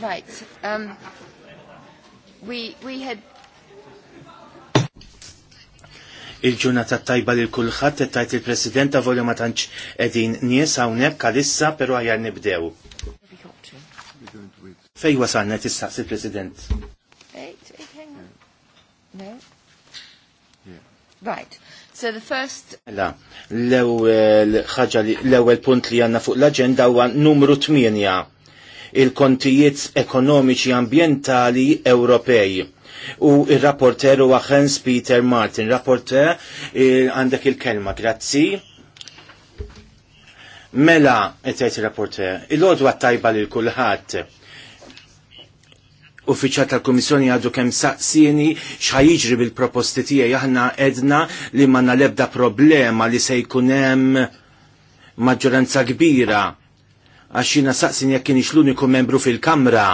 Right. Um, we, we had il-ġurnata tajba li l-kulħat, tajt il-president ta' volju ma tantx edin nies hawnhekk għalissa, pero għajar nibdew. Fej wasalna tistaqsi il-president? Right. So the first... La, l-ewel l punt li għanna fuq l-agenda huwa numru 8 il-kontijiet ekonomiċi ambientali Ewropej u il-rapporter u Hans Peter Martin. Rapporter eh, għandek il kelma grazzi. Mela, etajt il-rapporter, il-ħodu għattajba li l-kulħat. Uffiċjat tal-Komissjoni għadu kem saqsini xħajġri bil-proposti jahna aħna edna li ma nalebda problema li se jkunem maġġoranza kbira għaxina saqsin jekk kienix l-uniku membru fil-Kamra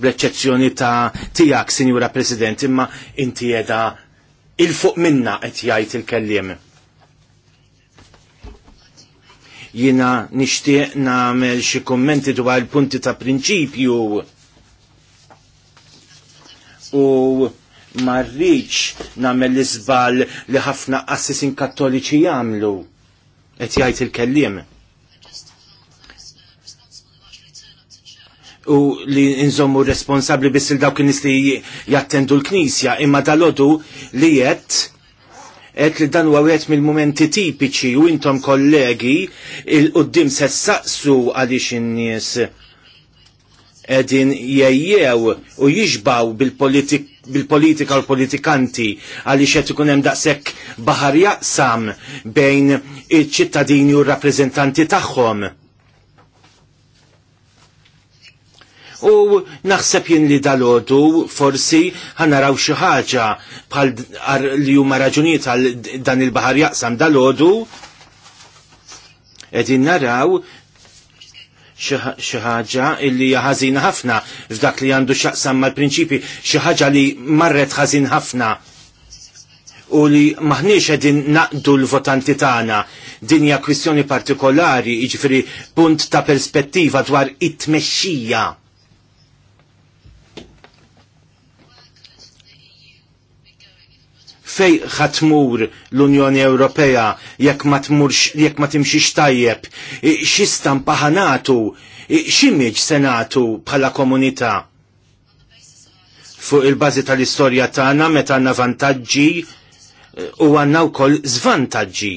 bl-eċċezzjoni ta' tijak, Sinjura President, imma inti jeda il-fuq minna qed jgħid il-kellim. Jina nixtieq nagħmel xi kummenti dwar il-punti ta' prinċipju u marriċ namel l-izbal li ħafna assisin kattoliċi jamlu. Et jajt il-kellim. u li nżommu responsabli biss il-dawk nis li jattendu l-knisja, imma dal-odu li jett et li dan huwa wieħed mill-mumenti tipiċi u intom kollegi il-qoddim se saqsu għaliex in-nies edin jejjew u jiġbaw bil-politik bil-politika u politikanti għalli qed ikun hemm daqshekk baħar jaqsam bejn iċ-ċittadini u r-rappreżentanti tagħhom u naħseb jien li dalodu forsi ħanaraw xi ħaġa bħal li huma raġunijiet għal dan il-baħar jaqsam dalodu qegħdin naraw xi ħaġa illi hija ħażina ħafna f'dak li għandu x'aqsam mal-prinċipi xi ħaġa li marret ħażin ħafna u li maħniex edin naqdu l-votanti tagħna. Din hija kwistjoni partikolari, jiġifieri punt ta' perspettiva dwar it-tmexxija. fej ħatmur l-Unjoni Ewropea jekk ma tmurx jekk ma timxix tajjeb, xi stampa ħanatu, x'imiġ senatu bħala komunità fuq il-bażi tal-istorja tagħna meta għandna vantaġġi eh, u għandna wkoll żvantaġġi.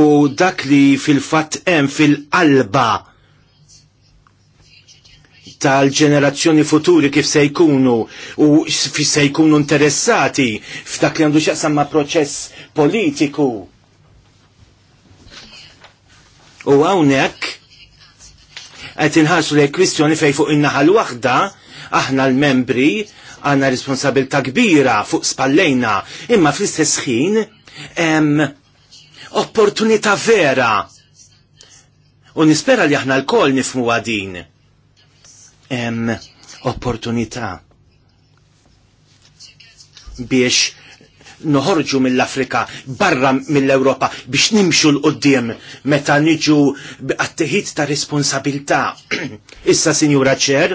U dak li fil-fatt hemm fil-qalba tal-ġenerazzjoni futuri kif se jkunu u se jkunu interessati f'dak li għandu xaqsam ma' proċess politiku. U għawnek għet inħarsu li kwistjoni fej fuq innaħal waħda aħna l-membri għanna responsabilta kbira fuq spallejna imma fl-istess ħin opportunità vera u nispera li aħna l-kol nifmu għadin hemm opportunità biex noħorġu mill-Afrika barra mill-Ewropa biex nimxu l-qoddim meta niġu għatteħid ta' responsabilità. Issa, Sinjura Ċer,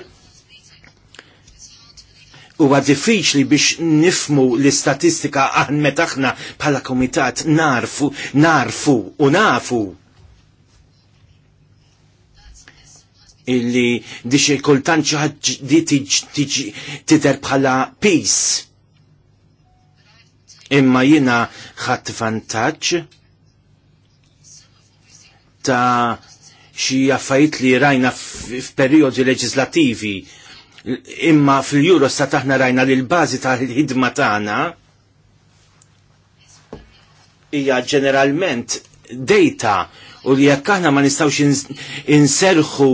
huwa diffiċli biex nifmu l-istatistika għan metaħna bħala komitat narfu, narfu u nafu illi dixi kultant xaħġi titer bħala peace. Imma jina ħadd vantaġġ ta' xi affajt li rajna f'perjodi leġislativi imma fil-Eurostat taħna rajna li l-bażi tal-ħidma tagħna hija ġeneralment data u li jekk aħna ma nistawx inserħu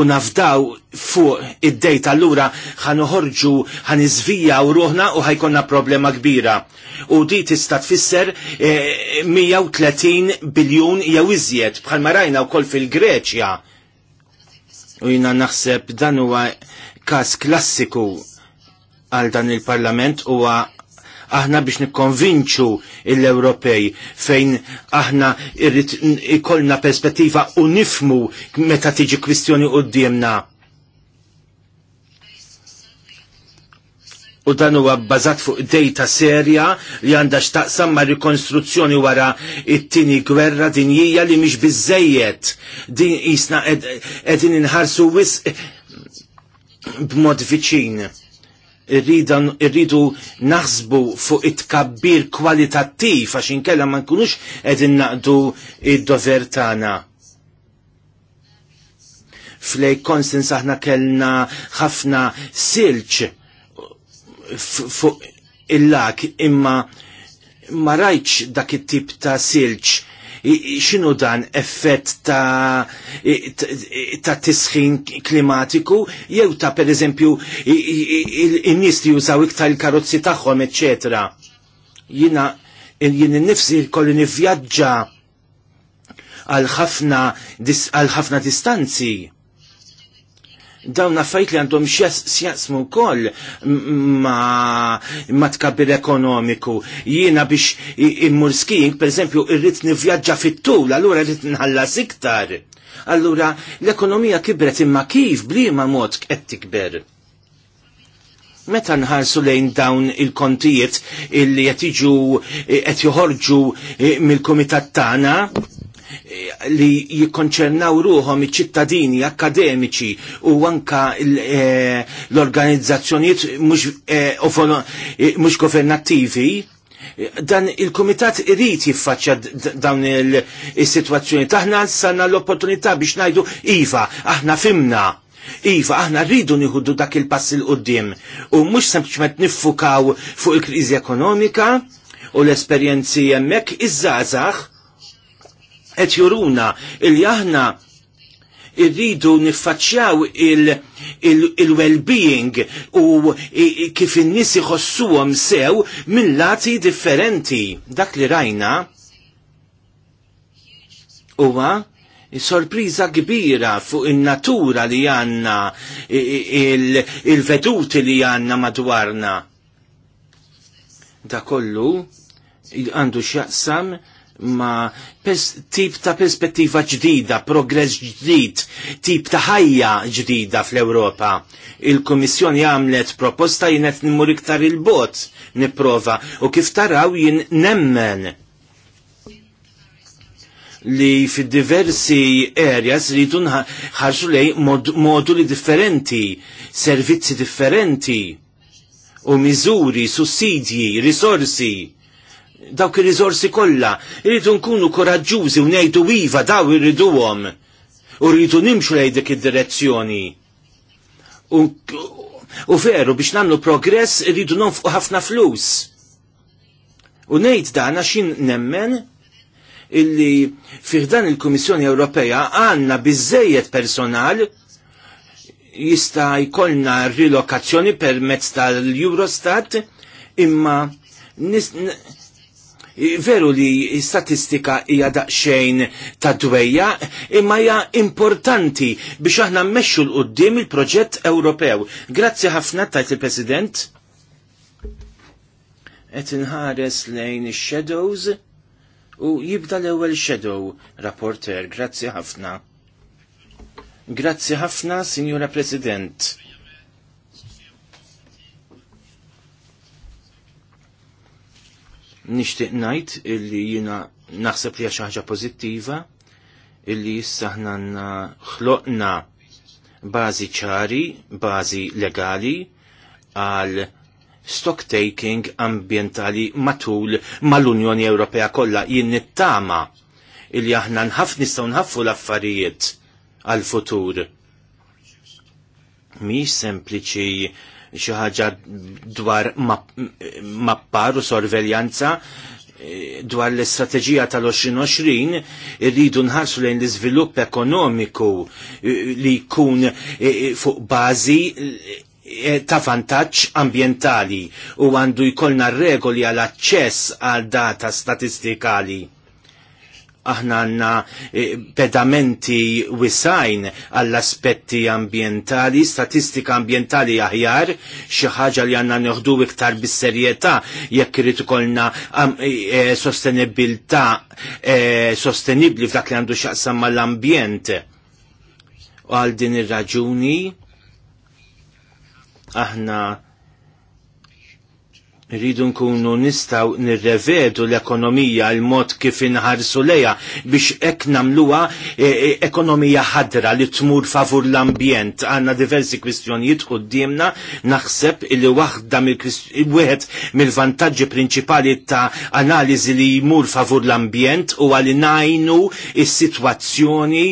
u nafdaw fuq id-dejt allura ħan izvija u ruħna u ħajkonna problema kbira. U di tista tfisser 130 eh, biljun jew iżjed bħalma rajna wkoll fil-Greċja. U jina naħseb dan huwa każ klassiku għal dan il-parlament huwa aħna biex nikkonvinċu l-Ewropej fejn aħna irrit ikollna perspettiva u nifmu meta tiġi kwistjoni qudiemna. u dan huwa bbażat fuq data serja li għandha x'taqsam ma' rikonstruzzjoni wara it-tieni gwerra dinjija li mhix biżejjed din jisna qegħdin inħarsu wis b'mod viċin irridu naħsbu fuq it-kabbir kwalitattiv għax inkella ma nkunux qegħdin naqdu id-dover tagħna. Flej Konstans aħna kellna ħafna silċ fuq il-lak imma ma rajtx dak it-tip ta' silċ xinu dan effett ta' ta' tisħin klimatiku jew ta' per eżempju in-nies li jużaw iktar il-karozzi tagħhom eċetera? Jina jien nifsi kolli nivvjaġġa għal ħafna għal ħafna distanzi dawn affajt li għandhom xjasmu koll ma, ma tkabbir ekonomiku. Jiena biex immur skiing, per esempio, irrit nivjaġġa fit-tul, allura irrit nħallas iktar. Allura l-ekonomija kibret imma kif bliema mod qed tikber. Meta nħarsu lejn dawn il-kontijiet illi qed jiġu qed joħorġu eh, mill-kumitat tagħna, Eh, li jikkonċernaw ruhom iċ-ċittadini akademiċi u anka eh, l-organizzazzjonijiet mhux eh, governattivi dan il-komitat irrit jiffaċċja dawn il-situazzjoni. Taħna sanna l-opportunità biex najdu iva, aħna fimna. Iva, aħna rridu nieħuddu dak il-pass il qudiem u mhux sempliċement niffukaw fuq il-kriżi ekonomika u l-esperjenzi hemmhekk iż-żgħażagħ qed juruna illi aħna irridu niffaċċjaw il-well-being il, il u kif in-nies iħossuhom sew minn lati differenti. Dak li rajna huwa sorpriża kbira fuq in-natura li għandna il-veduti il li għandna madwarna. Da kollu għandu x'jaqsam ma tip ta' perspettiva ġdida, progress ġdid, tip ta' ħajja ġdida fl-Ewropa. Il-Komissjoni għamlet proposta jienet nimur iktar il-bot niprofa u kif taraw jien nemmen li fi diversi areas rridu ħarġu lej mod moduli differenti, servizzi differenti u miżuri, sussidji, risorsi dawk ir rizorsi kollha. Irridu nkunu koraġġużi u ngħidu iva daw irriduhom. U rridu nimxu lejn dik id-direzzjoni. U, veru biex nagħmlu progress irridu nonfqu ħafna flus. U ngħid dan għax nemmen illi fiħdan il-Komissjoni Ewropea għanna bizzejiet personal jista jkollna rilokazzjoni permezz tal-Eurostat imma veru li statistika hija daqsxejn ta' dwejja, imma hija importanti biex aħna mmexxu l qudiem il-proġett Ewropew. Grazzi ħafna tajt il-President. Qed inħares lejn ix-shadows u jibda l-ewwel shadow rapporter. Grazzi ħafna. Grazzi ħafna, Sinjura President nixtieq ngħid illi jiena naħseb li xi ħaġa pożittiva illi issa ħna ħloqna bażi ċari, bażi legali għal stock taking ambientali matul mal-Unjoni Ewropea kollha it-tama illi aħna nħaf nistgħu nħaffu l-affarijiet għal futur. Mi sempliċi xi ħaġa dwar mappar u sorveljanza e, dwar l-istrateġija tal-2020 irridu nħarsu lejn l-iżvilupp ekonomiku e, li jkun e, fuq bażi ta' vantaġġ ambjentali u għandu jkollna regoli għal aċċess għal data statistikali aħna għanna eh, pedamenti wisajn għall-aspetti ambientali, statistika ambientali aħjar, xaħġa li għanna neħdu iktar bis-serjetà jekk irid ikollna eh, eh, sostenibilità sostenibli f'dak li għandu xaqsam mal-ambjent. U għal din ir-raġuni aħna rridu nkunu nistaw nirrevedu l-ekonomija l-mod kif inħarsu leja biex ek namluwa e, e ekonomija ħadra li tmur favur l-ambjent. Għanna diversi kwistjonijiet u d-diemna naħseb li waħda mill-wieħed mill-vantaġġi prinċipali ta' analizi li jmur favur l-ambjent u għalli najnu is-sitwazzjoni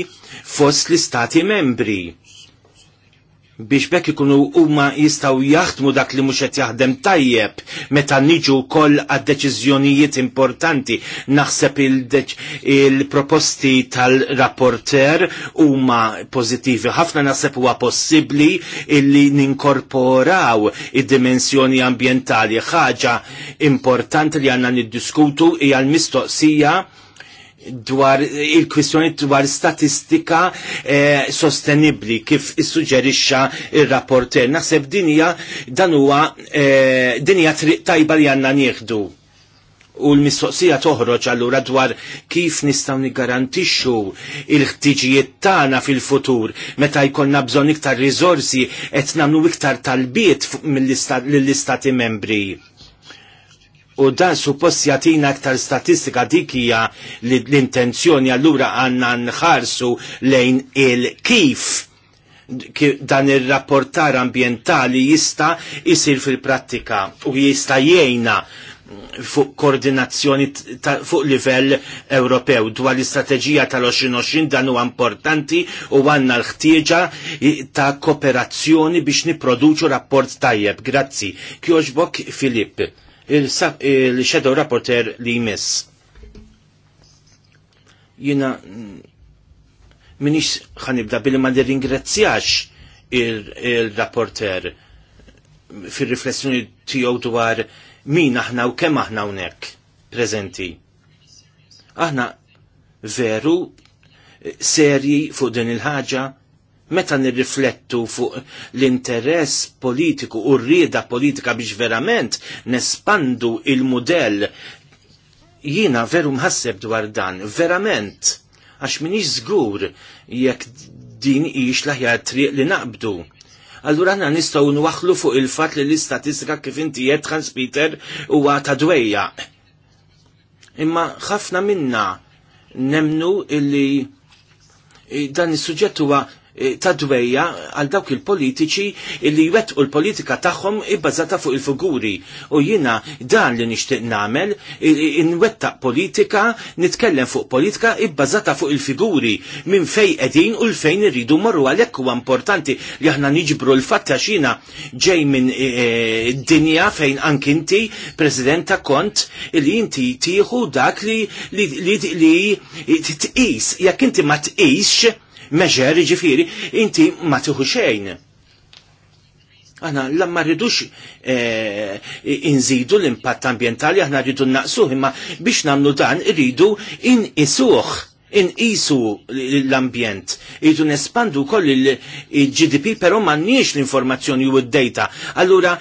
fost l-istati membri biex bekk ikunu huma jistgħu jaħdmu dak li mhux qed jaħdem tajjeb meta niġu wkoll għad deċiżjonijiet importanti. Naħseb il-proposti il tal-rapporter huma pożittivi ħafna naħseb huwa possibbli illi ninkorporaw id-dimensjoni ambjentali ħaġa importanti li għandna niddiskutu hija l-mistoqsija dwar il-kwistjoni dwar statistika eh, sostenibli kif issuġġerixxa ir-rapporter. Naħseb dinja dan huwa eh, din dinja triq tajba li għandna nieħdu. U l-mistoqsija toħroġ allura dwar kif nistgħu niggarantixxu l ħtiġijiet tagħna fil-futur meta jkollna bżonn iktar riżorsi qed nagħmlu iktar talbiet mill-istati membri u dan suppost jatina aktar statistika dik hija l-intenzjoni allura għandna nħarsu lejn il-kif dan ir-rapportar ambientali jista' jisir fil-prattika u jista' jgħinna fuq koordinazzjoni fuq livell Ewropew dwar l-istrateġija tal-2020 dan huwa importanti u għandna l-ħtieġa ta' kooperazzjoni biex niproduċu rapport tajjeb. Grazzi. Kjoġbok Filipp il-shadow rapporter li jmiss. Jina minix ħanibda billi ma nirringrazzjax il-rapporter il rapporter fil riflessjoni tiegħu dwar min aħna u kemm aħna hawnhekk preżenti. Aħna veru serji fuq din il-ħaġa Meta nirriflettu fuq l-interess politiku u rrieda politika biex verament nespandu il-modell jina veru mħasseb dwar dan, verament, għax minix zgur jekk din ix laħjar triq li naqbdu. Allura għanna nistaw nwaħlu fuq il-fat li l-istatistika kif inti jett Hans Peter u għata dwejja. Imma ħafna minna nemnu illi dan is-suġġett huwa E, ta' dwejja għal dawk il-politiċi li jwettqu l-politika tagħhom ibbażata fuq il-figuri. U jiena dan li nixtieq nagħmel, inwettaq politika, nitkellem fuq politika ibbażata fuq il-figuri minn fej qegħdin u l-fejn irridu marru għalhekk huwa importanti li aħna niġbru l-fatta xina ġej minn e, e, dinja fejn anki inti presidenta kont li inti tieħu dak li li tqis jekk inti ma tqisx meġer ġifiri, inti ma tiħu xejn. Aħna lamma rridux eh, inżidu l-impatt ambientali, aħna rridu naqsuh, imma biex namlu dan rridu inqisuh inqisu l-ambjent. Idu nespandu koll il-GDP, pero mannix l-informazzjoni u d-data. Allura,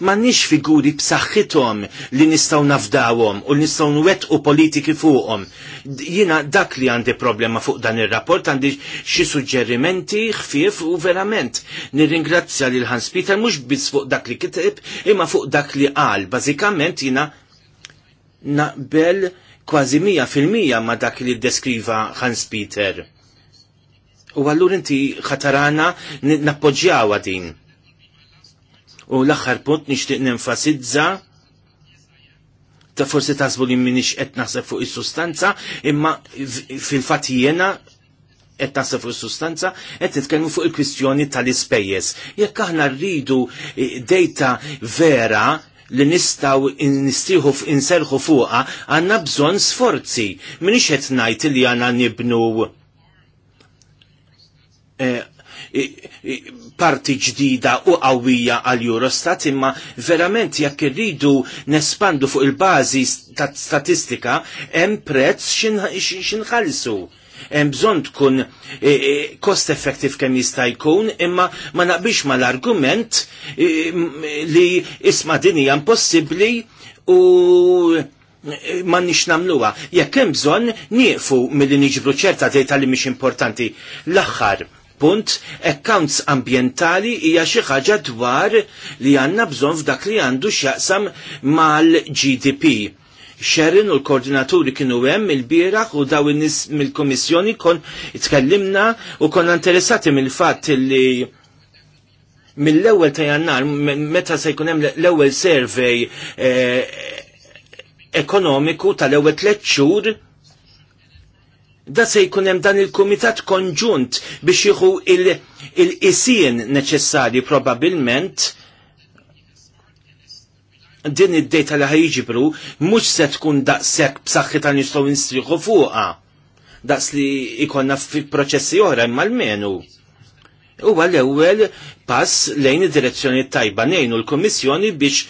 mannix figuri b'saħħithom li nistaw nafdawhom u li nistaw nwet u politiki fuqhom. Jina dak li għandi problema fuq dan il-rapport, għandi xi suġġerimenti ħfief u verament. Nirringrazzja lil Hans Peter mhux biss fuq dak li kitib, imma fuq dak li qal. Bażikament jina naqbel kważi mija fil-mija ma dak li deskriva Hans Peter. U għallur inti ħatarana nappoġġjawa din. U l-axħar punt nixtieq nenfasizza ta' forsi tasbu li minix qed naħseb fuq is-sustanza, imma fil-fatt jiena qed naħseb fuq is-sustanza qed titkellmu fuq il-kwistjoni tal-ispejjeż. Jekk aħna rridu eh, data vera li nistaw nistiħu inserħu fuqa għanna bżon sforzi. Min qed ngħid li għanna nibnu eh, parti ġdida u qawwija għal Eurostat imma verament jekk irridu nespandu fuq il-bażi ta' statistika hemm prezz xinħallsu. Xin hemm bżonn tkun e, e, cost effective kemm jista' jkun, imma ma naqbix mal-argument e, li isma' din hija impossibbli u ma nix namluwa. Jekk hemm bżonn nieqfu milli niġbru ċerta dejta li mhix importanti. L-aħħar punt, accounts ambientali hija xi ħaġa dwar li għandna bżonn f'dak li għandu x'jaqsam mal-GDP Sharon u l-koordinaturi kienu hemm il-bieraħ u daw in-nies mill-Kummissjoni kon itkellimna u konna interessati mill-fatt li mill-ewwel ta' jannar meta se jkun hemm l-ewwel survey eh, ekonomiku tal-ewwel tliet xhur da se jkun hemm dan il-kumitat konġunt biex jieħu il-isien neċessarji probabbilment din id-dejta li ħajġibru mhux se tkun daqshekk b'saħħi ta' nistgħu nstriħu fuqha. Daqs li ikonna fi proċessi oħra imma l-menu. Huwa l-ewwel pass lejn id-direzzjoni tajba nejnu l-Kommissjoni biex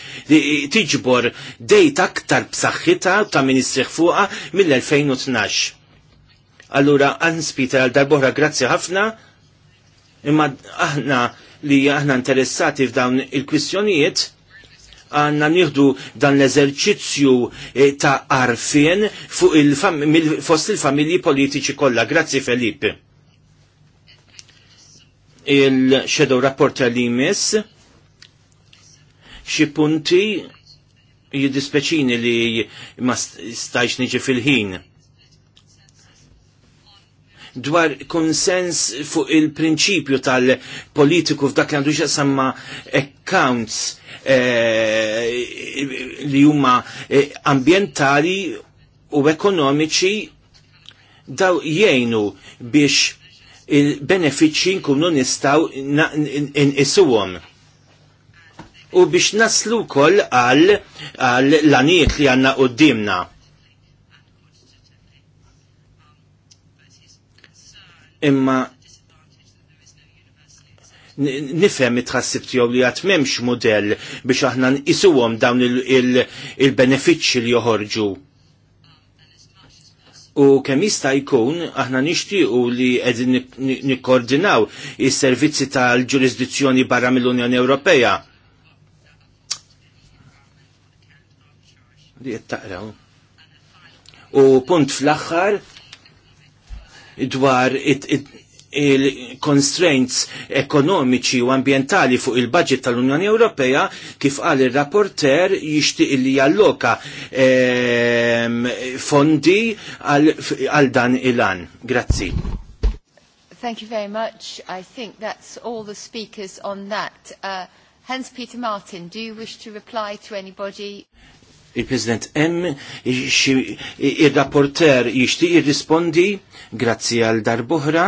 tiġbor dejta aktar bsaħħita ta' ministriħ fuqha mill-2012. Allura għanspita għal darbohra grazzi ħafna imma aħna li aħna interessati f'dawn il-kwistjonijiet għanna nieħdu dan l-eżerċizzju eh, ta' arfien fuq il fost il-familji politiċi kollha. Grazzi Felipe. Il-Shadow Rapporter li jmiss xi punti jiddispeċini li ma stajx niġi fil-ħin dwar konsens fuq il-prinċipju tal-politiku f'dak li għandu samma accounts eh, li huma eh, ambientali u ekonomiċi daw jgħinu biex il-benefiċi nkunu nistaw in-isuwom. U biex naslu kol għal l-anijiet li għanna d-dimna. imma nifhem it-tħassib tiegħu li għat m'hemmx mudell biex aħna nqisuhom dawn il-benefiċċji li joħorġu. U kemm jista' jkun aħna nixtiequ li qegħdin nikkoordinaw is-servizzi tal-ġurisdizzjoni barra mill-Unjoni Ewropea. taqraw. U punt fl-aħħar dwar il-constraints ekonomiċi u ambientali fuq il-budget tal-Unjoni Ewropea kif qal il rapporter jixtieq li jalloka um, fondi għal dan il-an. Grazzi. Thank you very much. I think that's all the speakers on that. Uh, Hans Peter Martin, do you wish to reply to anybody? il-President M, il-rapporter jishti jirrispondi, grazzi għal darbohra,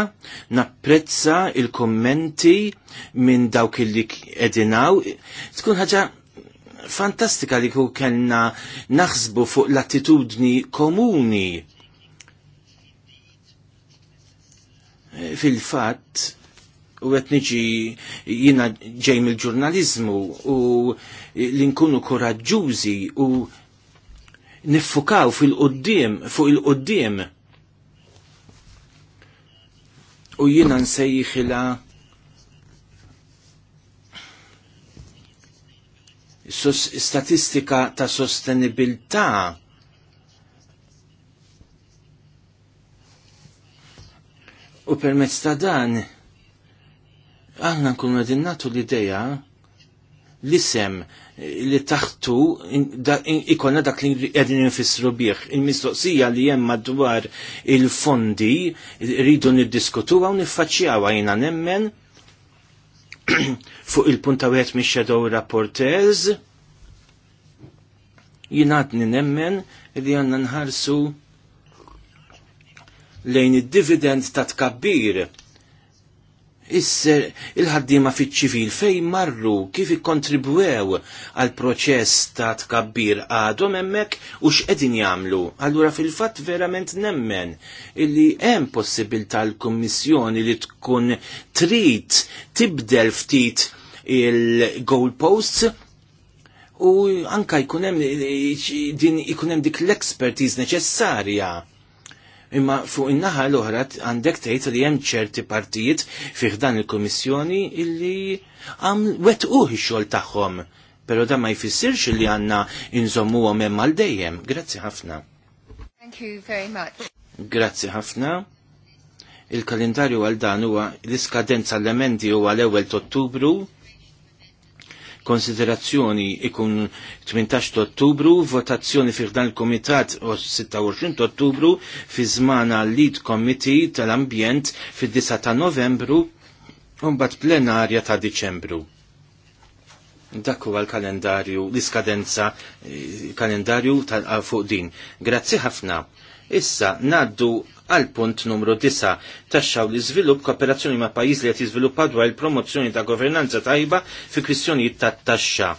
napprezza il-kommenti minn dawk li edinaw. Tkun ħaġa fantastika li ku kellna naħsbu fuq l-attitudni komuni. E, fil-fatt, u qed niġi jiena ġejm il ġurnaliżmu u li nkunu koraġġużi u niffukaw fil-qoddim fuq il-qoddim u jiena nsejħilha statistika ta' sostenibilità u permezz ta' dan Aħna nkunu għedin natu l-ideja li sem li taħtu ikonna dak li għedin nfissru bieħ. Il-mistoqsija li jemma dwar il-fondi rridu nid-diskutu għaw nifacċjaw għajna nemmen fuq il-punta għet mi rapportez rapporters jinatni nemmen li għanna nħarsu lejn id-dividend ta' tkabbir isser il-ħaddima fiċ-ċivil fej marru kif ikkontribwew għal proċess ta' tkabbir għadhom hemmhekk u x'qegħdin jagħmlu. Allura fil-fatt verament nemmen illi hemm possibilità l-Kummissjoni li tkun trid tibdel ftit il-goalposts u anka jkun hemm eh, din ikun hemm dik l-expertise neċessarja Imma fuq in-naħa l-oħra għandek tgħid li hemm ċerti partijiet fih dan il-Kummissjoni illi għam wetquh ix-xogħol tagħhom. Però da ma jfissirx li għandna inżommuhom hemm għal dejjem. Grazzi ħafna. Thank you very much. Grazzi ħafna. Il-kalendarju għal dan huwa l-iskadenza l-emendi huwa l-ewwel ta' Ottubru konsiderazzjoni ikun 18 ottubru, votazzjoni fih dan il-komitat 26 ottubru, fi zmana lead committee tal-ambjent fid-9 ta' novembru, bat plenarja ta' Diċembru. Dak huwa l-kalendarju, l-iskadenza eh, kalendarju tal fuq din. Grazzi ħafna. Issa naddu għal punt numru 9 taxxaw li żvilupp kooperazzjoni ma' pajjiż li qed jiżviluppa dwar il-promozzjoni ta' governanza tajba fi kwistjonijiet ta' taxxa.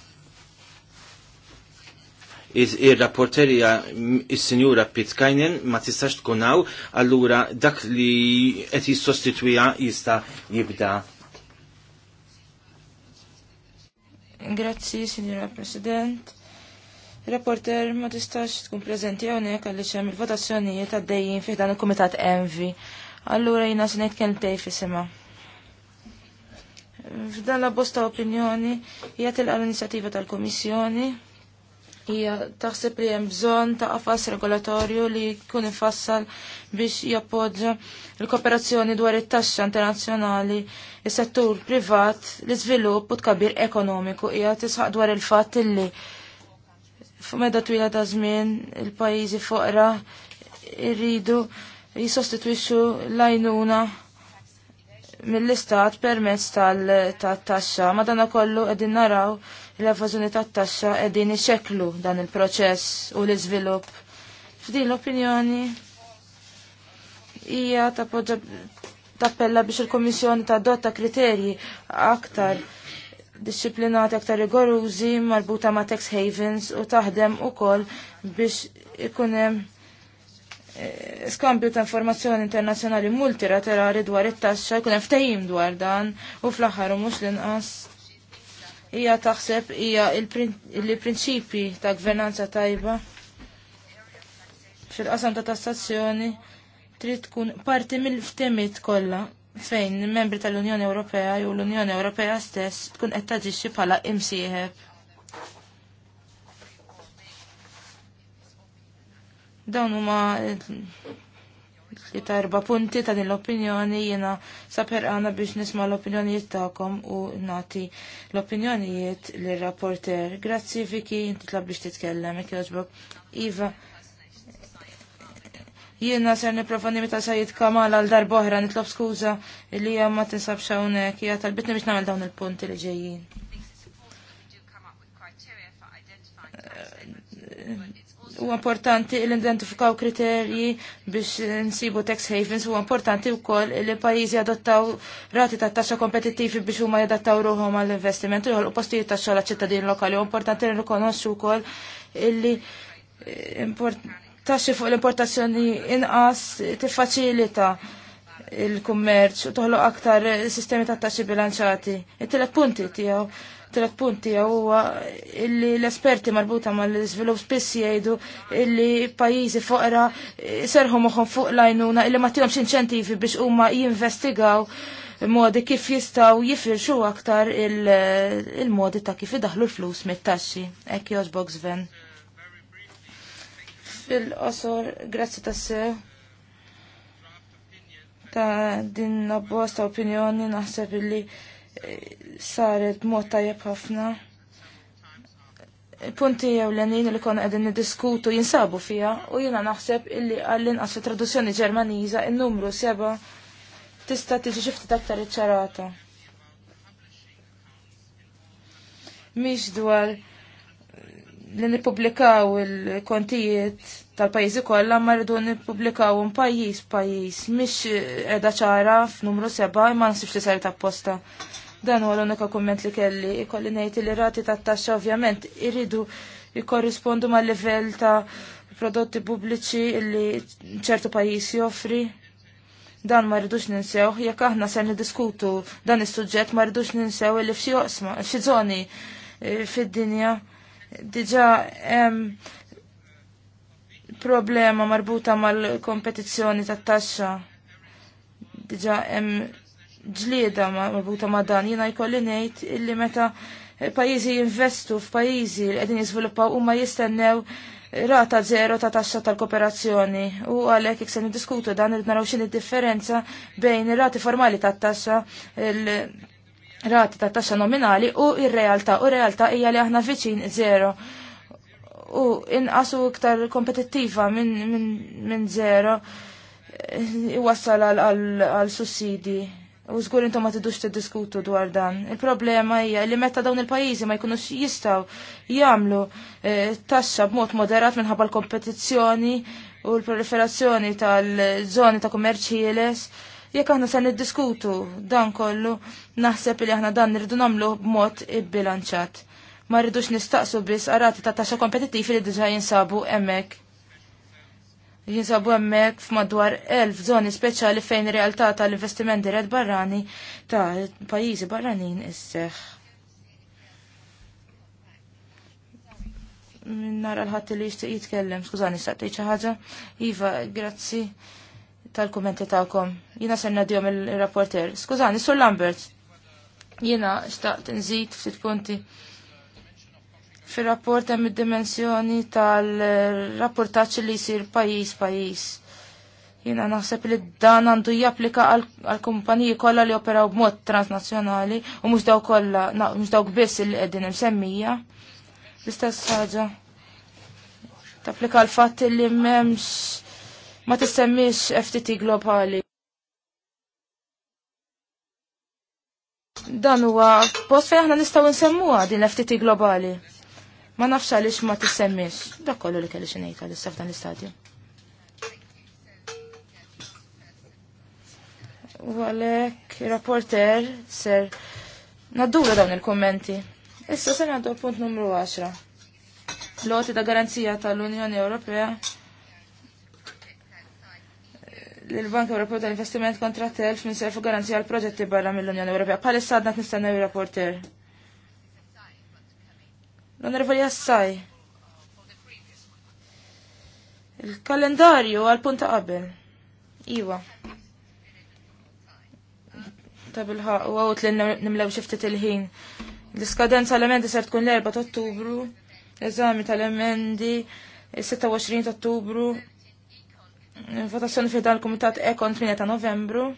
Ir-rapporterja is-sinjura Pitkajnen ma tistax tkun hawn, allura dak li qed jissostitwija jista' jibda. Grazzi, Signora President. Reporter ma tistax tkun prezenti hawnhekk għaliex hemm il-votazzjonijiet għaddejjin fih dan il-Kumitat Envi. Allura jina se ngħid tej sema. F'dan la bosta opinjoni hija tilqa l-inizjattiva tal-Kummissjoni hija taħseb li hemm bżonn ta' qafas regolatorju li jkun ifassal biex jappoġġa l-kooperazzjoni dwar it-taxxa internazzjonali is-settur privat, l-iżvilupp u tkabbir ekonomiku hija tisħaq dwar il-fatt illi li F'meda meda twila ta' żmien il-pajjiżi foqra irridu jisostitwixxu l-għajnuna mill-istat permezz tal-taxxa. Madana kollu qegħdin naraw l-evażjoni tat-taxxa qegħdin ixekklu dan il-proċess u l-iżvilupp. F'din l-opinjoni hija tappoġġa tappella biex il-Komissjoni tadotta kriterji aktar disciplinati aktar rigorużi marbuta ma' tax havens u taħdem koll biex ikunem eh, skambju ta' informazzjoni internazzjonali multilaterali dwar it-taxxa jkun hemm ftehim dwar dan u fl-aħħar mhux l-inqas hija taħseb hija il-prinċipji ta' gvernanza tajba fil-qasam ta' tassazzjoni trid tkun parti mill ftemit kollha fejn membri tal-Unjoni Ewropea jew l-Unjoni Ewropea stess tkun qed taġixxi bħala imsieħeb. Dawn huma li tarba punti ta' din l-opinjoni jiena saper għana biex nisma l-opinjonijiet ta'kom u nati l-opinjonijiet l-rapporter. Grazzi Viki, inti tlab biex titkellem, jogħġbok. Iva, Jiena ser niprofa nimita sajid kamal għal darboħra nitlob skuza li hija ma tinsabx hawnhekk hija talbitni biex nagħmel dawn il-punti li ġejjin. Eh, u importanti li identifikaw kriterji biex nsibu tax havens u importanti wkoll li pajjiżi adottaw rati ta' taxxa kompetittivi biex huma jadattaw ruħom għall-investiment u jħolqu postijiet tax xogħol ċittadin lokali u importanti li nrikonoxxu wkoll illi eh, importanti taxxi fuq l-importazzjoni inqas tiffaċilita il-kummerċ u toħloq aktar sistemi ta' taxxi bilanċati. It-tlet punti tiegħu tret punti huwa illi l-esperti marbuta mal l-izvilup spiss jgħidu illi pajjiżi foqra serħu moħħom fuq lajnuna illi ma tihomx inċentivi biex huma jinvestigaw modi kif jistaw jifirxu aktar il-modi ta' kif idaħlu l-flus mit-taxxi. Ekki jogħġbok Ven fil-qosor, grazzi ta' se ta' din ta' opinjoni naħseb li eh, saret mod tajjeb ħafna. Punti jew l-għanin li konna għedin diskutu jinsabu fija u jina naħseb illi għallin għas traduzzjoni ġermaniza il-numru seba tista tiġi xifti taktar iċċarata. Miex dwar li nippubblikaw il-kontijiet tal pajizi kollha ma rridu un pajjiż pajjiż mhix eh, edha ċara f'numru seba' ma nsibx li sarit apposta. Dan huwa l-unika kumment li kelli ikolli ngħid li rati tat-taxxa ovvjament irridu jikkorrispondu mal-livell ta' prodotti pubbliċi li ċertu pajjiż joffri dan ma rridux ninsew, jekk aħna se niddiskutu dan is-suġġett ma rridux ninsew li f'xi oqsma, f'xi żoni eh, fid-dinja Diġa problema marbuta mal-kompetizzjoni tat-taxxa. Diġa hemm ġlieda marbuta ma' dan. Jiena jkolli ngħid illi meta pajjiżi jinvestu f'pajjiżi li qegħdin jiżviluppaw huma jistennew rata zero ta' taxxa tal-kooperazzjoni u għalhekk jekk se niddiskutu dan irid naraw xini differenza bejn ir-rati formali tat-taxxa il- rati ta' taxxa nominali u ir-realtà u realtà hija li aħna viċin zero u inqasu iktar kompetittiva minn min, min zero eh, iwassal għal sussidi. U żgur intom ma tidux tiddiskutu dwar dan. Il-problema hija li meta dawn il-pajjiżi ma jkunux jistgħu jagħmlu eh, taxxa b'mod moderat minħabba l-kompetizzjoni u l-proliferazzjoni tal-żoni ta' kummerċ Jekk aħna se niddiskutu dan kollu, naħseb li aħna dan nirridu nagħmlu b'mod ibbilanċat. Ma rridux nistaqsu biss arati ta' taxxa kompetittivi li diġà jinsabu hemmhekk. Jinsabu hemmhekk f'madwar elf żoni speċjali fejn realtà tal-investiment dirett barrani ta' pajjiżi barranin isseħ. Nara l ħatti li jixtieq jitkellem, skużani, saqtej xi ħaġa. Iva, grazzi tal kumenti tagħkom. Jiena ser diom il-rapporter. Skużani, Sur Lambert. Jiena xtaqt nżid ftit punti. Fir-rapport hemm id-dimensjoni tal-rapportaġġ li jsir pajjiż pajjiż. Jiena naħseb li dan għandu japplika għal kumpaniji kollha li operaw b'mod transnazzjonali u mhux dawk kollha mhux dawk biss li qegħdin imsemmija. L-istess ħaġa tapplika l-fatt li m'hemmx ma tissemmix FTT globali. Dan huwa post fejn aħna nistgħu nsemmuha din ftt globali. Ma nafx għaliex ma tissemmix. Dak kollu li kelli xi ngħid għalissa f'dan l-istadju. U għalek, rapporter, ser, naddura dawn il-kommenti. Issa se għaddu punt numru 10. Loti da garanzija tal-Unjoni Ewropea l-Bank Ewropew tal-Investiment kontra telf minn serfu garanzija għal proġetti barra mill-Unjoni Ewropea. s-sadna t nistanna il-rapporter. L-Onorevoli Assaj. Il-kalendarju għal punta qabel. Iwa. Ta' bilħa, u għawt li nimlew xiftit il-ħin. L-iskadenza l-emendi ser tkun l-4 ottubru, l-eżami tal-emendi 26 ottubru, votazzjoni fi dal kumitat Ekon 8 ta' Novembru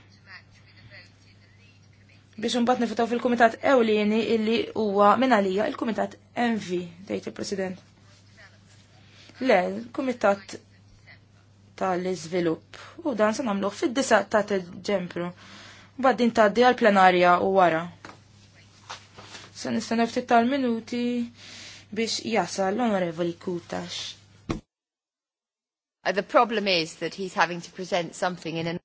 biex unbat nifutaw fil-Kumitat Ewlieni illi huwa minn għalija il-Kumitat MV, dejt il-President. Le, il-Kumitat tal-Iżvilupp u dan se nagħmluh fid-disa ta' ġempru. Bad din tgħaddi għall-plenarja u wara. Se nistennew ftit tal-minuti biex jasal l-Onorevoli Kutax. Uh, the problem is that he's having to present something in an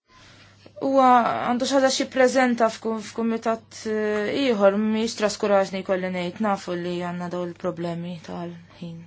Uwa, għandu xaħda xie prezenta f'kumitat uh, iħor, mi miex traskuraġni kolli nejt, nafu li għanna daw il-problemi tal-ħin.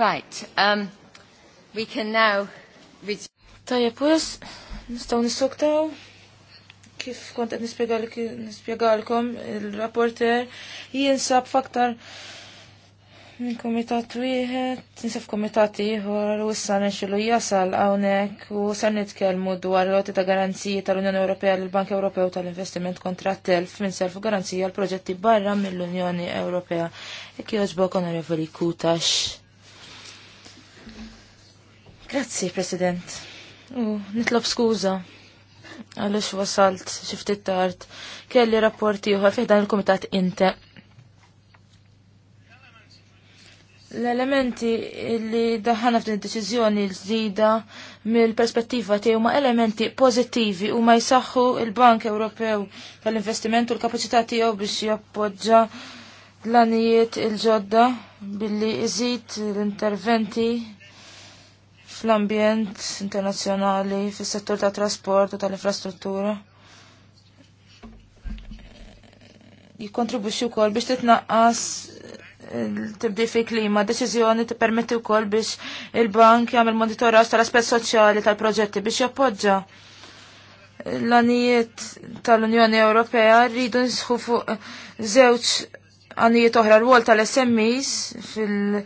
Right, um, we can now... Tajja pus, nistaw nissoktaw kif kont qed nispjegalkom il-rapporter jinsab faktar minn komitat wieħed, nisaf komitat ieħor u issa nexilu jasal hawnhekk u se nitkellmu dwar roti ta' garanziji tal-Unjoni Ewropea lill bank Ewropew tal-Investiment kontra telf minn selfu garanzija l proġetti barra mill-Unjoni Ewropea. Ek jogħġbok onorevoli Kutax. Grazzi, President. U nitlob skuża għaliex wasalt xiftit tard. Kelli rapporti uħar fih dan il-komitat inte. L-elementi li daħħana f'din id-deċiżjoni l żida mill-perspettiva tiegħu ma' elementi pożittivi u ma jsaħħu il-Bank Ewropew tal-investiment u l-kapaċità tiegħu biex jappoġġa l-anijiet il-ġodda billi iżid l-interventi fl-ambjent internazzjonali, fis-settur ta' trasport u tal-infrastruttura. Jikkontribwixxi wkoll biex titnaqqas tibdi fi klima, deċiżjoni tippermetti wkoll biex il-bank jagħmel monitoraġġ tal-aspett soċjali tal-proġetti biex jappoġġa l-anijiet tal-Unjoni Ewropea rridu nisħu fuq żewġ għanijiet oħra l-wol tal-SMEs fil-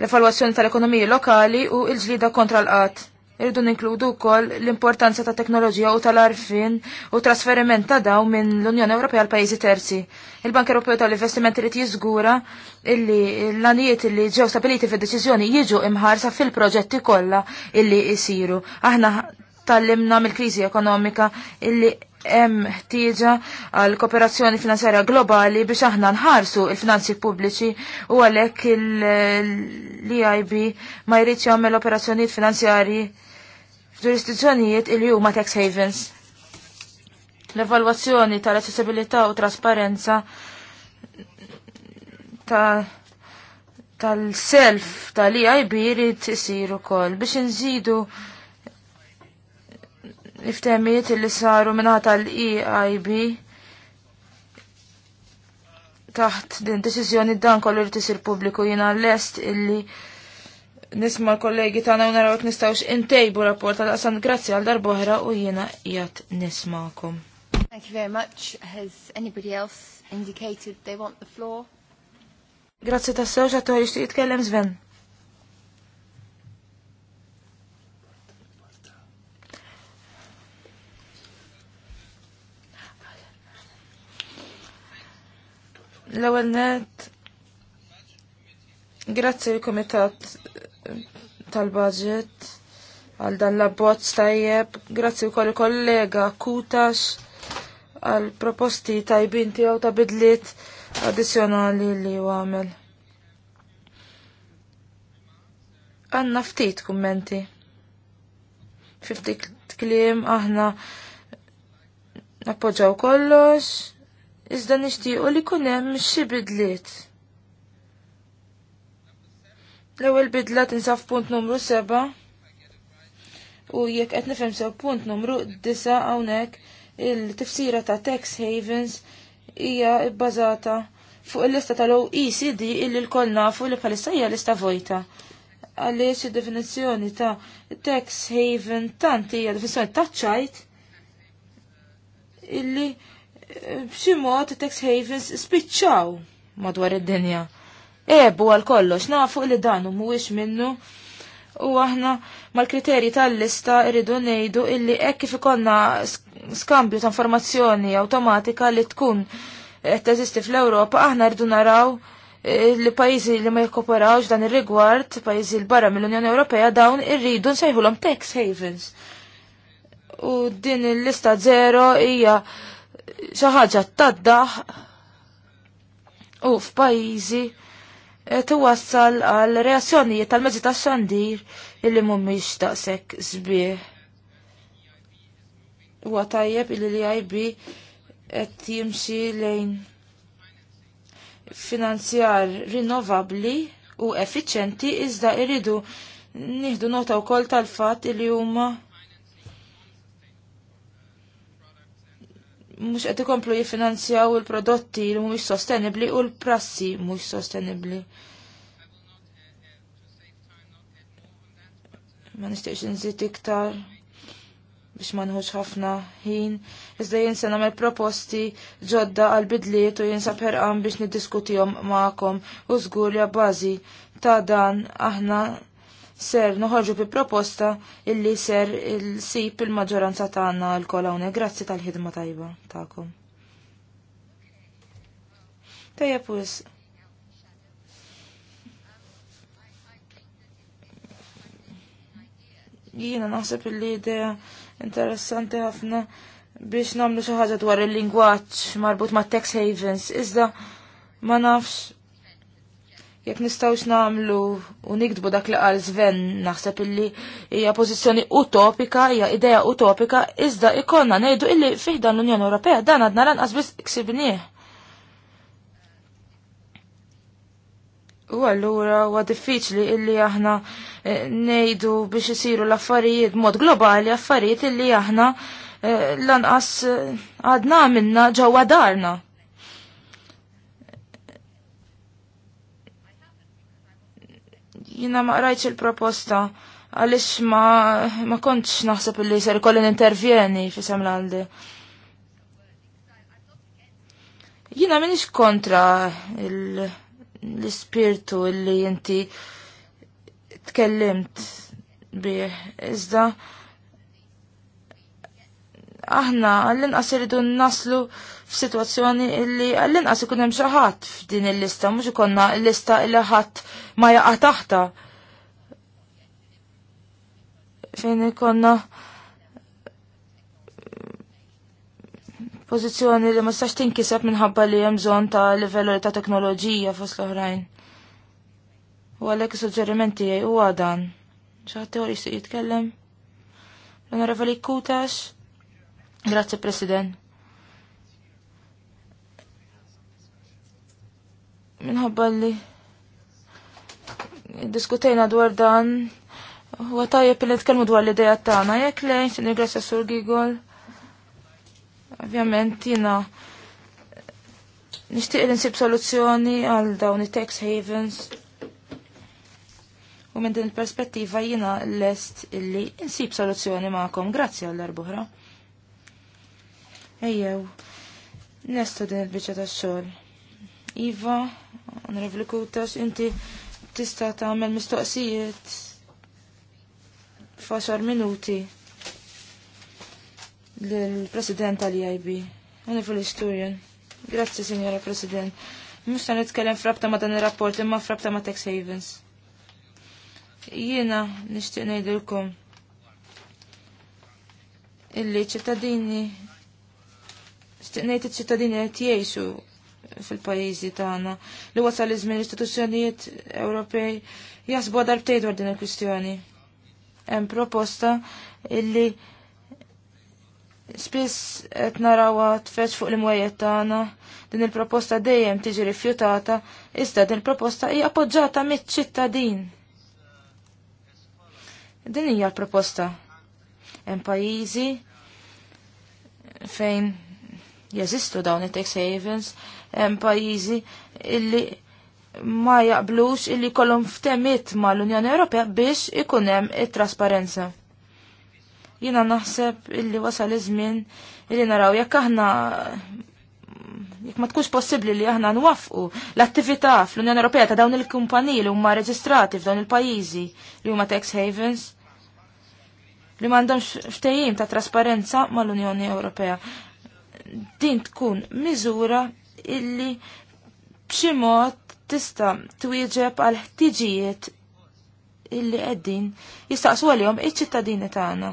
l-evalwazzjoni tal-ekonomiji lokali u l-ġlida kontra l-qat. Irridu ninkludu wkoll l-importanza ta' teknoloġija u tal-arfin u trasferiment ta' daw minn l-Unjoni Ewropea għal pajjiżi terzi. Il-Bank Ewropew tal-Investiment irid jiżgura illi l anijiet illi ġew stabiliti fid-deċiżjoni jiġu imħarsa fil-proġetti kollha illi jsiru. Aħna tallimna mill-kriżi ekonomika illi hemm ħtieġa għal kooperazzjoni finanzjarja globali biex aħna nħarsu il-finanzi pubbliċi u għalhekk l-EIB ma jridx jagħmel operazzjonijiet finanzjarji f'ġurisdizzjonijiet il huma tax havens. L-evalwazzjoni tal accessibilità u trasparenza ta' tal-self tal-EIB jrid isir ukoll biex inżidu l iftemijiet li saru minna tal-EIB taħt din deċiżjoni dan kollu li tisir pubbliku jina l-est illi nisma l-kollegi tagħna u naraw nistgħux intejbu rapport għal qasan grazzi għal darboħra u jiena qiegħed nismakom. Thank you very much. Has anybody else indicated they want the floor? Grazzi tassew xattu għal jitkellem Sven. L-ewwel net grazzi l-Kumitat tal-Budget għal dan l-abbozz tajjeb, grazzi wkoll kollega Kutax għal proposti tajbin tiegħu ta' bidliet addizzjonali li ju għamel. Għanna ftit kummenti. Fiftit kliem aħna appoġġaw kollox iżda nixtiequ li kunem xi bidliet. L-ewwel bidla tinsaf punt numru seba' u jekk qed nifhem sew punt numru disa' hawnhekk il-tifsira ta' tax havens hija bbażata fuq il-lista tal-OECD illi l koll nafu li bħalissa hija lista vojta għaliex id-definizzjoni ta' tax haven tant hija definizzjoni ta' ċajt illi b'xi mod tax havens spiċċaw madwar id-dinja. Ebu għal kollox, nafu li dan mhuwiex minnu u aħna mal-kriterji tal-lista irridu ngħidu illi hekk kif ikonna skambju ta' informazzjoni awtomatika li tkun qed teżisti fl-Ewropa, aħna rridu naraw eh, li pajjiżi li ma jikkoperawx dan ir-rigward, pajjiżi l-barra mill-Unjoni Ewropea dawn irridu nsejħulhom tax havens. U din il-lista zero hija xaħġa ħaġa taddaħ u f'pajjiżi tuwassal għal reazzjonijiet tal-mezzi tax-xandir illi mhumiex sekk sbieħ. Huwa tajjeb illi li IB qed jimxi lejn finanzjar rinnovabli u effiċenti iżda irridu nieħdu nota wkoll tal-fatt li huma mux għed ikomplu jifinanzjaw il-prodotti li mux sostenibli u l-prassi mux sostenibli. Ma nistiex nżid iktar biex ma nħuġ ħafna ħin, iżda jinsa namel proposti ġodda għal-bidliet u jinsa perqam biex niddiskutijom ma'kom u zgur li bazi ta' dan aħna ser noħorġu bi proposta illi ser il-sip il-maġġoranza tagħna l-kol Grazzi tal-ħidma tajba tagħkom. Tajja pus. Jiena naħseb l-idea interessanti ħafna biex namlu xi ħaġa dwar il-lingwaġġ marbut ma' tax havens, iżda ma nafx jekk nistawx namlu u nikdbu dak li qal Sven naħseb illi hija pożizzjoni utopika, hija idea utopika, iżda ikonna ngħidu illi fih dan l-Unjoni Ewropea dan għadna lanqas biss ksibnieh. U allura huwa diffiċli illi aħna eh, ngħidu biex isiru l-affarijiet mod globali affarijiet illi aħna eh, lanqas eh, għadna minna ġewwa darna. Jina ma rajċ il-proposta għalix ma, ma kontx naħseb li ser kollin intervjeni fi samlandi. Jina minix kontra l-spirtu li jinti tkellimt bih, iżda aħna għallin qasiridu naslu naslu f'sitwazzjoni illi għallinqas ikun hemm xi ħadd f'din il-lista mhux ikonna l-lista illi ħadd ma jaqa' taħta. Fejn ikonna pożizzjoni li ma stax tinkiseb minħabba li hemm bżonn ta' livello ta' teknoloġija fost l-oħrajn. U għalhekk is-suġġerimenti jgħi huwa dan. Xi ħadd jitkellem? L-Onorevoli Kutax. Grazie President. minħabba li diskutejna dwar dan huwa tajjeb li nitkellmu dwar l-idea tagħna jekk lejn se ningrazzja Sur Gigol. Ovvjament jiena nixtieq li nsib soluzzjoni għal dawn it-tax havens. U minn din il-perspettiva jiena lest illi insib soluzzjoni magħkom. Grazzi għall darbuħra Ejjew, nestu din il-biċċa tax-xogħol. Iva, onorevoli Kutas, inti tista' tagħmel mistoqsijiet f'għaxar minuti l-President tal IB. onorevoli Sturjan. Grazzi, Signora President. Mux nitkellem frabta ma dan il-rapport imma frabta ma tax havens. Jiena nishtiq ngħidilkom illi ċittadini stiqnejt iċ-ċittadini qed jgħixu fil-pajizi tagħna li wasal iż-żmien istituzzjonijiet Ewropej jasbu darbtej dwar din il-kwistjoni. Hemm proposta illi spiss qed narawha tfeċ fuq l-imwejjed tagħna din il-proposta dejjem tiġi rifjutata iżda din il-proposta hija appoġġjata miċ-ċittadin. Din hija l-proposta. Hemm pajjiżi fejn jeżistu dawn it-tax havens, hemm pajjiżi illi ma jaqblux illi kolom ftemit ma l-Unjoni Ewropea biex ikun hemm it-trasparenza. Jiena naħseb illi wasal iż-żmien illi naraw jekk aħna jekk ma tkunx possibbli li aħna nwaffqu l-attività fl-Unjoni Ewropea ta' dawn il-kumpaniji li huma reġistrati f'dawn il-pajjiżi li huma tax havens li m'għandhomx ftehim ta' trasparenza mal-Unjoni Ewropea din tkun miżura illi b'xi mod tista' twieġeb għal ħtiġijiet illi qegħdin jistaqsu għalihom iċ-ċittadini tagħna.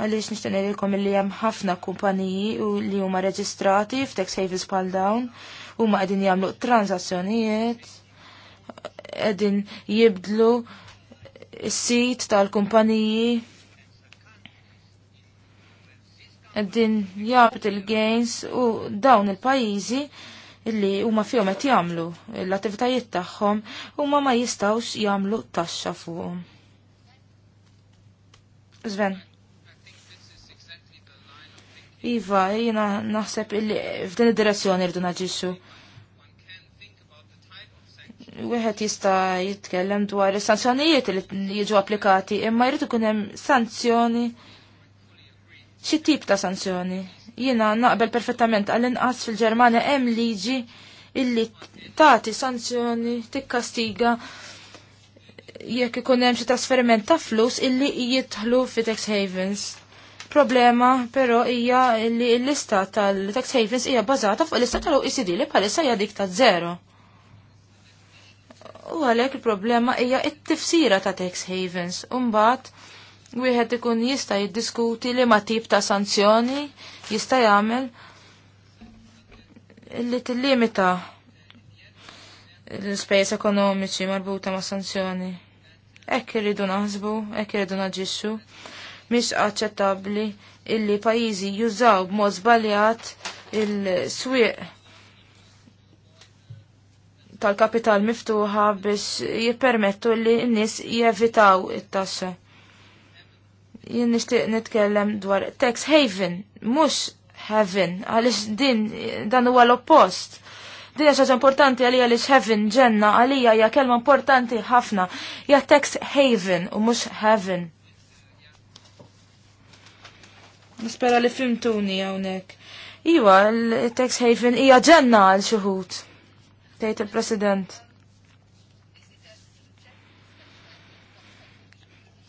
Għaliex nixtieq ngħidilkom illi hemm ħafna kumpaniji u li huma reġistrati f'Tex havens pal dawn huma qegħdin jagħmlu transazzjonijiet qegħdin jibdlu s sit tal-kumpaniji din jabd il-gains u dawn il-pajizi illi huma fihom qed jagħmlu l-attivitajiet tagħhom huma ma jistgħux jagħmlu taxxa fuqhom. Żven. Iva, jiena naħseb illi f'din id-direzzjoni rridu naġixxu wieħed jista' jitkellem dwar is-sanzjonijiet li jiġu applikati, imma jrid ikun hemm sanzjoni Xi tip ta' sanzjoni? Jiena naqbel perfettament għall-inqas fil ġermania hemm liġi illi tagħti sanzjoni tikkastiga jekk ikun hemm xi trasferiment ta' flus illi jidħlu fi tax havens. Problema però hija li l-lista tal-tax havens hija bażata fuq l-lista tal-OECD li bħalissa hija dik ta' zero. U għalhekk il-problema hija t tifsira ta' tax havens. Umbagħad wieħed ikun jista' jiddiskuti li ma tip ta' sanzjoni jista' jagħmel li tillimita l-ispejjeż ekonomiċi marbuta ma' sanzjoni. Hekk irridu naħsbu, hekk irridu naġixxu. Mhix aċċettabbli illi pajjiżi jużaw b'mod żbaljat il-swieq tal-kapital miftuħa biex jippermettu li n-nis jevitaw it-taxxa jien nixtieq nitkellem dwar tax haven, mhux heaven, għaliex din dan huwa l-oppost. Din hija ħaġa importanti għalija li heaven ġenna għalija hija kelma importanti ħafna. Hija tax haven u mhux heaven. Nispera li fimtuni hawnhekk. Iwa, l-tax haven hija ġenna għal xi Tejt Tgħid il-President.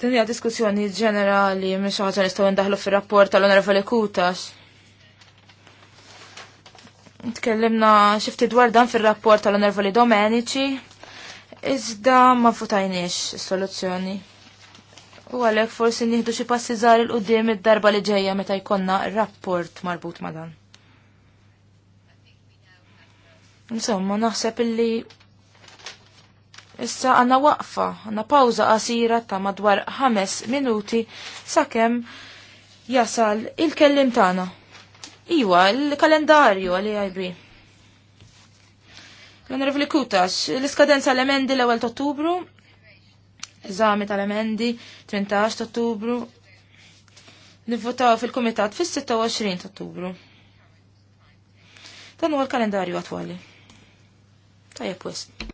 Din diskussjoni ġenerali mhix ħaġa nistgħu ndaħlu fir-rapport tal-Onorevoli Kutax. Tkellimna xifti dwar dan fir-rapport tal-Onorevoli Domenici, iżda ma futajniex is-soluzzjoni. U għalek forsi nieħdu xi passi żgħar il qudiem id-darba li ġejja meta jkollna rapport marbut ma' dan. Insomma, naħseb illi Issa għanna waqfa, għanna pawza qasira ta' madwar ħames minuti sakemm jasal il-kellim tagħna. Iwa, il-kalendarju għalli għajbi. L-onorevoli Kutax, l-iskadenza l-emendi l-ewel ottubru, eżami tal-emendi 13 ottubru, nivvotaw fil-komitat fis-26 ottubru. Dan huwa l-kalendarju attwali. Tajjeb wisq.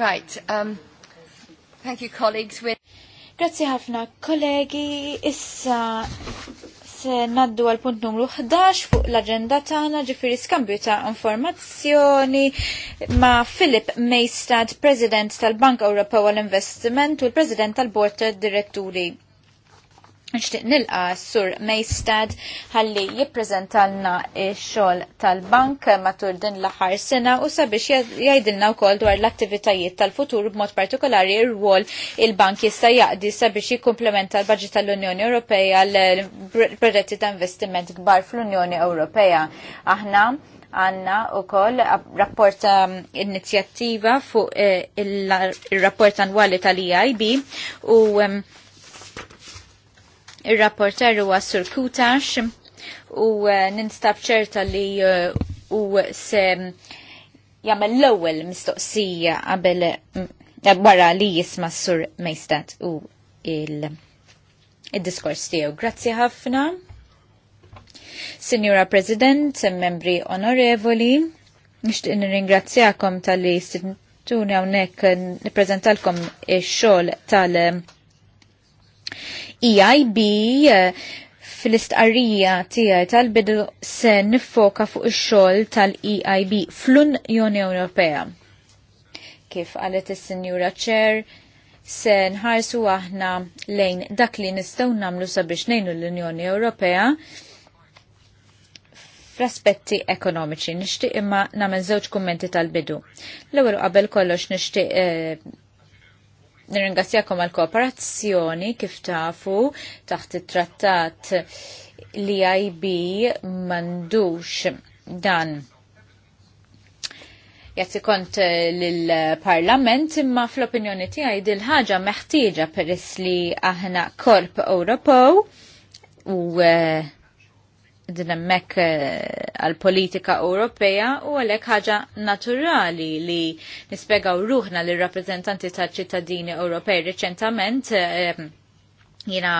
Right, um, thank you colleagues. With... Grazie ħafna kollegi, issa se naddu għal punt numru 11 fuq l-agenda tagħna ġifieri skambju ta' informazzjoni ma' Philip Maystad, President tal-Bank Ewropew għall-Investiment u l-President tal-Bord tad Diretturi. Nxtiq nilqa sur Mejstad ħalli jippreżentalna xol xogħol tal-bank matul din l-aħħar sena u sabiex jgħidilna wkoll dwar l-attivitajiet tal-futur b'mod partikolari r-rwol il-bank jista' jaqdi sabiex jikkumplementa l baġit tal-Unjoni Ewropea l-proġetti ta' investiment kbar fl-Unjoni Ewropea. Aħna għanna u koll rapport um, inizjattiva fuq eh, il-rapport annwali tal-EIB u um, Ir-rapporter huwa Sur Kutax u eh, ninstab ċerta li eh, u se jagħmel l-ewwel mistoqsija qabel eh, wara li jisma' Sur Mejstat u il- id-diskors tiegħu. Grazzi ħafna. Signora President, membri onorevoli, nixtieq nirringrazzjakom tal-li istituni hawnhekk nippreżentalkom ix-xogħol tal- EIB eh, fil-istqarrija tiegħi tal-bidu se niffoka fuq ix-xogħol tal-EIB fl-Unjoni Ewropea. Kif qalet is-Sinjura Chair, se nħarsu aħna lejn dak li nistgħu nagħmlu sabiex ngħinu l-Unjoni Ewropea fl-aspetti ekonomiċi. Nixtieq imma nagħmel żewġ kummenti tal-bidu. L-ewwel qabel kollox nixtieq eh, Nirringrazzjakom għal kooperazzjoni kif tafu taħt it-trattat li IB mandux dan jazzi kont l-parlament imma fl-opinjoni tiegħi dil-ħaġa meħtieġa peress li aħna korp Ewropew u uh, din hemmhekk eh, għall-politika Ewropea u għalhekk ħaġa naturali li nispjegaw ruħna lir rappreżentanti tal-ċittadini Ewropej riċentament eh, jiena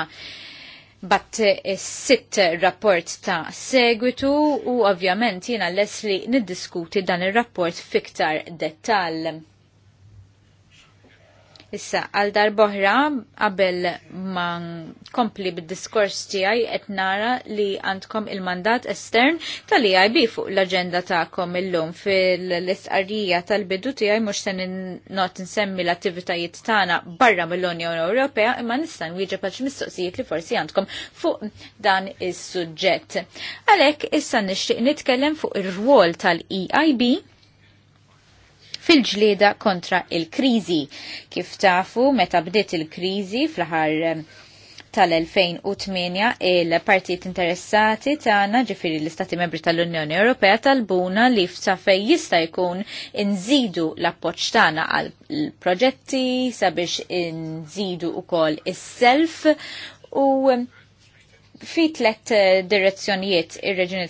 Bat sitt rapport ta' segwitu u ovvjament jiena l li niddiskuti dan ir rapport fiktar dettal. Issa, għal darboħra, qabel ma kompli bid-diskors tijaj, etnara li għandkom il-mandat estern tal-IIB fuq l-agenda ta'kom il-lum fil lisqarija tal-bidu tijaj, mux sen not nsemmi l-attivitajiet tana barra mill-Unjoni Ewropea, imma nistan wieġa paċ mistoqsijiet li forsi għandkom fuq dan is-sujġett. Għalek, issa nishtiq nitkellem fuq ir-rwol tal-EIB fil-ġlieda kontra il-kriżi. Kif tafu meta bdiet il-kriżi fl-aħħar tal-2008 il-partijiet interessati tagħna ġifiri l-Istati Membri tal-Unjoni Ewropea talbuna li ftafej jista' jkun inżidu l-appoġġ tagħna għal proġetti sabiex inżidu ukoll is-self u fi tlet eh, direzzjonijiet ir-reġuni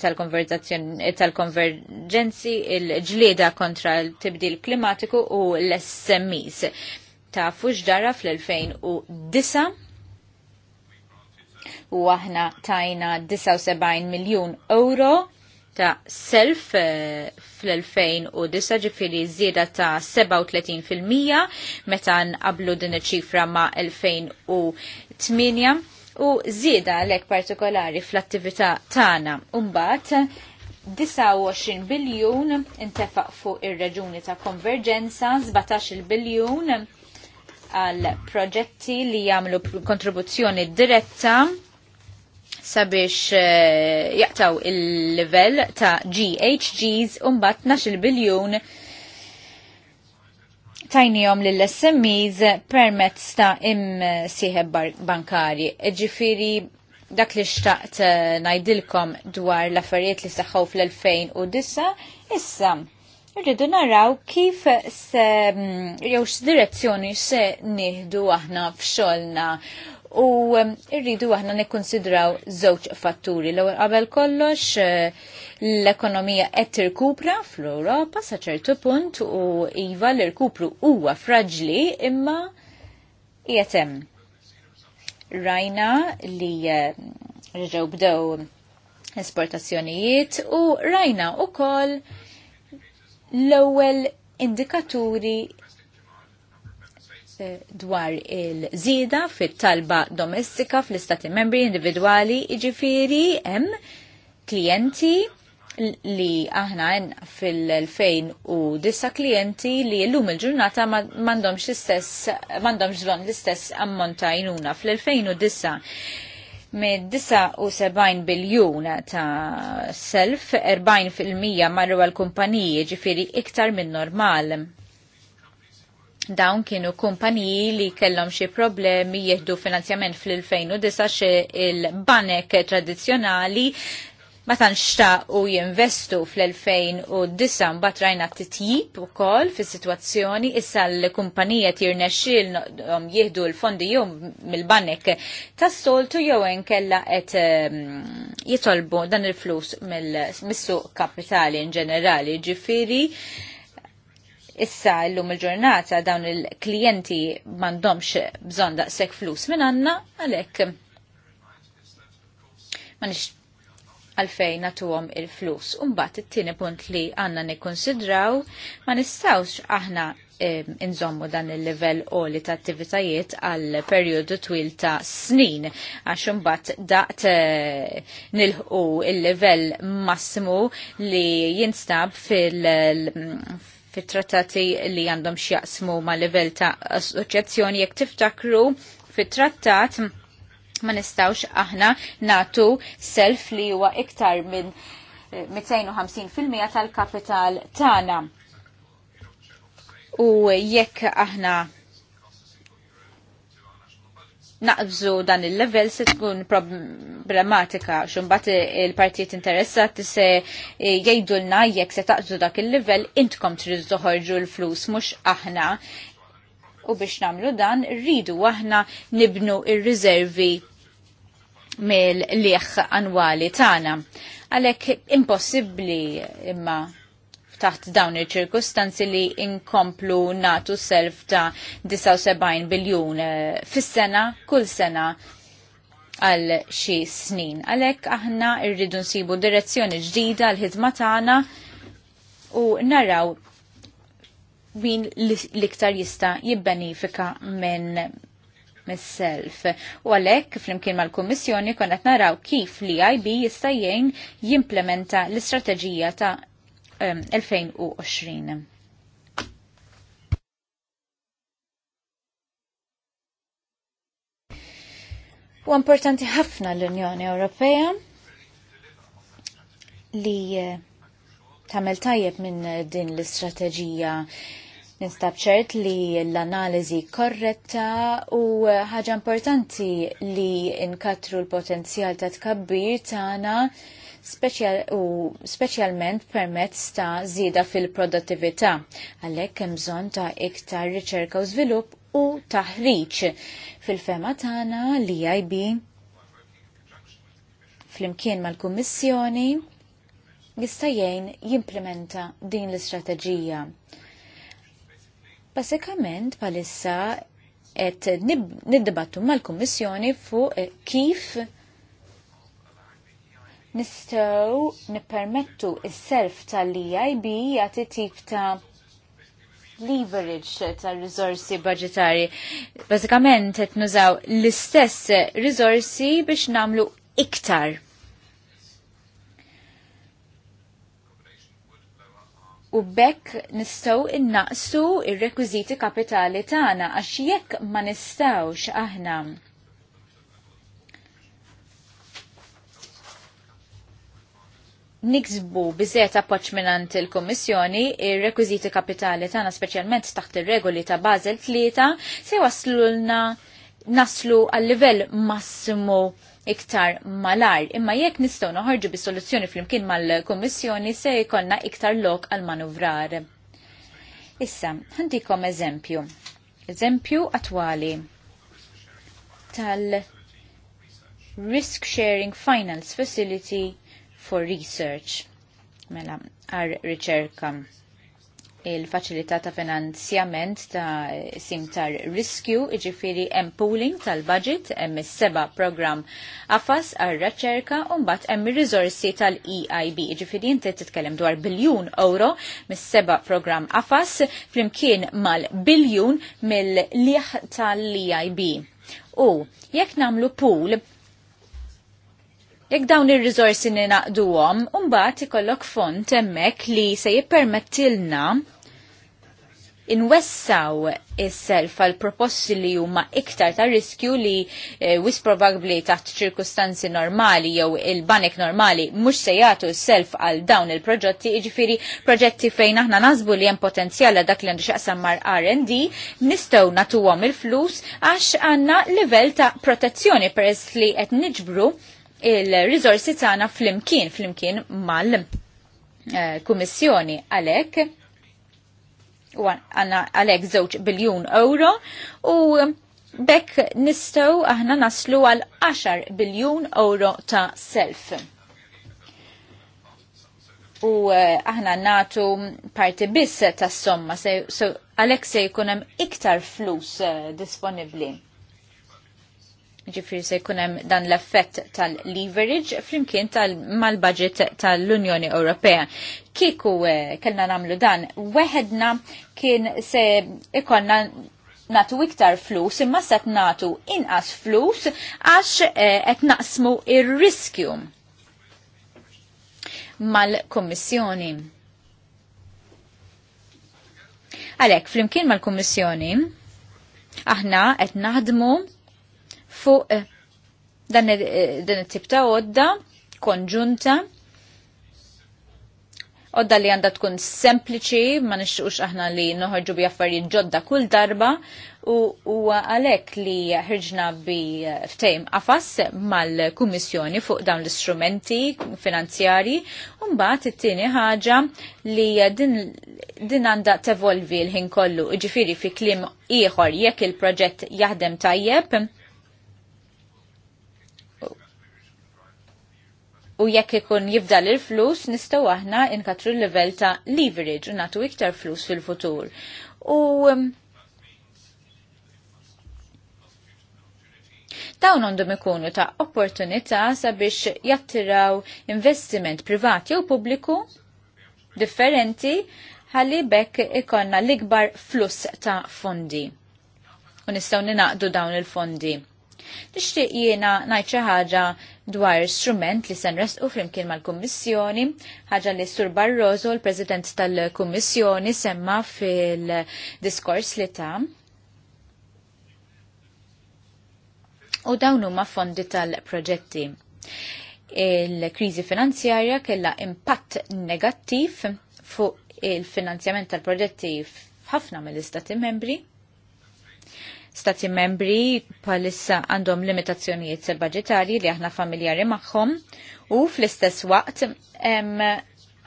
tal-konverġenzi, il-ġlieda kontra l-tibdil klimatiku u l-SMEs. Ta' fuġdara fl-2009 u aħna tajna 79 miljon euro ta' self eh, fl-2009 ġifiri zieda ta' 37% meta nqablu din iċ-ċifra ma' 2008 u zida lek partikolari fl-attività tagħna. Umbat, 29 biljun intefaq fuq ir-reġuni ta' konverġenza, 17 biljun għal proġetti li jagħmlu kontribuzzjoni diretta sabiex eh, jaqtaw il-level ta' GHGs un bat 12 biljun tajnijom lill-SMEs permezz ta' im sieħeb bankari. Ġifiri, dak li xtaqt eh, najdilkom dwar l-affarijiet li saħħaw fl-2009, issa rridu naraw kif se mm, jew x'direzzjoni se nieħdu aħna f'xogħolna U irridu aħna nikkonsidraw żewġ fatturi. L-ewwel qabel kollox eh, l-ekonomija qed tirkupra fl-Ewropa sa ċertu punt u iva l-irkupru huwa fraġli imma qiegħed hemm. Rajna li eh, reġgħu bdew esportazzjonijiet u rajna wkoll l-ewwel indikaturi dwar il-żieda fit-talba domestika fl-istati membri individwali iġifiri hemm klijenti li aħna fil-2009 klienti li l-lum il-ġurnata mandomx l-istess, mandomx zlon l-istess ammonta jnuna fil-2009 mid 79 biljun ta' self, 40% marru għal-kumpaniji ġifiri iktar minn normal dawn kienu kumpaniji li kellhom xi problemi jieħdu finanzjament fl-2009 il-banek tradizzjonali ma tantx u jinvestu fl-2009 mbagħad rajna titjib ukoll fis-sitwazzjoni issa l-kumpanija tirnexxielhom jieħdu l-fondi jew mill-banek tas-soltu jew inkella qed ehm, jitolbu dan il-flus mis-suq kapitali in ġenerali ġifiri. Issa llum il-ġurnata dawn il-klijenti m'għandhomx bżonn daqshekk flus minn għanna, għalhekk manix għalfej għalfejn għom il-flus. Umbat it-tieni punt li għandna nikkonsidraw ma nistawx aħna inżommu dan il-level li ta' attivitajiet għal periodu twil ta' snin, għax umbat daqt eh, nilħu il-level massimu li jinstab fil- fit-trattati li għandhom xjaqsmu ma' livell ta' assoċjazzjoni jekk tiftakru fit-trattat ma nistawx aħna natu self li huwa iktar minn 250% eh, tal-kapital tagħna. U jekk aħna naqbżu dan il-level se tkun problematika xumbat il-partijiet interessati se jgħidulna l se taqbżu dak il-level intkom tridu ħorġu l-flus mux aħna u biex namlu dan rridu aħna nibnu ir-riservi mill liħ annwali tagħna. Għalhekk impossibbli imma taħt dawn il-ċirkustanzi li inkomplu natu self ta' 79 biljun eh, fis-sena, kull sena għal xi snin. Għalhekk aħna rridu nsibu direzzjoni ġdida għal ħidma tagħna u naraw min l-iktar jista' jibbenifika minn mis-self. U għalek, flimkien mal-Kommissjoni, konna naraw kif li IB jista' jgħin jimplementa l-istrateġija ta' 2020. U importanti ħafna l-Unjoni Ewropea li eh, tamel tajjeb minn eh, din l-istrateġija Nistab ċert li l-analizi korretta u eh, ħaġa importanti li nkatru l-potenzjal ta' tkabbir tagħna speċjalment permezz ta' zida fil-produttività. Għalhekk hemm bżonn ta' iktar riċerka u żvilupp u taħriċ fil-fema tagħna li IB flimkien mal-Kummissjoni jista' jgħin jimplementa din l-istrateġija. Basikament palissa et niddibattu mal-Kummissjoni fuq kif nistaw nippermettu il self tal bi jati tip ta' leverage tal-rizorsi budgetari. Bazzikament, qed nużaw l-istess rizorsi biex namlu iktar. U bekk nistaw innaqsu ir-rekwiżiti kapitali tagħna għax jekk ma nistawx aħna niksbu biżiet appoċ minant il-Kommissjoni il rekwiziti kapitali tagħna speċjalment taħt ir-regoli ta' Basel tlieta se waslulna naslu għal-livell massimu iktar malar. Imma jekk nistgħu noħorġu bi soluzzjoni flimkien mal-Kummissjoni se jkollna iktar lok għal manuvrar. Issa, ħantikom eżempju. Eżempju attwali tal-Risk Sharing Finance Facility for Research, mela, għar riċerka il-faċilità ta' finanzjament ta' simtar riskju, iġifiri hemm pooling tal-budget, hemm is-seba' program AFAS għar riċerka u mbagħad hemm ir tal-EIB. Iġifiri inti titkellem dwar biljun euro mis-seba' program AFAS flimkien mal-biljun mill-liħ tal-EIB. U jekk namlu pool Jekk dawn ir-riżorsi ninaqduhom, mbagħad ikollok font hemmhekk li se jippermettilna inwessaw is-self għal proposti li huma iktar ta' riskju li eh, wis probabbli taħt ċirkustanzi normali jew il-banek normali mhux se jagħtu self għal dawn il-proġetti, jiġifieri proġetti fejn aħna nażbu li hemm potenzjal dak li xaqsam mar R&D, nistgħu nagħtuhom il-flus għax għandna livell ta' protezzjoni peress li qed niġbru il-rizorsi tagħna flimkien flimkien mal-Kummissjoni għalhekk u għanna għalhekk żewġ biljun euro u bekk nistgħu aħna naslu għal 10 biljun euro ta' self. U eh, aħna natu parti biss tas somma, għalek se jkun hemm iktar flus eh, disponibbli ġifir se jkunem dan l-effett tal-leverage flimkien mal-budget tal-Unjoni Ewropea. Kiku eh, kellna namlu dan, weħedna kien se ikonna natu iktar flus, imma set natu inqas flus għax eh, qed naqsmu ir-riskju mal-Kommissjoni. Għalek, flimkien mal-Kommissjoni, aħna qed naħdmu fuq eh, dan it-tip eh, ta' odda konġunta Odda li għanda tkun sempliċi, ma nixxuqx aħna li noħorġu bi affarijiet ġodda kull darba, u għalek li ħirġna bi ftejm għafas mal-Kummissjoni fuq dawn l-istrumenti finanzjari, u mbagħad it-tieni ħaġa li din għandha tevolvi l-ħin kollu, ġifiri fi klim ieħor jekk il-proġett jaħdem tajjeb, u jekk ikun jibdal il flus nistgħu aħna inkatru l-level ta' leverage u natu iktar flus fil-futur. U um, dawn għandhom ikunu ta' opportunità sabiex jattiraw investiment privat jew pubbliku differenti ħalli bekk ikonna l-ikbar fluss ta' fondi. U nistgħu ninaqdu dawn il-fondi. Nixtieq jiena ngħid xi ħaġa dwar strument li se nresqu flimkien mal-Kummissjoni, ħaġa li Sur Barroso, l-President tal-Kummissjoni, semma fil-diskors li ta' u dawn huma fondi tal-proġetti. Il-kriżi finanzjarja kellha impatt negattiv fuq il-finanzjament tal-proġetti f'ħafna mill-istati membri stati membri palissa għandhom limitazzjonijiet budgetari li aħna familjari magħhom u fl-istess waqt hemm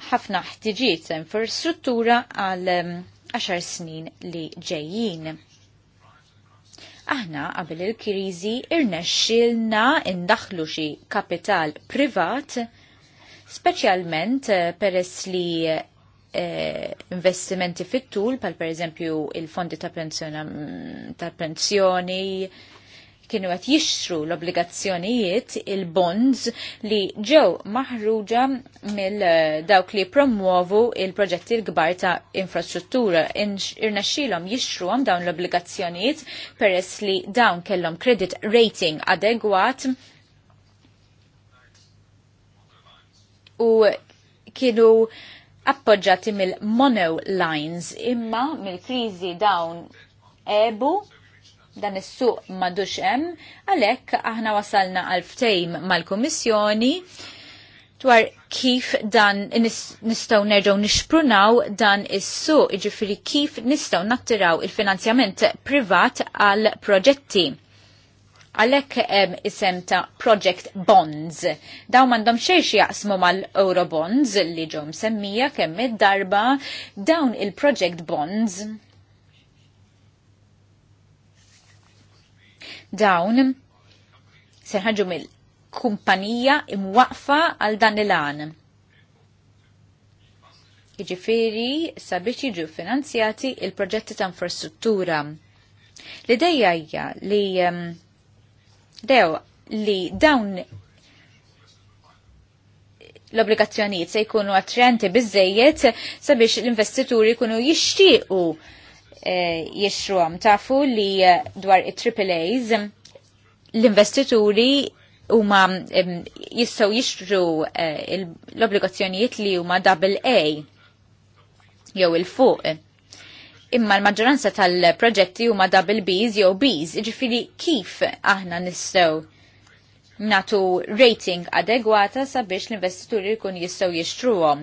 ħafna ħtiġiet infrastruttura għal 10 snin li ġejjin. Aħna qabel il-kriżi irnexxilna indaħlu xi kapital privat speċjalment eh, peress li Eh, investimenti fit-tul, pal per eżempju il-fondi ta' pensjoni, kienu għat jixtru l-obligazzjonijiet, il-bonds, li ġew maħruġa mill eh, dawk li promuovu il-proġetti l-gbar ta' infrastruttura. Irnaxxilhom jixtru għam dawn l-obligazzjonijiet peress li dawn kellhom credit rating adegwat u kienu appoġġati mill-mono lines imma mill-kriżi dawn ebu dan is-suq madux hemm, għalhekk aħna wasalna għal ftejm mal-Kummissjoni dwar kif dan nistgħu nerġgħu nixprunaw dan is-suq, jiġifieri kif nistgħu nattiraw il-finanzjament privat għal proġetti għalek hemm isem ta' Project Bonds. Daw mandom xiex jaqsmu mal-Eurobonds li ġom semmija kemm id-darba dawn il-Project Bonds. Dawn serħaġu mill-kumpanija imwaqfa għal dan il-għan. Iġifiri sabiex jiġu finanzjati il-proġetti ta' infrastruttura. L-ideja hija li um, dew li dawn l-obbligazzjonijiet se jkunu attrenti bizzejiet sabiex l-investituri jkunu jixtiequ eh, jixruhom tafu li eh, dwar it-AAAs l-investituri huma jistgħu jixtru eh, l-obbligazzjonijiet li huma double A jew il-fuq imma l-maġġoranza tal-proġetti huma double Bs jew Bs, ġifiri kif aħna nistgħu natu rating adegwata sabiex l-investituri kun jistgħu jixtruhom.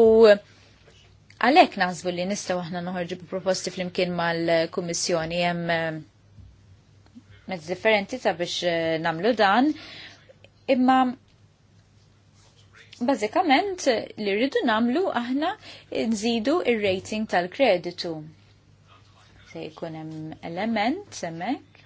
U għalhekk naħsbu li nistgħu aħna noħorġu proposti flimkien mal-Kummissjoni hemm eh, mezz differenti sabiex nagħmlu eh, namlu dan. Imma bażikament li rridu namlu aħna nżidu ir-rating tal-kreditu se jkun hemm element hemmhekk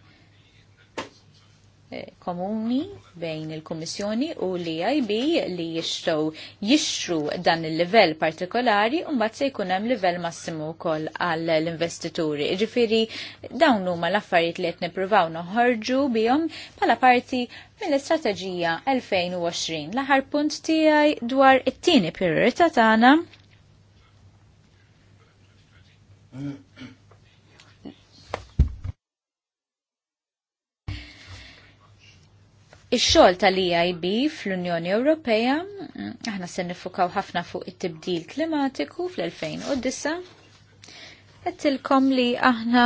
eh, komuni bejn il-Kummissjoni u l ib li jistgħu jixtru dan il-livell partikolari u mbagħad se jkun hemm livell massimu wkoll għall investituri Ġifieri dawn huma l-affarijiet li qed nippruvaw noħorġu bihom bħala parti mill-istrateġija 2020. L-aħħar punt tiegħi dwar it-tieni priorità tagħna Ix-xogħol tal-EIB fl-Unjoni Ewropea aħna se nifukaw ħafna fuq it-tibdil klimatiku fl-2009. ilkom li aħna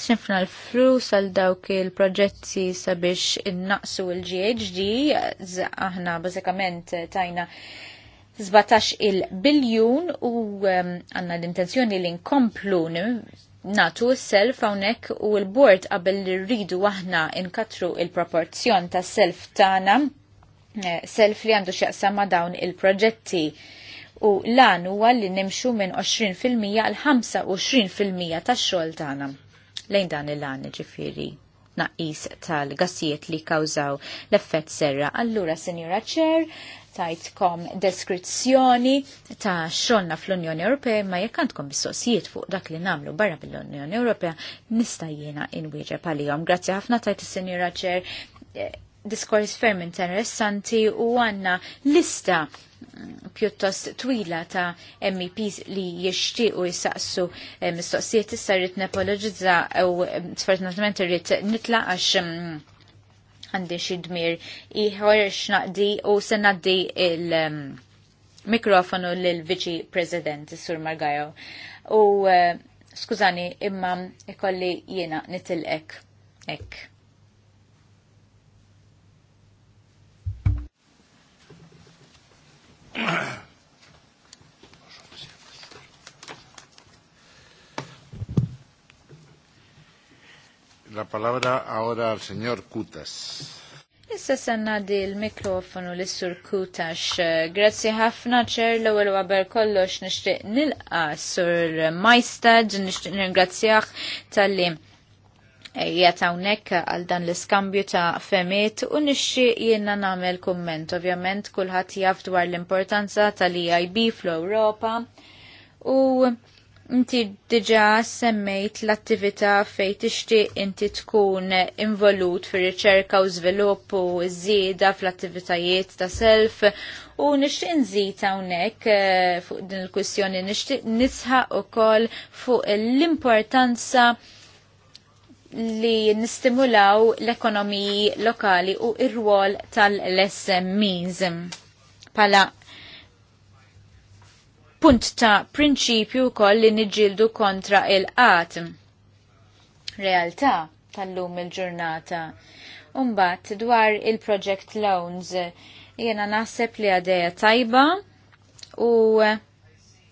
sinfna l-flus għal dawk il-proġetti sabiex innaqsu il ghd aħna bażikament tajna 17 il-biljun u għanna l-intenzjoni li nkomplu natu s-self hawnhekk u l-bord qabel li rridu aħna inkatru il-proporzjon ta' self tagħna eh, self li għandu x'jaqsam ma' dawn il-proġetti u lan huwa li nimxu minn 20% għal 25% tax-xogħol tagħna. Lejn dan il-lan ġifieri naqis tal-gassijiet li kawżaw l-effett serra. Allura, Senjora Chair tajtkom deskrizzjoni ta' xonna fl-Unjoni Ewropea ma jekk għandkom mistoqsijiet fuq dak li namlu barra mill-Unjoni Ewropea nista' jiena inwieġeb għalihom. Grazzi ħafna tajt is-Sinjura Ċer eh, diskors ferm interessanti u għanna lista mm, pjuttost twila ta' MEPs li u jisaqsu eh, mistoqsijiet issa rrit nepologizza u eh, sfortunatament rrit nitla għax mm, għandi xi dmir ieħor x'naqdi u se il-mikrofonu um, l viċi President Sur Margajo. U uh, skużani imma ikolli jiena nitilqek. Ek. ek. la palabra ahora al señor Kutas. Issa sanna di l-mikrofonu l-sur Kutax. Grazzi ħafna ċer l ewwel għaber kollox nishtiq nilqa sur Majstad, nishtiq nirgrazzjaħ tal-li jgħat hawnhekk għal dan l-iskambju ta' femiet u nixxieq jiena nagħmel kumment. Ovvjament kulħadd jaf dwar l-importanza tal-EIB fl-Ewropa u Inti diġa semmejt l-attività fej tixtieq inti tkun involut fir riċerka u żvilupp u żieda fl-attivitajiet ta' self u nixtieq nżid hawnhekk eh, fuq din il-kwistjoni nixtieq nisħaq ukoll fuq l-importanza li nistimulaw l-ekonomiji lokali u ir-rwol tal-SMEs pala punt ta' prinċipju koll li nġildu kontra il-qat. Realtà tal-lum il-ġurnata. Umbat, dwar il-project loans, jena naħseb li għadeja tajba u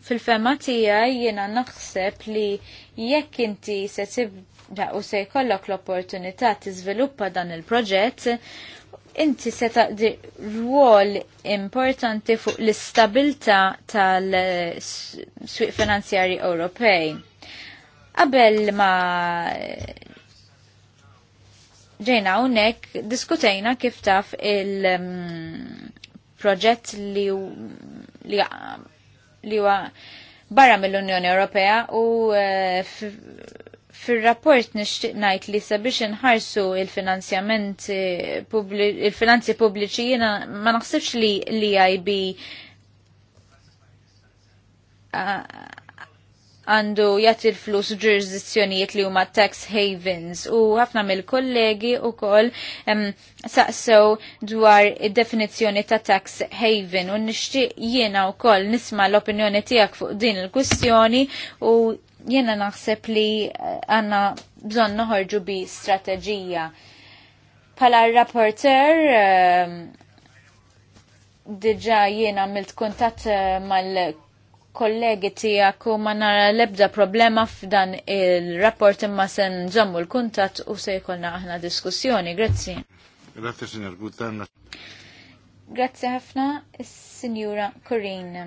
fil-fema tijaj jena naħseb li jekk inti se tibda u se jkollok l-opportunità tiżviluppa dan il-proġett inti se taqdi rwol importanti fuq l-istabilta tal-swiq eh, finanzjari Ewropej. Qabel ma eh, ġejna unnek diskutejna kif taf il-proġett mm, li li li barra mill-Unjoni Ewropea u eh, Fil-rapport nixtieq ngħid li sabiex inħarsu il-finanzjament eh, il-finanzi pubbliċi jiena ma naħsibx li l ib għandu jagħti l-flus ġurisdizzjonijiet li huma tax havens u ħafna mill-kollegi wkoll saqsew dwar id-definizzjoni ta' tax haven u nixtieq jiena wkoll nisma' l-opinjoni tiegħek fuq din il-kwistjoni u jena naħseb li eh, għanna bżon noħorġu bi strategija. Pala rapporter, eh, diġa jena għamilt kontat eh, mal-kollegi tijak u ma nara lebda problema f'dan il-rapport imma sen ġammu l-kuntat u se jkollna aħna diskussjoni. Grazzi. Grazzi, signor Guttan. Grazzi ħafna, signora Corinne.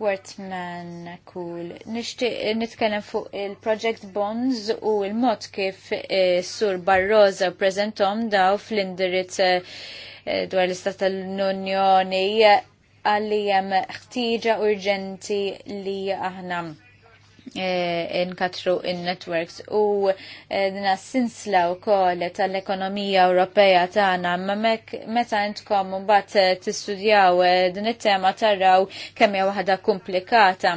Wertman, cool. Nishtiq nitkellem fuq il-Project Bonds u il-mod kif eh, Sur Barroza prezentom daw fl-indirizz eh, dwar l-Istat tal-Unjoni għalli jem ħtieġa urġenti li aħna Eh, inkatru in-networks u eh, dina sinsla u koll tal-ekonomija Ewropea tagħna ma meta intkom mbagħad eh, tistudjaw din it-tema taraw kemm hija waħda komplikata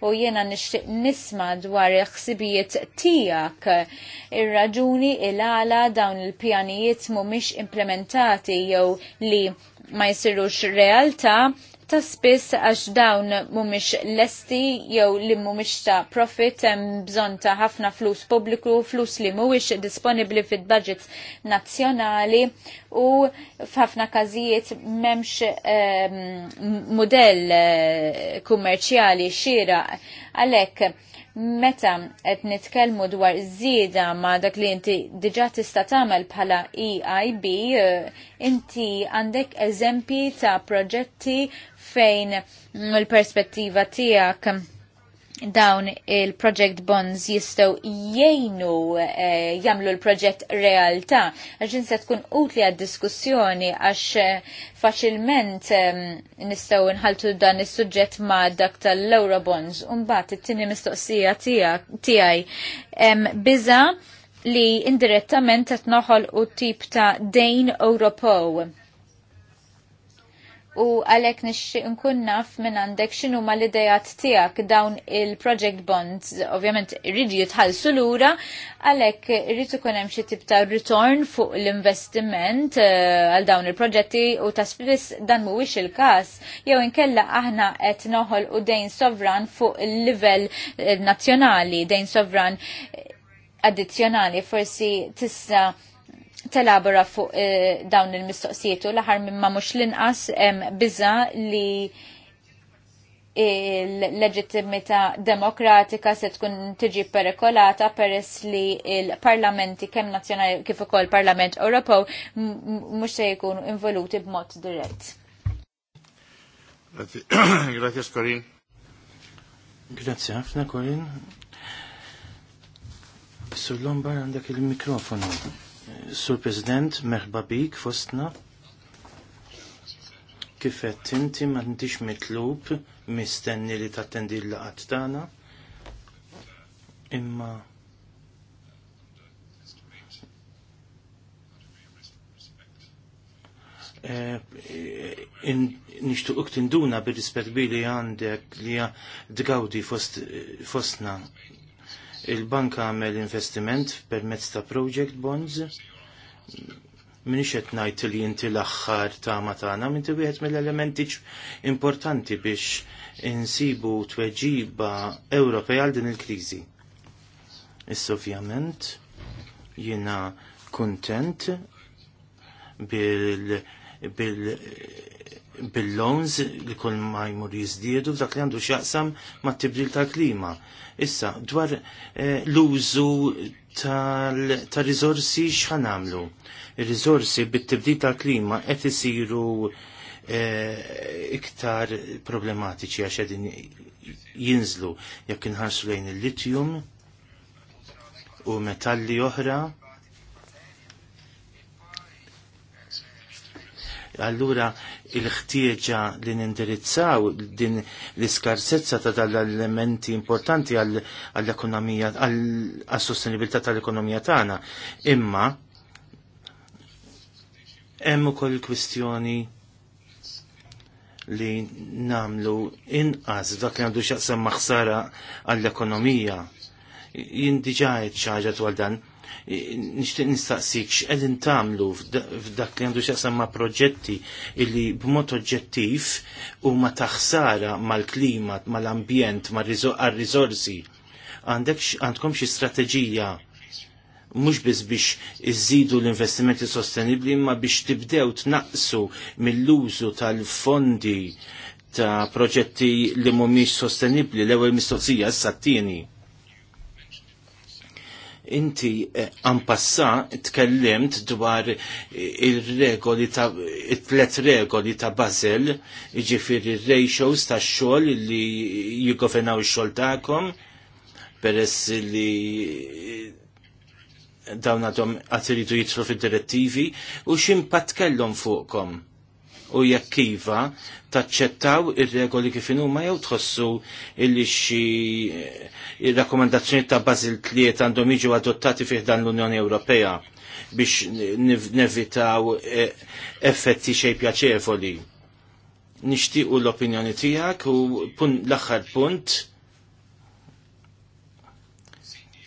u jiena nixtieq nisma' dwar il-ħsibijiet tiegħek ir-raġuni il-għala dawn il-pjanijiet mhumiex implementati jew li ma jsirux realtà ta' spiss għax dawn mumiex lesti jew li mumiex ta' profit hemm bżonn ta' ħafna flus pubbliku, flus li mhuwiex disponibbli fit budgets nazzjonali u f'ħafna każijiet m'hemmx ehm, eh, mudell kummerċjali xira għalhekk meta qed nitkellmu dwar żieda ma' dak li inti diġà tista' tagħmel bħala EIB, eh, inti għandek eżempji ta' proġetti fejn l-perspettiva tijak dawn il-project bonds jistaw jgħinu eh, jamlu l-proġett realtà. Għaxin se tkun utli għad-diskussjoni għax eh, faċilment eh, nistaw nħaltu dan is suġġett ma dak tal-Laura Bonds. Umbat, it-tini mistoqsija tijaj. Biza li indirettament t-noħol u tip ta' Dane Europow u għalek nkun naf minn għandek xinu ma l-idejat tijak dawn il-project bonds, ovvjament rridu jitħalsu l-ura, għalek rridu kunem xie tibta return fuq l-investiment eh, għal dawn il-proġetti u ta' spiss dan mhuwiex il-kas, jew inkella aħna qed noħol u dejn sovran fuq il-livell eh, nazzjonali, dejn sovran eh, addizzjonali, forsi tista' telabora fuq eh, dawn il-mistoqsijiet u l minn ma mux l-inqas bizza li il-leġittimità demokratika se tkun tiġi perikolata peress li il-parlamenti kemm nazzjonali kif ukoll parlament Ewropew mhux se jkunu involuti b'mod dirett. Grazie, Corin. Grazie ħafna, Corin. Sur Lombar għandek il-mikrofonu. Sur President, merħba bik fostna. Kifet inti ma ntix mitlub mistenni li tattendi l-laqat tagħna. Imma eh, nishtuq tinduna bil-rispet bili għandek li għadgawdi fostna il-bank għamel investiment permezz ta' project bonds minix qed ngħid li inti l-aħħar ta' matana minti wieħed mill-elementi importanti biex insibu tweġiba Ewropea għal din il-kriżi. Issa ovvjament jiena kuntent bil bil bil-loans li kull ma jmur jizdiedu dak li għandu xaqsam ma tibdil ta' klima. Issa, dwar eh, l-użu ta' rizorsi xħan għamlu. Rizorsi bit-tibdil ta' klima qed isiru eh, iktar problematiċi għax għedin jinżlu jekk inħarsu lejn il-litjum u metalli oħra allura il-ħtieġa li nindirizzaw din l-iskarsezza ta' dal-elementi importanti għall-ekonomija, għall-sostenibilità tal-ekonomija tagħna. Imma hemm ukoll kwistjoni li namlu inqas dak li għandu xaqsam maħsara għall-ekonomija. Jindiġa xaġa dwar dan nixtieq nistaqsik x'qegħdin tagħmlu f'dak li għandu x'jaqsam ma' proġetti illi b'mod oġġettiv huma taħsara mal-klima, mal-ambjent, mar-riżorsi. Għandek għandkom xi strateġija mhux biss biex iżidu l-investimenti sostenibli imma biex tibdew tnaqsu mill-użu tal-fondi ta' proġetti li mhumiex sostenibli l-ewwel mistoqsija issa t-tieni inti anpassa eh, tkellimt dwar eh, il-regoli ta' it-tlet regoli ta' Basel, ġifiri ratios ta' xol li jigovernaw xol ta'kom, peress li eh, dawn għadhom iridu jitru fil-direttivi, u ximpat kellhom fuqkom u jekk iva taċċettaw ir-regoli kif huma jew tħossu illi xi eh, rakkomandazzjoni ta' Basil tliet għandhom jiġu adottati fih dan l-Unjoni Ewropea biex nevitaw eh, effetti xej pjaċevoli. Nixtiequ l-opinjoni tiegħek u l-aħħar punt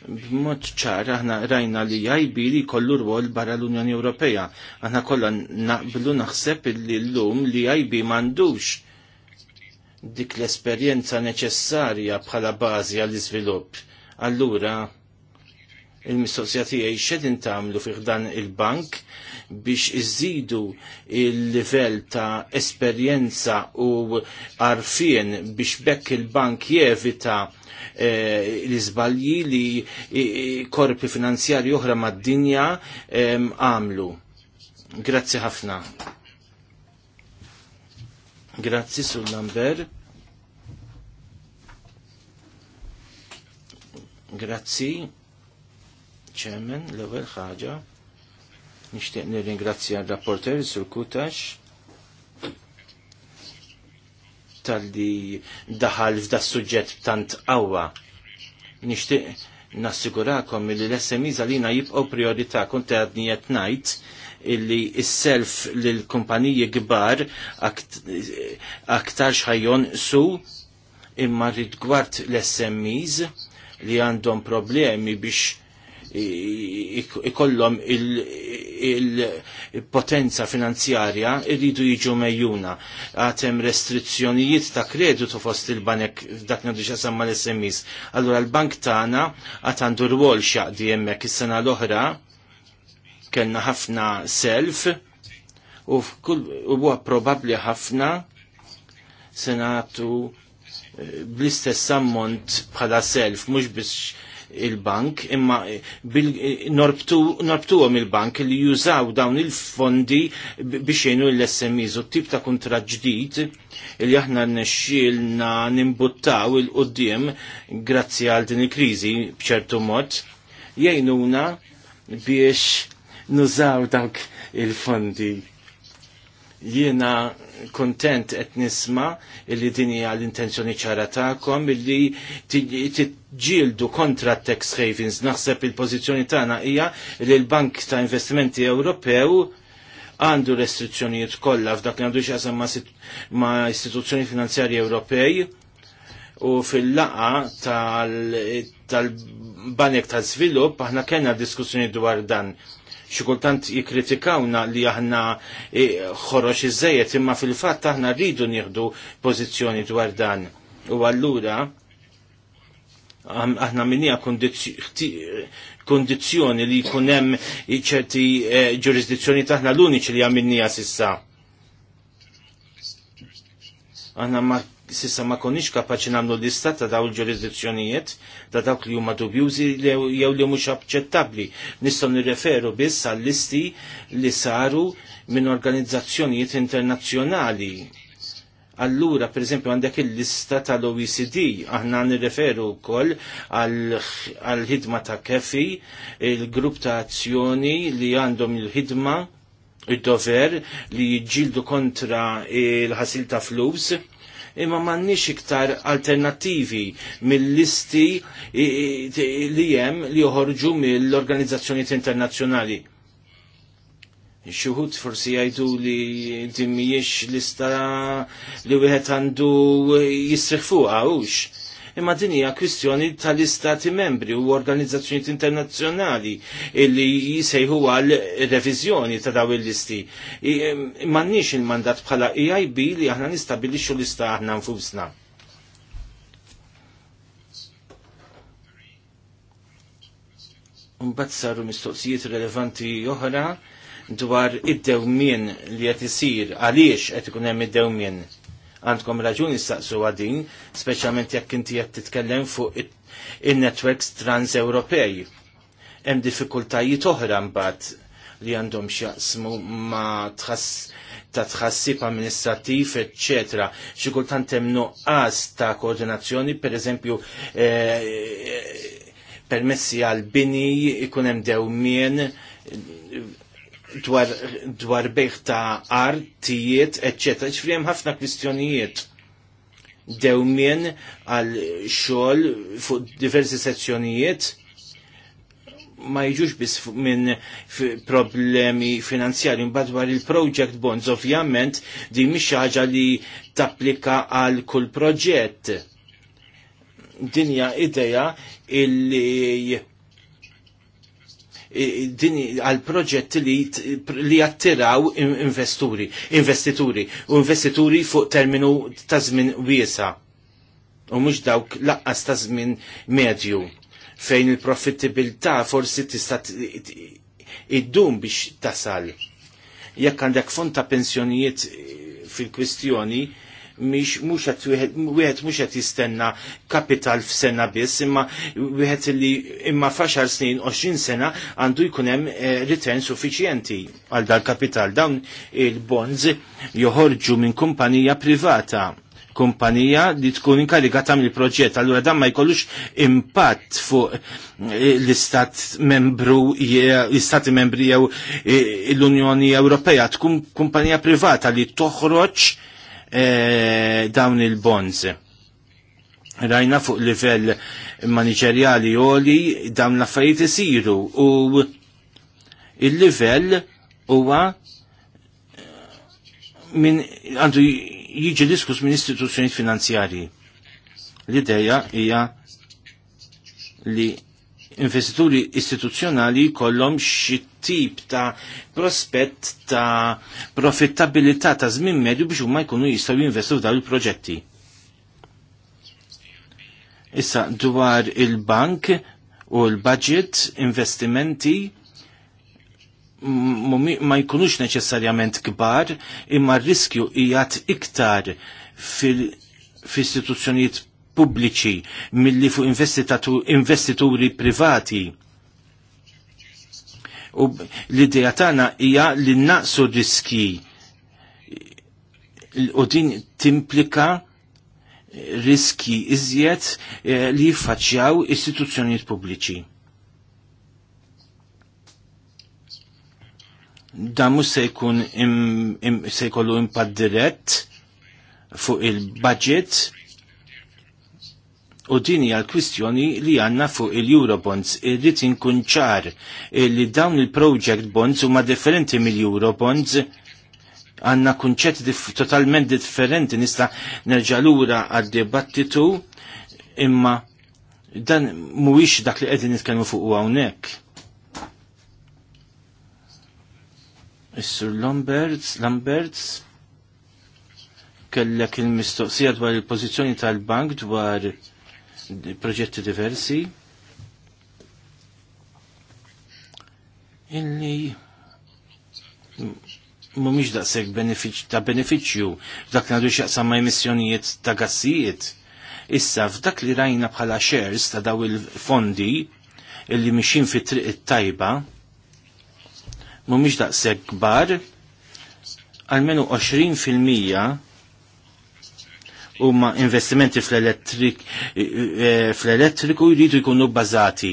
b'mod ċar aħna rajna li IB li kollu rwol barra l-Unjoni Ewropea. Aħna kollha naqblu naħseb li llum li IB m'għandux dik l-esperjenza neċessarja bħala bażi għall-iżvilupp. Allura il-mistoqsija tiegħi xed intamlu fih dan il-bank biex iżidu il-livell ta' esperjenza u arfien biex bekk il-bank jevita Eh, l-iżbalji li eh, eh, korpi finanzjari oħra mad-dinja għamlu. Grazzi ħafna. Grazzi sul Lambert. Grazzi, Chairman l-ewel ħaġa. Nishtiq nirringrazzja r-rapporter sur Kutax tal-li daħal f'da suġġett tant qawwa. Nixtieq nassigurakom li l-SMEs għalina jibqgħu priorità kont għadni qed ngħid illi s-self lill-kumpaniji kbar aktar xajjon su imma rigward l-SMEs li għandhom problemi biex ikollhom il-potenza il finanzjarja irridu jiġu mejjuna għatem restrizzjonijiet ta' kreditu fost il-banek dak nadu samma l-SMIs. Allura l-bank tagħna għad għandu rwol xaqdi hemmhekk is-sena l-oħra kellna ħafna self u huwa probabbli ħafna senatu eh, bl-istess ammont bħala self, mhux biex il-bank, imma eh, eh, norbtuhom il-bank li jużaw dawn il-fondi biex jenu l-SMEs u tip ta' kontra ġdid li aħna nexxielna nimbuttaw il-qoddim grazzi għal din il-kriżi b'ċertu mod jgħinuna biex nużaw dawk il-fondi jiena kontent qed nisma illi din hija l-intenzjoni ċara tagħkom illi ġildu kontra tax havens. Naħseb il-pozizjoni tagħna hija li l-Bank ta' Investimenti Ewropew għandu restrizzjonijiet kollha f'dak li għandu xasam ma' istituzzjoni finanzjarji Ewropej u fil-laqa tal-banek tal tal-svilup aħna kena diskussjoni dwar dan. Xikultant jikritikawna li aħna e, ħoroċ iżejet imma fil-fatt aħna rridu nieħdu pożizzjoni dwar dan. U allura aħna minnija kondizjoni li kunem ċerti eh, ġurisdizzjoni taħna l-uniċi li għaminnija sissa. Aħna ma sissa ma konniex kapaċi namlu lista ta' daw il-ġurisdizzjonijiet ta' dawk li huma dubjużi jew li mhux aċċettabbli. Nistgħu nirreferu biss għal listi li saru minn organizzazzjonijiet internazzjonali Allura, per esempio, għandek il-lista tal-OECD, aħna nirreferu wkoll għal-ħidma ta' kefi, il-grupp ta' azzjoni li għandhom il-ħidma, il-dover li jġildu kontra il-ħasil ta' flus, imma m'għandniex iktar alternattivi mill-listi li hemm li joħorġu mill-organizzazzjonijiet internazzjonali xuhut forsi jajdu li dimmiex lista li wieħed għandu jistriħ fuqa ux. Imma din hija kwistjoni tal-istati membri u organizzazzjoni internazzjonali illi jisejħu għal reviżjoni ta' daw il-listi. M'għandniex il-mandat bħala EIB li aħna nistabilixxu l-ista' aħna nfusna. Mbagħad saru mistoqsijiet relevanti oħra dwar id-dewmien li qed isir għaliex qed ikun hemm id-dewmien. Għandkom raġuni staqsu għadin, speċjalment jekk inti qed titkellem fuq in-networks trans-Ewropej. Hemm diffikultajiet oħra mbagħad li għandhom x'jaqsmu ma tħass ta' tħassib amministrativ, etc. Xi kultant hemm nuqqas ta' koordinazzjoni, pereżempju eh, permessi għal bini ikun hemm dewmien dwar, dwar bejħ ta' artijiet, etc. ċfrijem ħafna kwistjonijiet dewmien għal xogħol fuq diversi sezzjonijiet ma jiġux biss minn problemi finanzjari mbagħad dwar il-project bonds ovvjament di mhix ħaġa li tapplika għal kull proġett. Dinja ideja illi għal proġett li jattiraw investuri, investituri, u investituri fuq terminu ta' żmien wiesa u mhux dawk laqqas ta' żmien medju fejn il-profittibilità forsi tista' id-dum biex tasal. Jekk għandek fond ta' pensjonijiet eh, fil-kwistjoni, miex mux wieħed mhux qed jistenna kapital f'sena biss, imma wieħed li imma faxar snin 20 sena għandu jkun hemm eh, return suffiċjenti għal dal kapital. Dawn il-bonds joħorġu minn kumpanija privata kumpanija li tkun inkarigata mill proġett Allura dan ma jkollux impatt fuq eh, l-istat membru, l istat membri jew eh, l-Unjoni Ewropea. Tkun kumpanija privata li toħroġ E, dawn il-bonds. Rajna fuq livell maniġerjali oli dawn l-affarijiet isiru u il-livell huwa min għandu jiġi diskus minn istituzzjonijiet finanzjarji. L-ideja hija li investituri istituzzjonali kollom xittib ta' prospett ta' profittabilità ta' żmien medju biex huma jkunu jistgħu jinvestu f'dawn il-proġetti. Issa dwar il-bank u l-budget investimenti ma jkunux neċessarjament kbar imma r-riskju jgħat iktar fil-istituzzjonijiet pubbliċi milli fuq investituri privati. U l-idea tagħna hija li naqsu riski u din timplika riski iżjed eh, li jiffaċċjaw istituzzjonijiet pubbliċi. Da mhux se jkun se jkollu impatt dirett fuq il-budget U din hija l-kwistjoni li għanna fuq il-Eurobonds. Irrid inkun ċar li dawn il-project bonds huma differenti mill-Eurobonds għanna kunċet dif totalment differenti nista nerġalura għad-dibattitu imma dan mhuwiex dak li qegħdin nitkellmu fuq hawnhekk. għawnek. Issur Lamberts, Lamberts, kellek il-mistoqsija dwar il-pożizzjoni tal-bank dwar proġetti diversi illi mumiġ daqseg ta' beneficju dak nadu xaqsa ma' emissjonijiet ta' gassijiet. Issa f'dak li rajna bħala shares ta' daw il-fondi illi mixin fit triq it-tajba mumiġ daqseg kbar għalmenu 20% huma investimenti eh, fl-elettriku jridu jkunu bbażati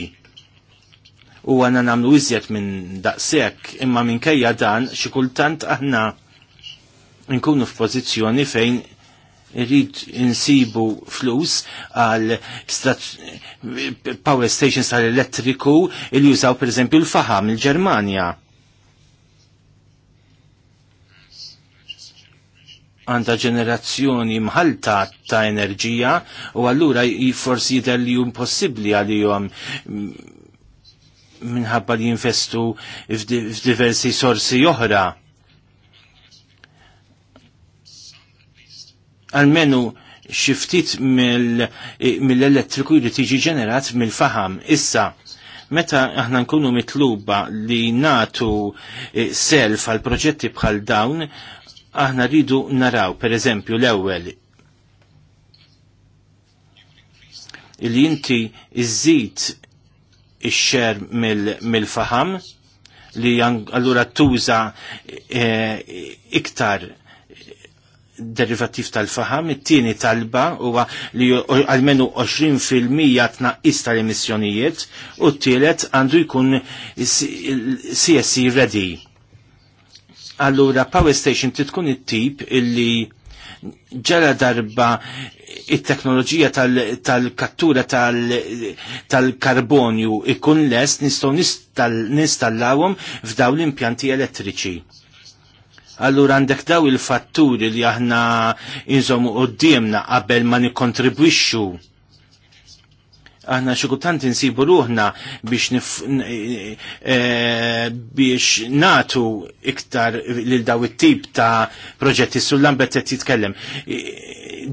u għanna namlu iżjed minn daqsek, imma minn kajja dan, xikultant aħna nkunu f'pożizzjoni fejn irrid insibu flus għal power stations tal elettriku il jużaw per eżempju l-faham il-Germania. għanda ġenerazzjoni mħalta ta' enerġija u allura forsi jidelli impossibli jom minħabba li jinvestu f'diversi sorsi oħra. Almenu xiftit mill-elettriku li tiġi ġenerat mill-faham. Issa, meta aħna nkunu mitluba li natu self għal proġetti bħal dawn, aħna rridu naraw, per eżempju, l-ewwel il inti iżżid ix-xer mill-faham li allura tuża eh, iktar derivativ tal-faham, it-tieni talba huwa li għalmenu 20% tnaqqis tal-emissjonijiet u t-tielet għandu jkun CSC ready Allura power station titkun it-tip illi ġara darba it-teknoloġija tal-kattura tal-karbonju ikun les nistgħu nistallawum f'dawn l-impjanti elettriċi. Allura għandek daw il-fatturi li aħna inżomu qoddimna qabel ma nikkontribwixxu aħna xikultant insibu ruħna biex nif, e-, e-, e, biex natu iktar lil daw it-tip ta' proġetti sull Lambet qed jitkellem.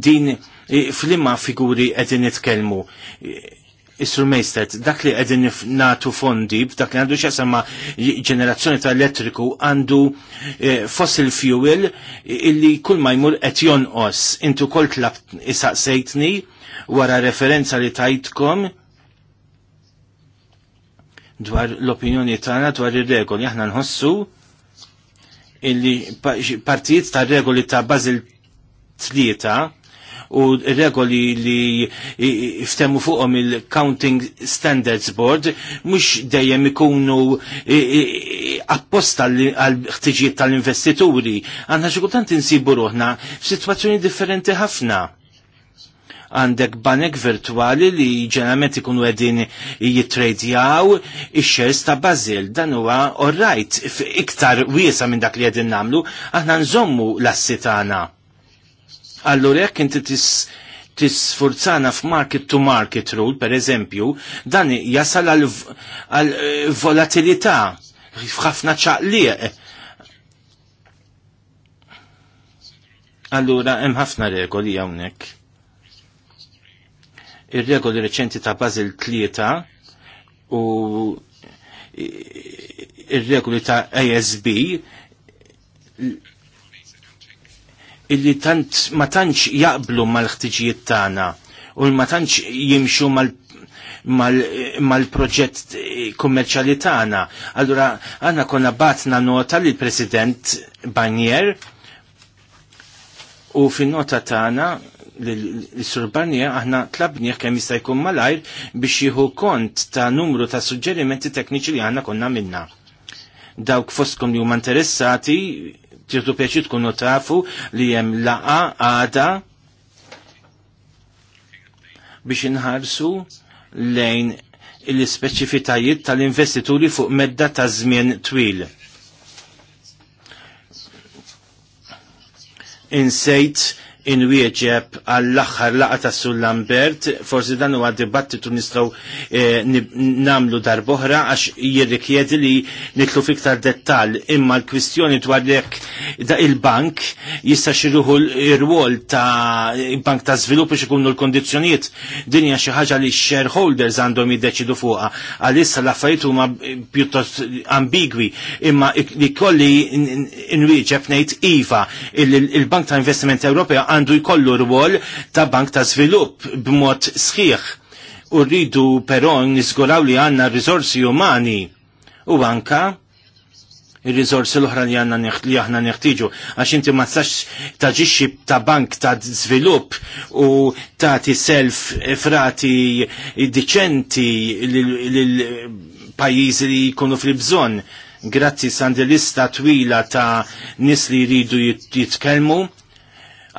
Din flimma figuri qegħdin nitkellmu. Isru Mejstet, dak li għedin natu fondi, dak li għandu xasama ġenerazzjoni ta' elettriku għandu e, fossil fuel illi kull ma jmur qed jonqos. Intu kol tlab isaqsejtni wara referenza li tajtkom dwar l-opinjoni tagħna dwar ir-regoli aħna nħossu illi partijiet ta' regoli ta' Basil tlieta u regoli li iftemu fuqhom il-Counting Standards Board mhux dejjem ikunu apposta għal ħtiġijiet tal-investituri. Għandna xi kultant insibu ruħna f'sitwazzjoni differenti ħafna għandek banek virtuali li ġenament ikunu għedin jitrejdjaw ix-shares ta' Bazil. Dan huwa orrajt iktar wiesa minn dak li għedin namlu, aħna nżommu l-assi tagħna. Allura jekk inti tis tisfurzana f'market to market rule, per eżempju, dan jasal għal eh, volatilità f'ħafna ċaqliq. Allura, hemm ħafna regoli hawnhekk ir-regoli reċenti ta' Basil tlieta u ir-regoli ta' ASB illi tant ma tantx jaqblu mal-ħtiġijiet tagħna u ma tantx jimxu mal- mal-proġett mal kummerċali tagħna. Allura għandna konna batna nota li President Barnier u fin-nota tagħna l surbanija aħna tlabnieh kemm jista' jkun malajr biex jieħu kont ta' numru ta' suġġerimenti tekniċi li għandna konna minna. Dawk fostkom li huma interessati tirtu pjaċi tkunu tafu li hemm laqa għada biex inħarsu lejn l-ispeċifitajiet tal-investituri fuq medda ta' żmien twil. Insejt inwieġeb għall-axħar laqa ta' Sul Lambert, forsi dan huwa dibattitu nistgħu eh, nagħmlu namlu darboħra għax jirrikjedi li nitlu fiktar dettal imma l-kwistjoni dwar jekk da il-bank jista' xiruħu r-rwol ta' bank ta' żvilupp biex ikunu l-kondizzjonijiet dinja xi ħaġa li shareholders għandhom jiddeċidu fuqha. Għalissa l-affarijiet huma pjuttost ambigwi imma li kolli inwieġeb ngħid iva il-Bank ta' Investiment Ewropea għandu jkollu rwol ta' bank ta' svilup b'mod sħiħ. U rridu però nisgolaw li għanna risorsi umani u anka il-rizorsi l-oħra li għanna li għanna neħtiġu. Għax inti ma tistax taġixxi ta' bank ta' żvilupp u tagħti self frati diċenti l pajjiżi li jkunu fil-bżonn. Grazzi sandilista twila ta' nis li jridu jitkelmu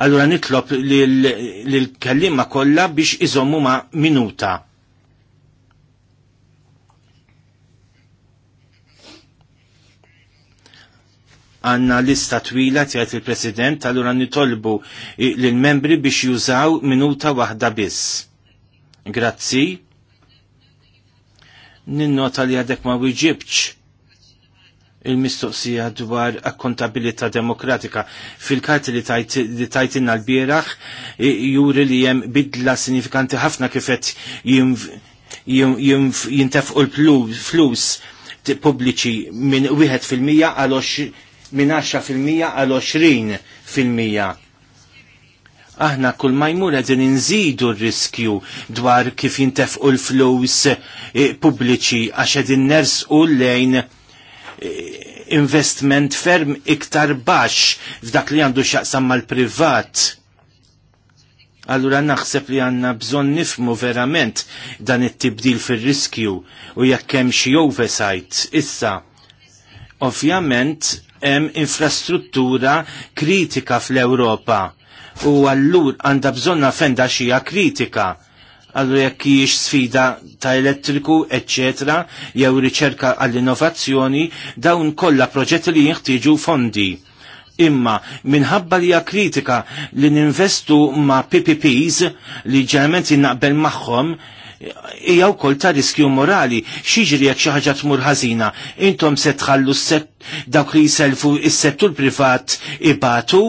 Allura nitlob li l-kellima kollha biex izommu ma' minuta. għanna lista twila tijat il-President, allura nitolbu l-membri biex jużaw minuta wahda biss. Grazzi. Ninnota li għadek ma wieġibx il-mistoqsija dwar akkontabilità demokratika. Fil-karti li tajtinna l-bieraħ, juri li jem bidla sinifikanti ħafna kifet jintefqu l-flus pubbliċi minn 1% għal minn 10% għal 20%. Aħna kull ma jmur għedin nżidu r-riskju dwar kif jintefqu l-flus eh, pubbliċi għax għedin nersqu lejn Eh, investment ferm iktar baxx f'dak li għandu xaqsam mal-privat. Allura naħseb li għanna bżon nifmu verament dan it-tibdil fil-riskju u jekk hemm xi oversight issa. Ovvjament hemm infrastruttura kritika fl-Ewropa u allur għandha bżonna fenda xija kritika għallu jekk jiex sfida ta' elettriku, eccetera, jew riċerka għall-innovazzjoni, dawn kollha proġetti li jinħtieġu fondi. Imma minħabba li kritika li ninvestu ma' PPPs li ġenerament jinnaqbel magħhom, hija wkoll ta' riskju morali x'jiġri jekk xi ħaġa tmur ħażina. Intom se tħallu dawk li jiselfu is-settur privat ibatu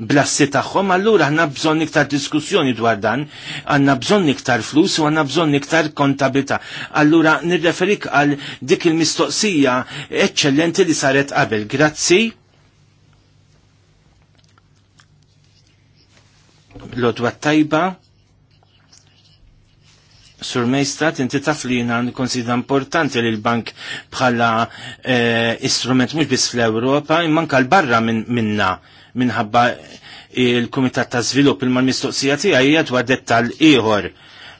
blassi tagħhom, allura għanna bżonn iktar diskussjoni dwar dan, għandna bżonn iktar flus u għandna bżonn iktar kontabilità. Allura nirreferik għal dik il-mistoqsija eċċellenti li saret qabel. Grazzi. Lodwa tajba. Sur Mejsta, inti taf li jina konsidra importanti li l-bank bħala e, istrument mux bis fl-Europa, imman kal barra min, minna minħabba il-Kumitat ta' Zvilupp il-mal-mistoqsija tiegħi hija dwar dettal ieħor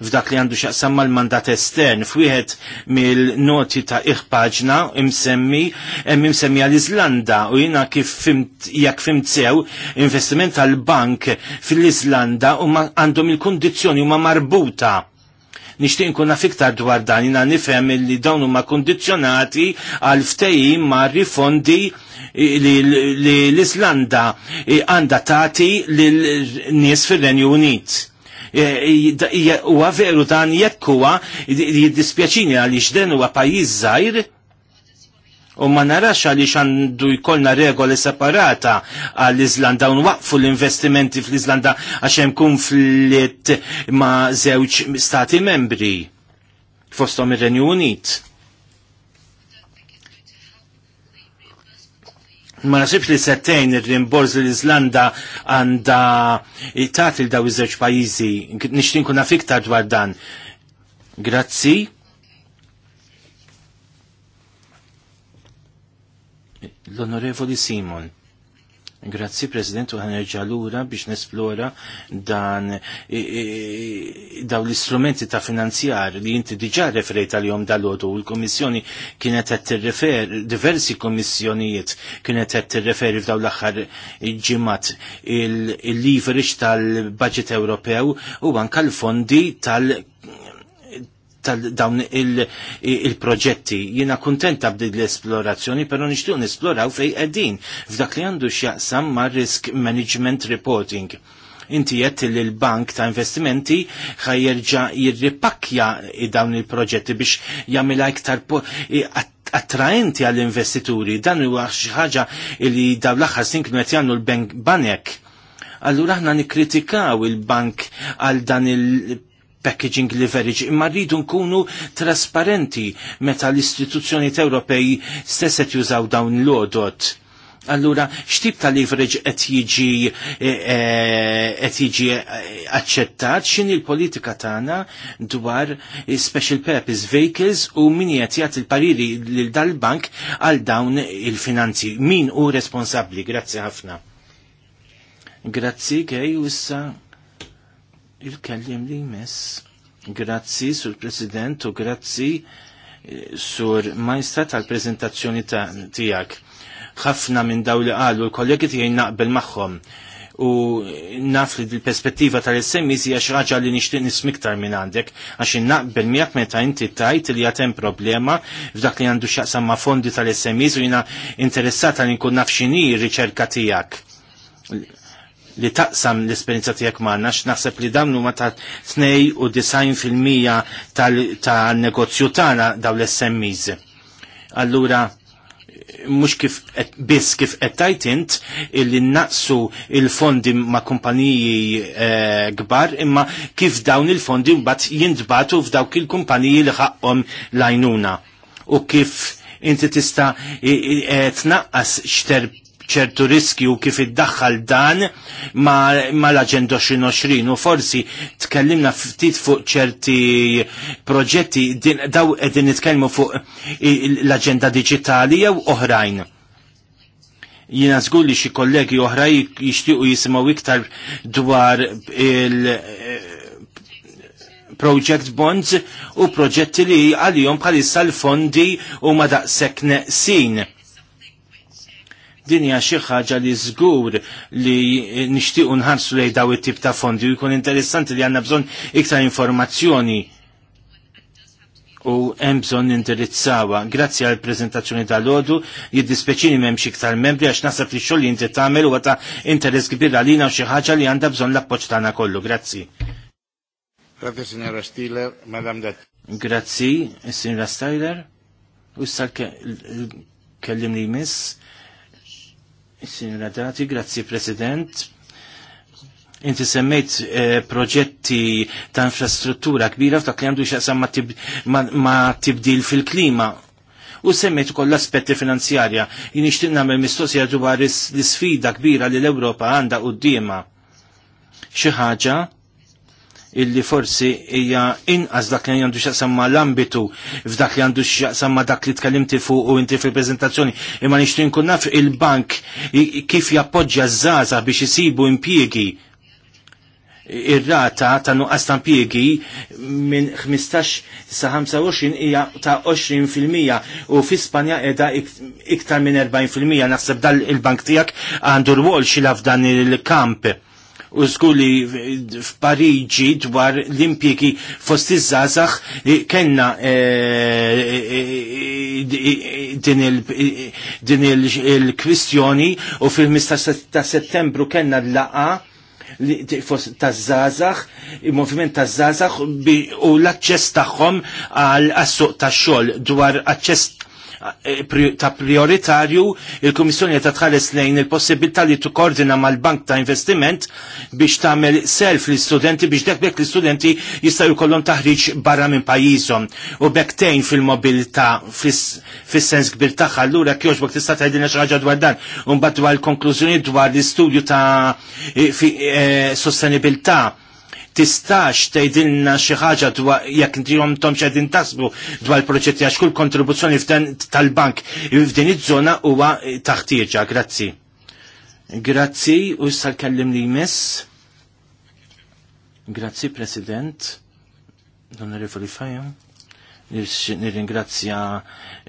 f'dak li għandu xaqsam mal-mandat estern f'wieħed mill-noti ta' iħpaġna imsemmi hemm imsemmi għall-Iżlanda u jiena kif fimt jekk fimt sew investiment tal-bank fil-Iżlanda u għandhom il-kundizzjoni huma marbuta Nixtieq nkun naf iktar dwar dan jina nifhem li dawn huma kondizzjonati għal ftehim ma' rifondi li l-Islanda għanda tati l-nies fil-Renju Unit. E, u veru dan jekk huwa jiddispjaċini għaliex den huwa pajjiż żgħir u ma narax għaliex għandu jkollna regoli separata għall Islanda u nwaqfu l-investimenti fl islanda għax hemm konflitt ma' żewġ stati membri fosthom ir-Renju Unit ma nasibx li settejn ir rimborz l-Iżlanda għandha tagħti l daw iż-żewġ pajjiżi. Nixtieq nkun naf dwar dan. Grazzi. L-Onorevoli Simon. Grazzi President u ħanerġalura biex nesplora dan daw l-istrumenti ta' finanzjar li inti diġa referejt għal-jom dal-ħodu u l-Komissjoni kienet għed t-refer, diversi komissjonijiet kienet għed referi f'daw l-axħar ġimat il-leverage tal-budget Ewropew u anka l-fondi tal- tal-dawn il-proġetti. Il Jina kontenta b'dik l-esplorazzjoni, pero nixtieq nesploraw fej qegħdin f'dak li għandu x'jaqsam ma' risk management reporting. Inti jett li l-bank ta' investimenti ħajjerġa' jirripakja dawn il-proġetti biex jagħmilha iktar attraenti għall-investituri. Dan huwa xi ħaġa li dawn l-aħħar snin kienu jagħmlu l-bank banek. Allura aħna nikkritikaw il-bank għal dan il- packaging leverage, imma rridu nkunu trasparenti meta l-istituzzjoni Ewropej stess qed jużaw dawn l-odot. Allura, x'tip ta' leverage qed jiġi e, e, qed jiġi aċċettat x'inhi l-politika tagħna dwar special purpose vehicles u min qed jagħti l-pariri lil dal-bank għal dawn il-finanzi. Min hu responsabbli? Grazzi ħafna. Grazzi, kej, u issa il-kellim li jmess. Grazzi, sur President, u grazzi eh, sur majstra tal-prezentazzjoni tijak. ħafna minn daw li qalu l-kollegi tijaj naqbel maħħom u naf li dil-perspettiva tal-SMIs hija xi ħaġa li nixtieq nismiktar minn għandek għax innaqbel miegħek meta inti tajt li hemm problema f'dak li għandu x'jaqsam ma' fondi tal-SMIs u jiena interessata li nkun naf x'inhi r-riċerka tiegħek li taqsam l-esperienza tiegħek magħna x'naħseb li dawn huma ta' 92% ta' negozju tagħna dawn l-SMEs. Allura, mux kif biss kif qed int illi naqsu il-fondi ma' kumpaniji eh, kbar e, imma kif dawn il-fondi mbagħad jintbatu f'dawk il-kumpaniji li ħaqhom lajnuna u kif inti tista' e, tnaqqas xterb ċertu riskju kif iddaħħal dan ma l aġenda 2020 u forsi tkellimna ftit fuq ċerti proġetti daw qegħdin nitkellmu fuq l-Aġenda Digitali jew oħrajn. Jina żgur li xi kollegi oħra jixtiequ jisimgħu iktar dwar il- eh, project bonds u proġetti li għalihom bħalissa l-fondi u ma daqshekk neqsin Din hija xi ħaġa li żgur li nixtiequ nħarsu lejn daw it-tip ta' fondi u jkun interessanti li għandna bżonn iktar informazzjoni u hemm bżonn indirizzawa. Grazzi għal prezentazzjoni tal-ħodu, jiddispeċini m'hemmx iktar membri għax nasab li xogħol li inti tagħmel huwa ta' interess kbir għalina u xi ħaġa li għandha bżonn l-appoġġ tagħna kollu. Grazzi. Grazie signora Stiller, Madame Dat. Grazzi, signora Stiller. U issa kellim li miss Sinjora Dati, grazzi President. Inti semmejt eh, proġetti ta' infrastruttura kbira f'dak li għandu xaqsam ma, tibdil fil-klima u semmejt ukoll l-aspetti finanzjarja. Jien nixtieq nagħmel mistoqsija dwar l-isfida kbira li l-Ewropa għandha qudiema. Xi ħaġa illi forsi hija inqas dak li għandu xaqsamma l-ambitu f'dak li għandu xaqsamma dak li tkellimti fuq u inti fil-preżentazzjoni imma nixtieq nkun naf il-bank kif jappoġġja żgħażagħ biex isibu impjiegi ir-rata ta' nuqqas ta' impjiegi minn 15 sa' 25 hija ta' 20% fil-mija u fi Spanja qiegħda iktar minn 40% naħseb dal il-bank tiegħek għandu rwol xilaf f'dan il-kamp u skuli f'Pariġi dwar l-impjegi fost iż-żazax eh, kena eh, eh, din il-kwistjoni u fil-15 ta' settembru kellna l-laqa taż-żazax, il-moviment taż-żazax u l-aċċess tagħhom għal assuq tax-xogħol dwar aċċess Eh, ta' prioritarju il-Kummissjoni ta' tħares lejn il-possibilità li tukkoordina mal-Bank ta' Investiment biex tagħmel self l-istudenti biex dek bekk l-istudenti jistgħu jkollhom taħriġ barra minn pajjiżhom u bektejn fil-mobilità fis-sens kbir tagħha allura kjox bok tista' tgħidilna xi ħaġa dwar dan u mbagħad dwar l-konklużjoni dwar l-istudju ta' eh, eh, sostenibilità tistax tgħidilna xi ħaġa dwar jekk intihom tom xedin tasbu dwar il-proġetti għax kull kontribuzzjoni tal-bank f'din iż-żona huwa taħtieġa. Grazzi. Grazzi u issa kellim li jmiss. Grazzi President. Onorevoli Fajon nirringrazzja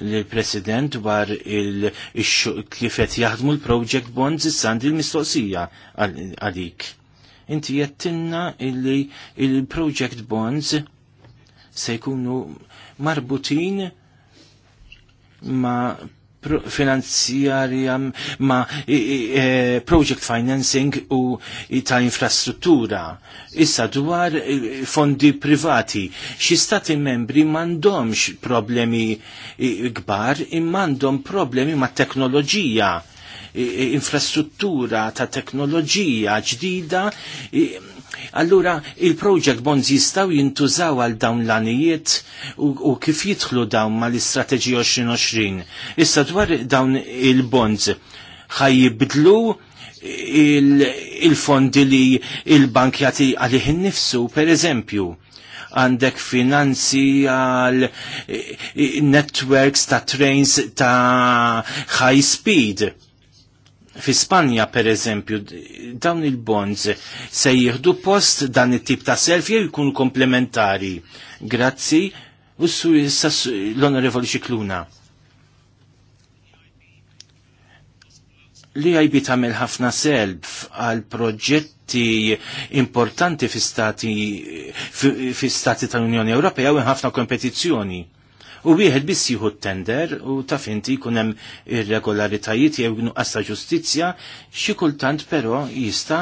l-President dwar il-kifet jaħdmu l-Project Bonds s-sandi l-mistoqsija għalik. Inti jattinna illi il-project bonds se jkunu marbutin ma finanzjarja ma e, project financing u ta' infrastruttura. Issa dwar e, fondi privati, xi stati membri m'għandhomx problemi kbar e, imma għandhom problemi ma' teknoloġija infrastruttura ta' teknoloġija ġdida, allura il-project bonds jistaw jintużaw għal dawn l-anijiet u, u kif jidħlu dawn ma l-istrateġi 2020. Issa dwar dawn il-bonds ħajjibdlu il-fondi il li il-bank jati għalihin nifsu, per eżempju għandek finanzi għal networks ta' trains ta' high speed Fi Spanja, per eżempju, dawn il-bonds se jieħdu post dan it-tip ta' self jew jkunu komplementari. Grazzi, u l-onorevoli xikluna. Li għajbi tamel ħafna selb għal proġetti importanti fi stati, fi stati tal-Unjoni Ewropea u ħafna kompetizzjoni u wieħed biss jieħu tender u taf inti jkun hemm irregolaritajiet jew nuqqas ta' ġustizzja xi kultant però jista'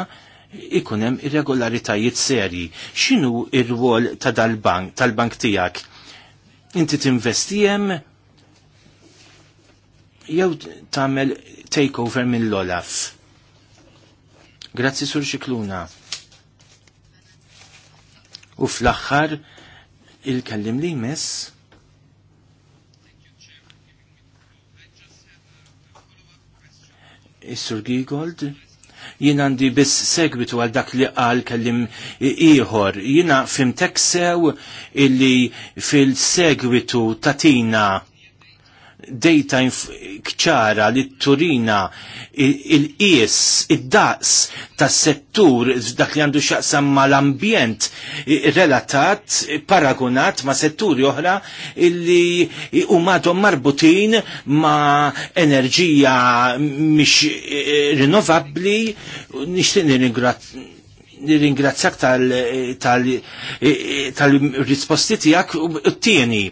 ikun hemm irregolaritajiet serji. X'inhu ir-rwol ta' dal-bank tal-bank tiegħek? Inti tinvesti hemm jew tagħmel takeover mill-Olaf. Grazzi sur xikluna. U fl-axħar il-kellim li jmiss? Is-Sur Gigold, jien għandi biss segwitu għal dak li qal kellim ieħor. Jiena fimtek sew illi fil-segwitu tatina data kċara li turina il-qies, id-daqs tas settur dak li għandu xaqsam ma l-ambjent relatat, paragonat ma setturi oħra illi umadhom marbutin ma enerġija mish eh, rinnovabbli nixtieq nirringrazzjak e, e, tal-risposti tijak u t-tieni.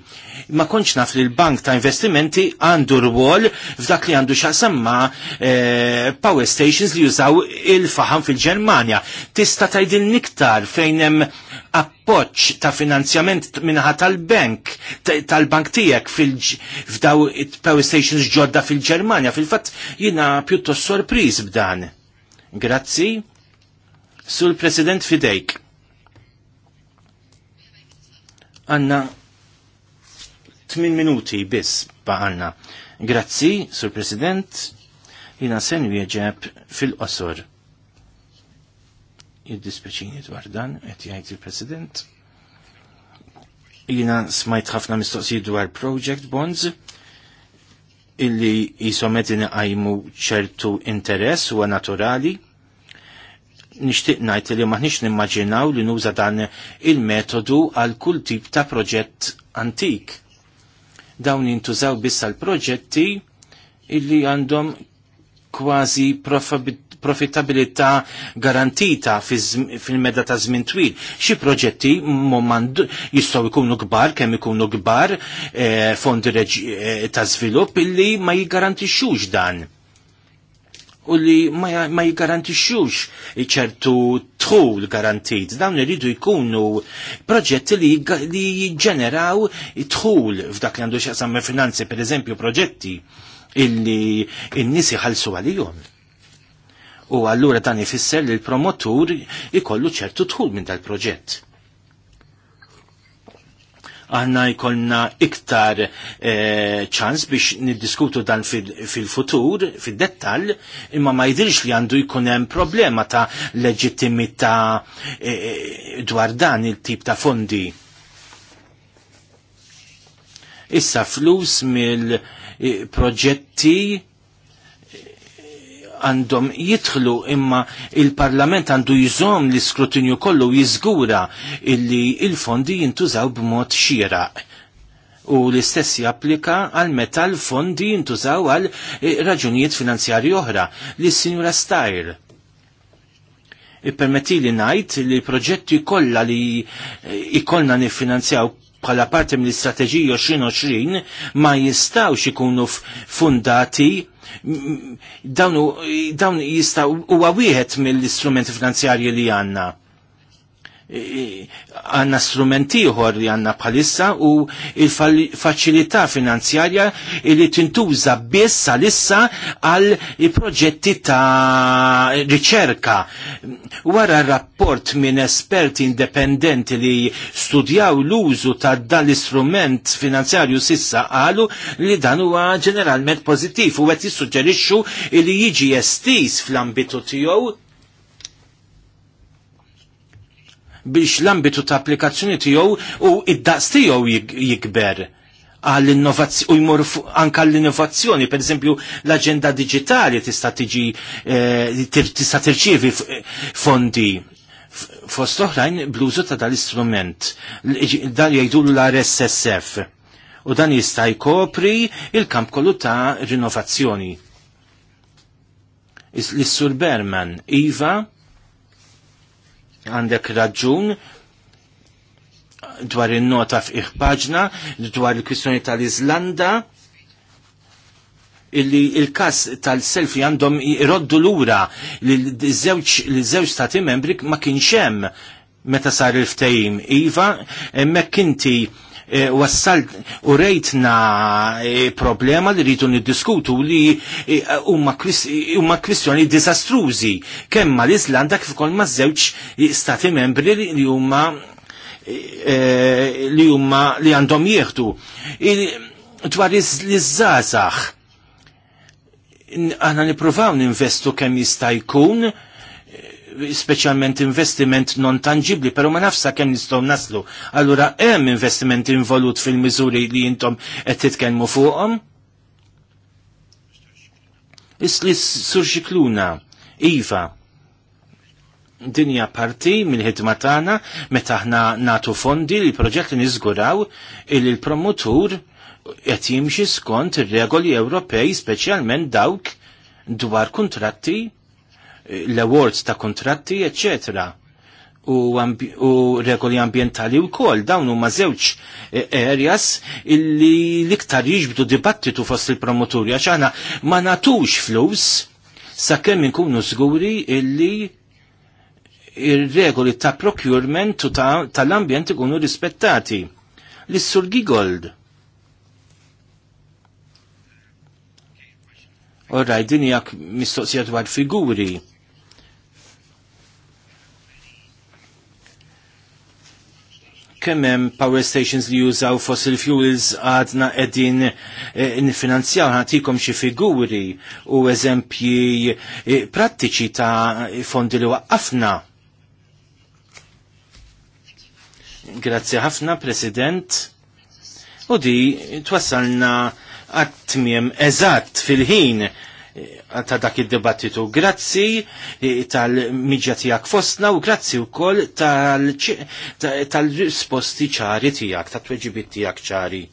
Ma konċ naf li l-bank ta' investimenti għandu rwol f'dak li għandu xasemma e, power stations li jużaw il-faham fil-Germania. Tista tajdil niktar fejnem appoċ ta' finanzjament minnaħat tal-bank, tal-bank tijek f'daw power stations ġodda fil-Germania. Fil-fat jina pjuttost sorpriz b'dan. Grazzi Sur President Fidejk. Għanna 8 minuti biss baħanna. Grazzi, Sur President, jina sen wieġeb fil-qosor. Id-dispeċini dwar dan, qed jgħid il-President. Jina smajt ħafna mistoqsijiet dwar project bonds illi jisomet għajmu ċertu interess huwa naturali nixtieq ngħid li maħniex nimmaġinaw li nuża dan il-metodu għal kull tip ta' proġett antik. Dawn jintużaw biss għal proġetti illi għandhom kważi profittabilità garantita fil-meda ta' żmien twil. Xi proġetti jistgħu jkunu kbar kemm ikunu kbar eh, fondi eh, ta' żvilupp illi ma jiggarantixxux dan u li ma jgarantixux ċertu tħul garantit. Dawn iridu jkunu proġetti li, li jġeneraw tħul f'dak li għandu xaqsam finanzi, per eżempju, proġetti illi n-nisi ħalsu għalijom. U għallura dan ifisser li l-promotur ikollu ċertu tħul minn dal-proġett aħna jkollna iktar eh, ċans biex niddiskutu dan fil-futur, fil-dettal, imma ma jidirx li għandu jkun hemm problema ta' leġittimità eh, eh, dwar dan il-tip ta' fondi. Issa flus mill-proġetti għandhom jidħlu imma il-Parlament għandu jizom l-iskrutinju kollu jizgura illi il-fondi jintużaw b'mod xieraq. U l-istess japplika għal meta l-fondi jintużaw għal eh, raġunijiet finanzjarji oħra. L-Sinjura Stajr ippermetti li najt li proġetti kollha li eh, ikollna nifinanzjaw bħala parti mill-istrateġija 2020 ma jistawx ikunu fundati dawn jistgħu huwa wieħed mill-istrumenti finanzjarji li għandna għanna strumenti uħor li għanna bħalissa u il-facilità finanzjarja li tintuża biss għalissa għal proġetti ta' riċerka. Wara rapport minn esperti indipendenti li studjaw l-użu ta' dan l-istrument finanzjarju sissa għalu li dan huwa ġeneralment pozittiv u għet jissuġġerixxu li jiġi estis fl-ambitu tiegħu biex l-ambitu ta' applikazzjoni tiegħu u id-daqs tiegħu jikber għall-innovazzjoni u jmur anka l-innovazzjoni, per eżempju l-agenda digitali tista' tiġi eh, tista' tirċievi fondi fost oħrajn bluzu ta' dal-istrument, dal jgħidu l-RSSF u dan jista' jkopri il-kamp kollu ta' rinnovazzjoni. L-Sur Berman, Iva, għandek raġun dwar il-nota f'ih paġna, dwar il-kwistjoni tal izlanda illi il-kas tal-selfi għandhom iroddu l-ura l-żewġ stati membri ma kienx hemm meta sar il-ftejim. Iva, hemmhekk inti Eh, wassalt u rejtna eh, problema li rritu niddiskutu li eh, huma kwistjoni disastruzi kemm l-Islanda kif ukoll ma żewġ stati membri li huma li huma li għandhom jieħdu. Dwar iż-żgħażagħ aħna nippruvaw ninvestu kemm jista' jkun specialment investiment non tangibli, pero ma nafsa kem nistom naslu. Allura, hemm investiment involut fil-mizuri li jintom qed titkellmu fuqhom? Isli sur Iva, dinja parti mill-ħidma tagħna meta aħna natu fondi li proġett li niżguraw il il-promotur qed jimxi skont ir-regoli Ewropej speċjalment dawk dwar kontratti l-awards ta' kontratti, eccetera u, u regoli ambientali u kol dawn huma żewġ e, areas illi liktar jiġbdu dibattitu fost il-promoturi għax'ana ma natux flus sakemm inkunu żguri illi il regoli ta' procurement u tal-ambjent ta ikunu rispettati. L-Sur Gigold. Orraj, din jak mistoqsija dwar figuri kemm hemm power stations li jużaw fossil fuels għadna qegħdin eh, nifinanzjaw ħatikom xi figuri u eżempji eh, prattiċi ta' fondi li waqqafna. Grazzi ħafna, President. U di twassalna għattmiem eżat eżatt fil-ħin ta' dak id-dibattitu. Grazzi eh, tal-miġja tijak fostna u grazzi u koll tal-risposti ċari tijak, tal-tweġibit tijak ċari.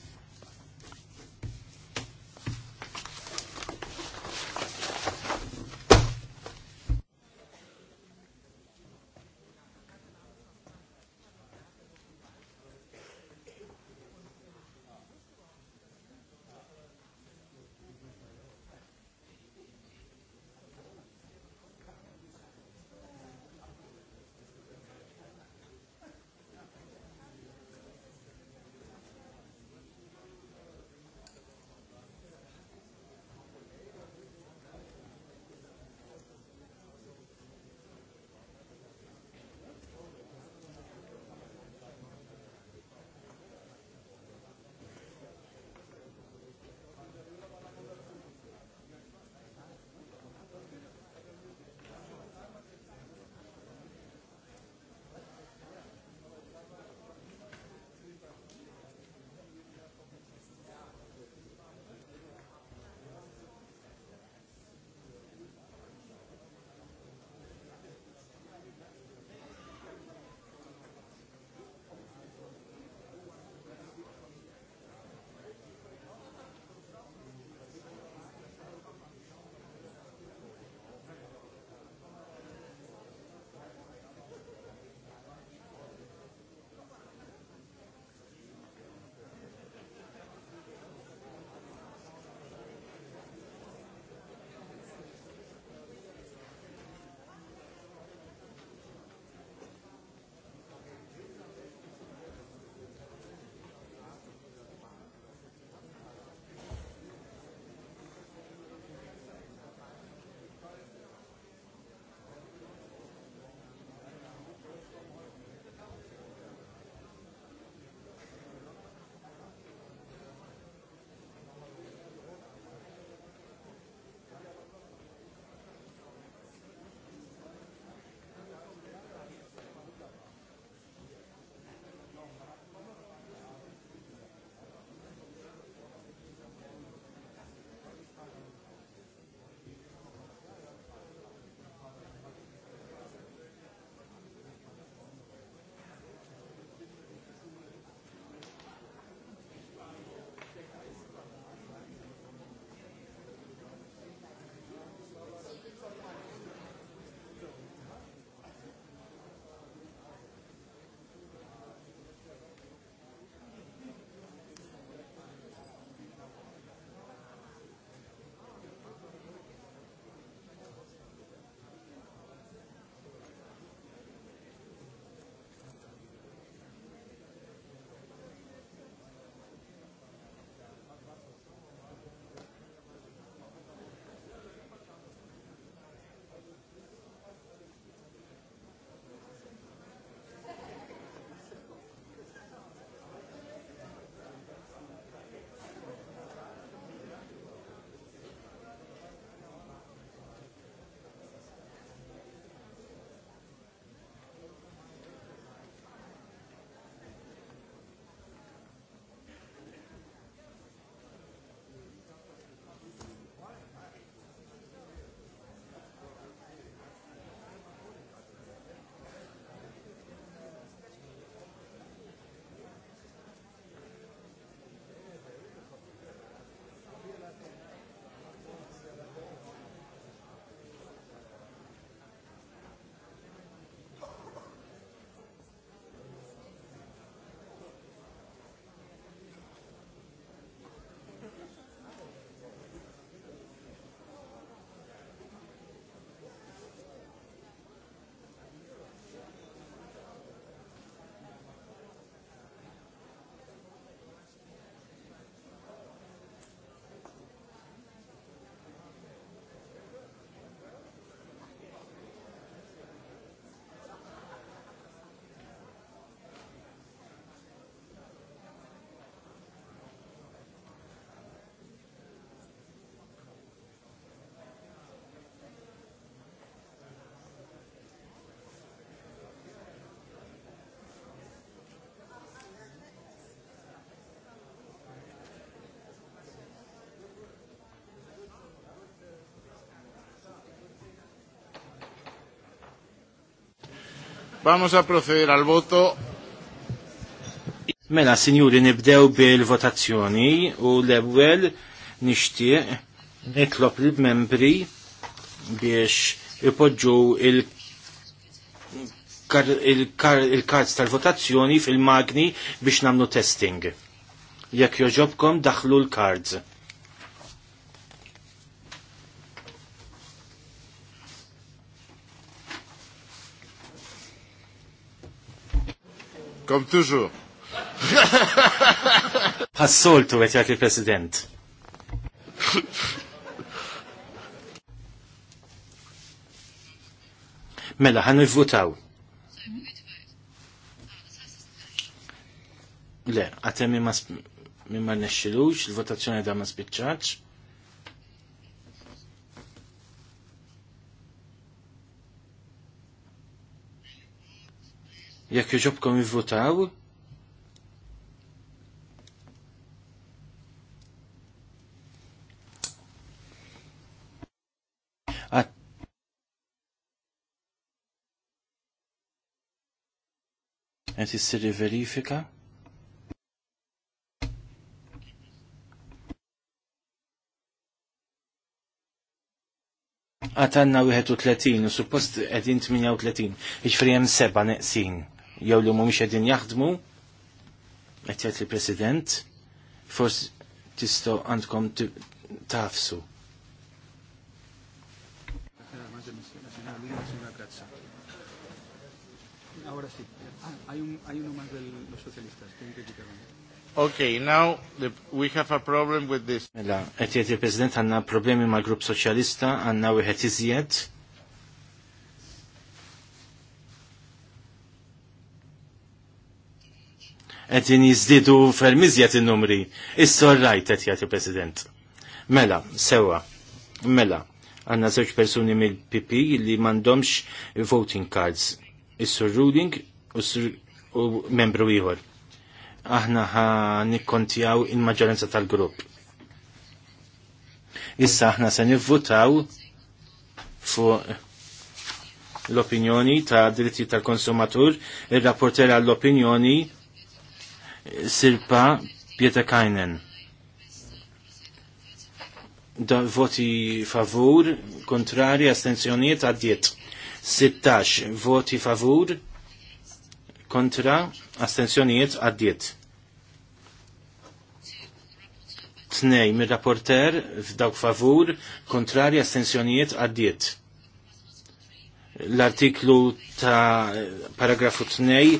Vamos a proceder al voto. Mela, signori, nibdew bil-votazzjoni u l-ewwel nixtieq nitlob lill-membri biex ipoġġu il-kards tal-votazzjoni fil-magni biex namlu testing. Jekk joġobkom daħlu l-kards. Comme toujours. Passoltu għet jgħat il-President. Mela, ħan votaw Le, għatem imma nexxilux, il-votazzjoni da ma spiċċaċ. jekk iġobkom ivvutaw. Għet jissiri verifika. għatanna 31 u suppost għedin 38, iġfri jem seba neqsin jew li mhumiex qegħdin jaħdmu, qed jgħid il-President, forsi tisto għandkom tafsu. Ahora sí. Ah, uno más de los socialistas. Tienen que Okay, now the, we have a problem with this. Mela, qed jgħid il-President għandna problemi mal-Grupp Soċjalista, għandna wieħed iżjed għedin jiżdiedu fermiżjat in-numri. Issa rajt qed jagħti President. Mela, sewa, mela, għandna żewġ persuni mill-PP li m'għandhomx voting cards. is ruling u sur membru ieħor. Aħna ħa il-maġġoranza tal-grupp. Issa aħna se nivvutaw fuq l-opinjoni ta' dritti tal-konsumatur, il-rapporter għall-opinjoni Sirpa Pietakainen. Da voti favur, kontrari, astenzjoniet, għaddiet. 16 voti favur, kontra, astenzjoniet, addiet. Tnej, mir-rapporter, f'dawk favur, kontrari, astenzjoniet, għaddiet l-artiklu ta' paragrafu 2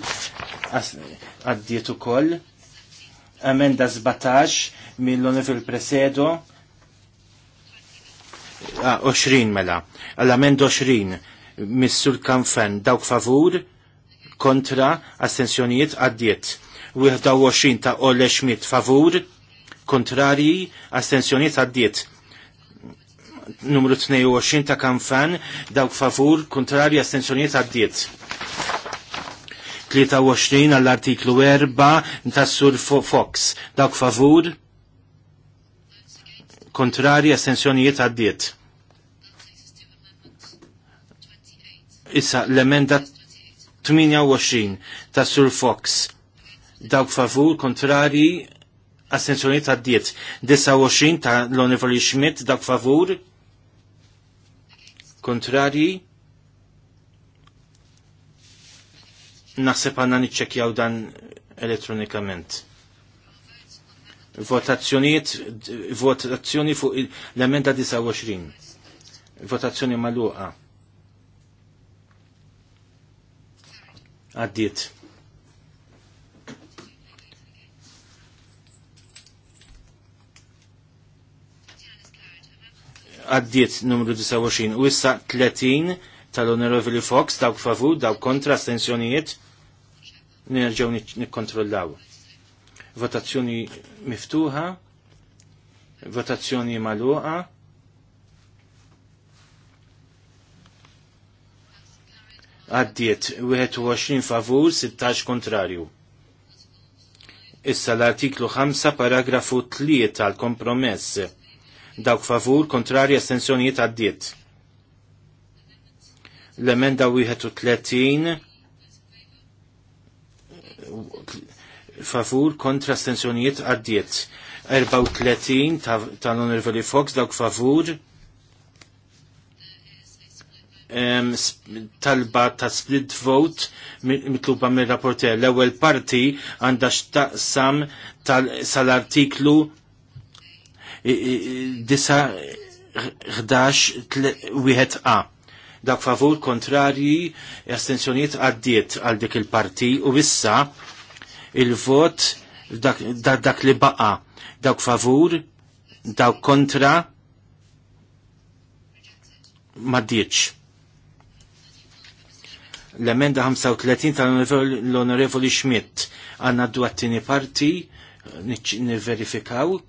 għaddiet ukoll amenda 17 mill-Onorevole Presedo 20 ah, mela għall amenda 20 missur kanfen dawk favur kontra astensjonijiet għaddiet 21 ta' Olle Schmidt favur kontrari astensjonijiet għaddiet numru 22 ta' kanfan dawk favur kontrari astensjoniet għaddiet. 23 għall-artiklu 4 ta' sur Fox dawk favur kontrari astensjoniet għaddiet. Issa l-emenda 28 ta' sur Fox dawk favur kontrarji astensjoniet għaddiet. 29 ta' l-Onivoli Schmidt dawk favur kontrarji naħseb għanna niċċekjaw dan elettronikament. Votazzjoniet, votazzjoni fuq l-emenda 29. Votazzjoni maluqa. Għaddiet. għaddiet numru 29 u issa 30 tal-Onorevoli Fox dawk favur, dawk kontra astensjonijiet nerġaw nikkontrollaw. Votazzjoni miftuħa, votazzjoni maluqa, għaddiet 21 favur, 16 kontrarju. Issa l-artiklu 5 paragrafu 3 tal-kompromess dawk favur kontrarja astensjonijiet għaddiet. L-emenda 31 favur kontra astensjonijiet għaddiet. 34 tal-Onorevoli Fox dawk favur talba ta' split vote mitluba mir rapporter l ewwel parti għandha xtaqsam sal-artiklu disa 11 a dak favur kontrarji estensjoniet għaddiet għal dik il-parti u issa il-vot dak, dak, dak li baqa dak favur dak kontra ma L-emenda 35 tal-onorevoli Schmidt għanna d-dwattini parti niverifikaw. Ni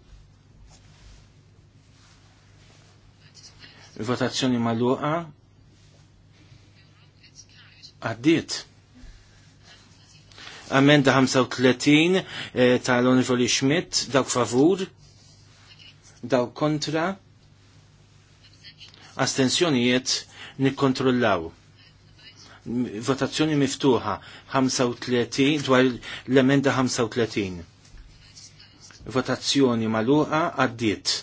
Votazzjoni maluqa. Għaddiet. Amenda 35 eh, tal-Onorevoli Schmidt, dawk favur, dawk kontra, astensjonijiet nikkontrollaw votazzjoni miftuħa 35 dwar l-emenda 35. Votazzjoni maluqa għaddiet.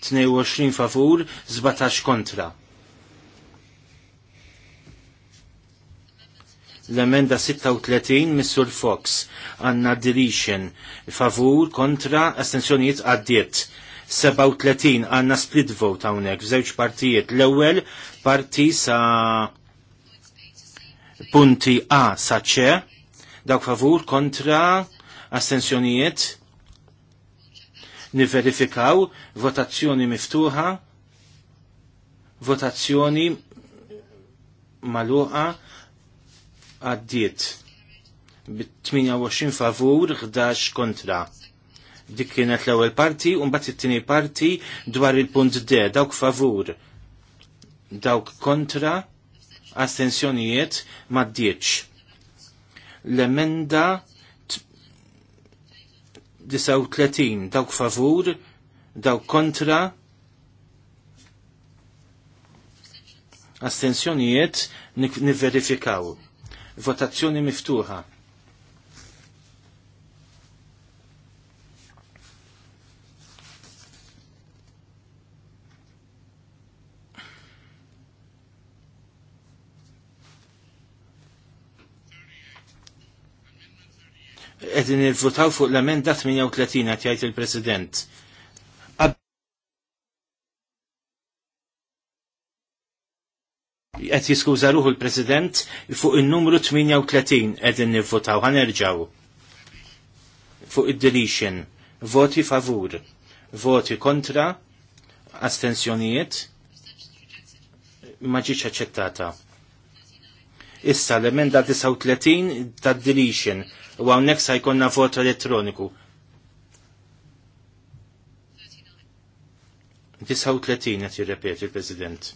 22 favur, 17 kontra. L-emenda 36 Missur Fox għanna dirixen, favur kontra astensjonijiet għaddiet. 37 għanna split vote għawnek f'żewġ partijiet. L-ewwel parti sa punti A sa C dawk favur kontra astensjonijiet niverifikaw votazzjoni miftuħa, votazzjoni maluqa għaddiet bit-28 favur, 11 kontra. Dik kienet l-ewwel parti u mbagħad it-tieni parti dwar il-punt D, dawk favur, dawk kontra, astensjonijiet ma' 10. L-emenda 39 dawk favur, dawk kontra, astensjonijiet nivverifikaw. Votazzjoni miftuħa. edin il-votaw fuq l-amenda 38 għatjajt il-President. Għet jiskuza ruħu l president fuq il-numru 38 edin nivvotaw, erġaw. Fuq id-deletion, voti favur, voti kontra, astensjonijiet, maġiċ aċċettata. Issa l-emenda 39 tad deletion u għawnek sa' jkonna vot elettroniku. 39 għet jirrepeti il-President.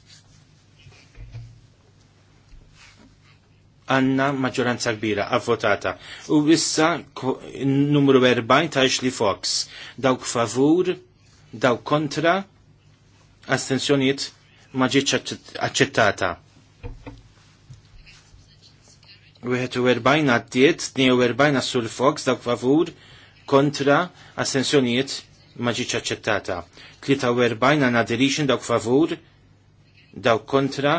Għanna maġġoranza kbira, avvotata. U issa numru 40 ta' Ashley Fox. Dawk favur, dawk kontra, astensjoniet maġiċ accettata. 41 għaddiet, 42 sul Fox dak favur kontra assenzjonijiet ma ġiċ aċċettata. 43 għan adheration dak favur dak kontra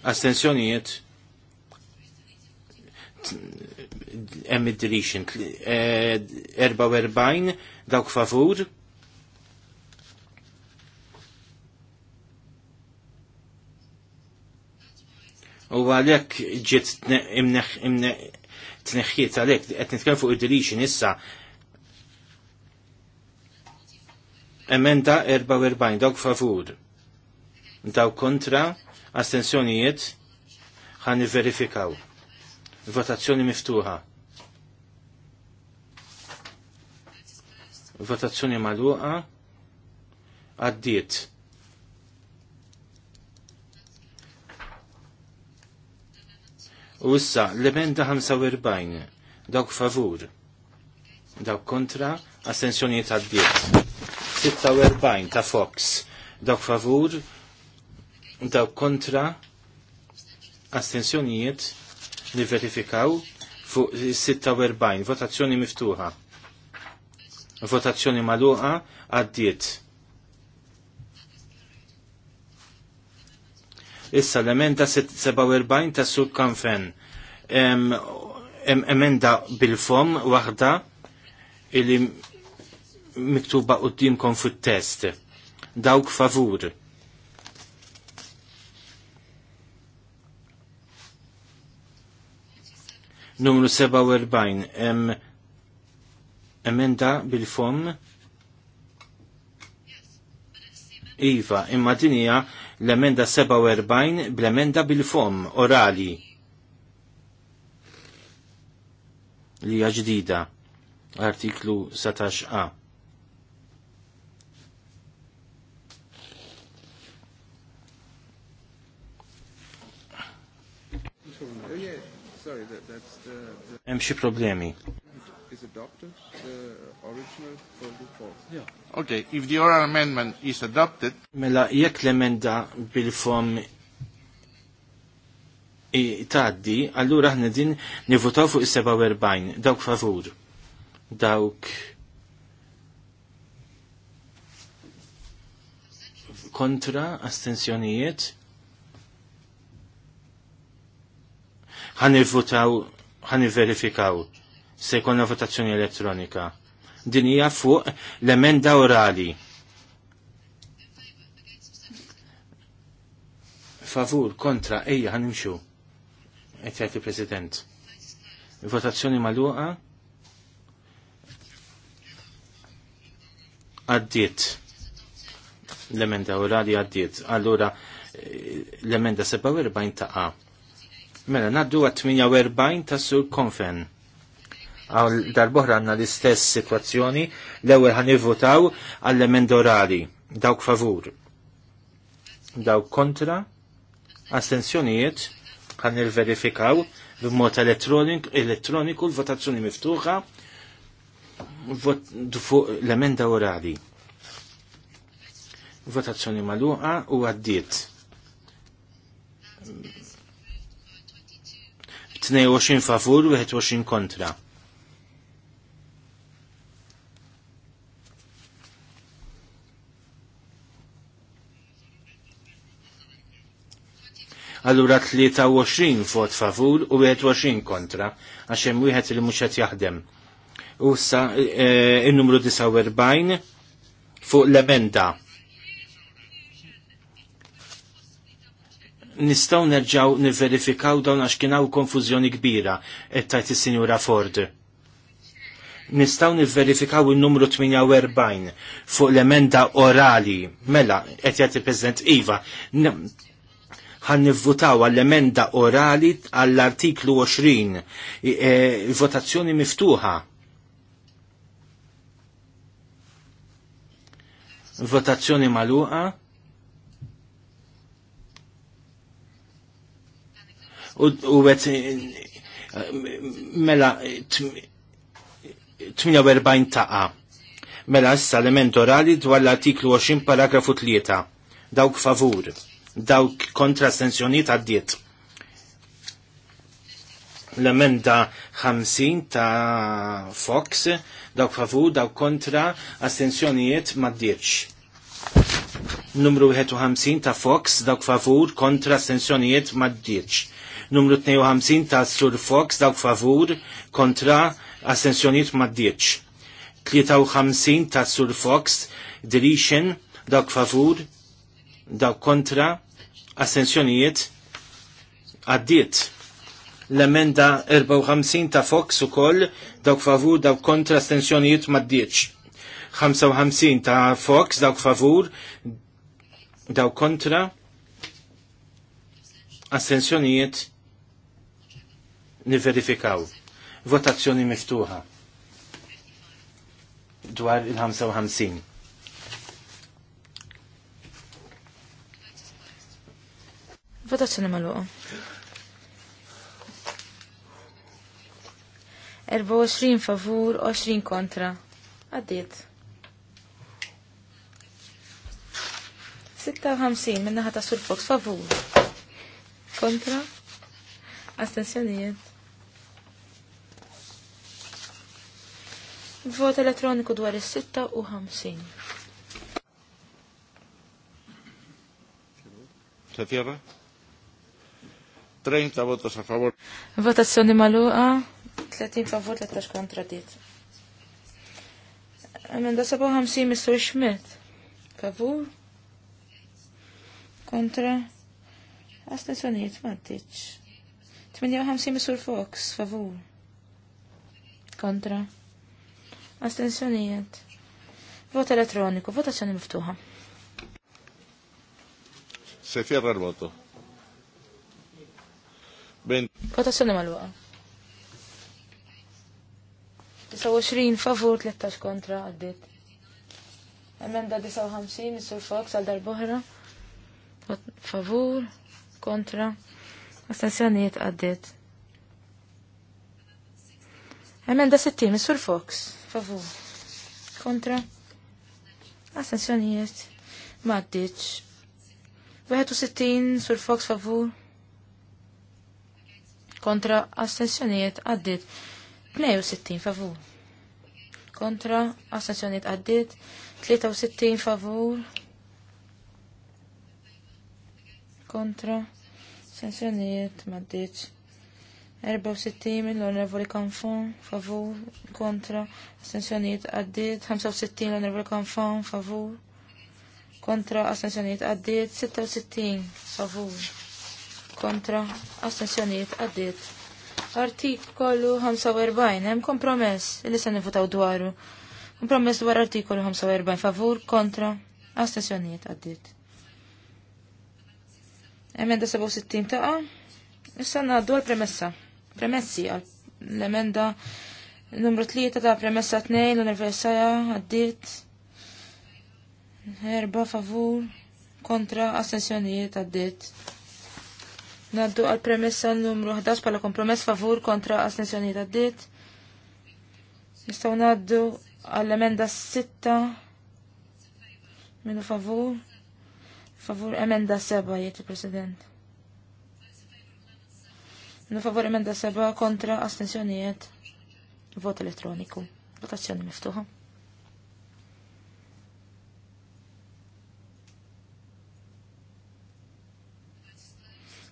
assenzjoniet hemm id-deletion. 44 dawk favur u għalhekk ġiet tneħħiet għalhekk qed nitkellem fuq id-deletion issa emenda 44 dawk favur dawk kontra astensjonijiet ħan verifikaw votazzjoni miftuħa votazzjoni maluqa għaddiet U issa l-emenda 45 dawk favur dawk kontra astensjonijiet għaddiet. 46 ta' Fox dawk favur dawk kontra astensjonijiet li verifikaw fuq 46 votazzjoni miftuħa. Votazzjoni maluqa għaddiet. Issa l-emenda 47 ta' sub kanfen. Emenda bil-fom waħda illi miktuba qoddimkom fit-test. Dawk favur. Numru 47, em, emenda bil-fom Iva, imma dinija l-emenda 47 bl-emenda bil-fom orali li hija ġdida artiklu 17a. Hemm xi problemi adopted, the original 44. Yeah. Okay, if the oral amendment is adopted... Mela, jekk l-emenda bil-fom taddi, allura ħna din nivutaw fuq is-47, dawk favur. Dawk kontra astensjonijiet ħan votaw ħan verifikaw se jkollna votazzjoni elettronika. Din hija fuq l-emenda orali. Favur, kontra, ejja, ħanimxu. Etjati President. Votazzjoni maluqa. Għaddiet. L-emenda orali għaddiet. Allura, eh, l-emenda 47 taqa. Mela, naddu għat 48 ta' sur konfen dar darbohra għanna l-istess situazzjoni l-ewel għan votaw għall emendorali dawk favur dawk kontra astensjonijiet għan il-verifikaw b'mod elettroniku l-votazzjoni miftuħa fuq l-emenda orali votazzjoni maluqa u għaddiet 22 favur u 21 kontra allura 23 vot favur u 21 kontra, għax hemm wieħed li mhux qed jaħdem. U sa in-numru 49 fuq l-emenda. Nistgħu nerġaw nivverifikaw dawn għax kien hawn konfużjoni kbira qed tajt is-Sinjura Ford. Nistgħu nifverifikaw in-numru 48 fuq l-emenda orali. Mela, qed jagħti President Iva, ħan nivvutaw għall-emenda orali għall-artiklu 20, e, votazzjoni miftuħa. Votazzjoni maluqa. U għet e, mela 48 taqa. Mela issa element orali dwar l-artiklu 20 paragrafu 3. Dawk favur dawk kontra stensjoniet għaddiet. L-emenda 50 ta' Fox, dawk favur, dawk kontra astensjonijiet maddiċ. Numru 51 ta' Fox, dawk favur, kontra astensjonijiet maddiċ. Numru 52 ta' Sur Fox, dawk favur, kontra astensjonijiet maddiċ. 53 ta' Sur Fox, dirixen dawk favur, daw kontra assenzjonijiet għaddiet l-emenda 54 ta' Fox u koll dawk favur dawk kontra astensjonijiet maddiċ. 55 ta' Fox dawk favur dawk kontra astensjonijiet niverifikaw. Votazzjoni miftuħa dwar il-55. Votazzjoni maluqa. 24 favur, 20 kontra. Għaddit. 56 minna ħata sur Fox favur. Kontra. Astensjonijiet. Vot elektroniku dwar is-56. Tafjaba? 30 votos a favor. Votazzjoni maluqa, 30 favor, 13 kontra dit. Emenda 57 Mr. Schmidt. Favur. Kontra. Astenzjoniet, ma ditx. 58 Mr. Fox. Favor? Kontra. Astenzjoniet. Voto elettronico, votazione miftuha. Se fjerra il voto Votazzjoni mal-waqa. 29 favur, 13 kontra, għaddit. Emenda 59, Mr. Fox, għal darbohra. Favur, kontra, astazzjoniet għaddit. Emenda 60, Mr. Fox, favur, kontra, astazzjoniet, maddiċ. 61, Mr. Fox, favur, kontra astensjonijiet għaddit 62 favur. Kontra astensjonijiet għaddit 63 favur. Kontra astensjonijiet maddit 64 mill-onorevoli konfon favur. Kontra astensjonijiet għaddit 65 l-onorevoli konfon favur. Kontra astensjonijiet għaddit 66 favur kontra astensjoniet għaddit. Artikolu 45 hemm kompromess li se nivutaw dwaru. Kompromess dwar artikolu 45 favur kontra astensjoniet għaddiet. Emenda 67 taqa. Issa ngħaddu għal-premessa. Premessi għal-emenda numru 3 ta' premessa 2 l-Universaja għaddiet. Erba favur kontra astensjoniet għaddiet. Naddu għal premessa numru 11 pala kompromess favur kontra astensjoni ta' dit. Nistaw naddu għall emenda 6 minu favur. Favur emenda 7 jiet il-President. Minu favur emenda 7 kontra jiet. Vot elettroniku. Votazzjoni miftuħa.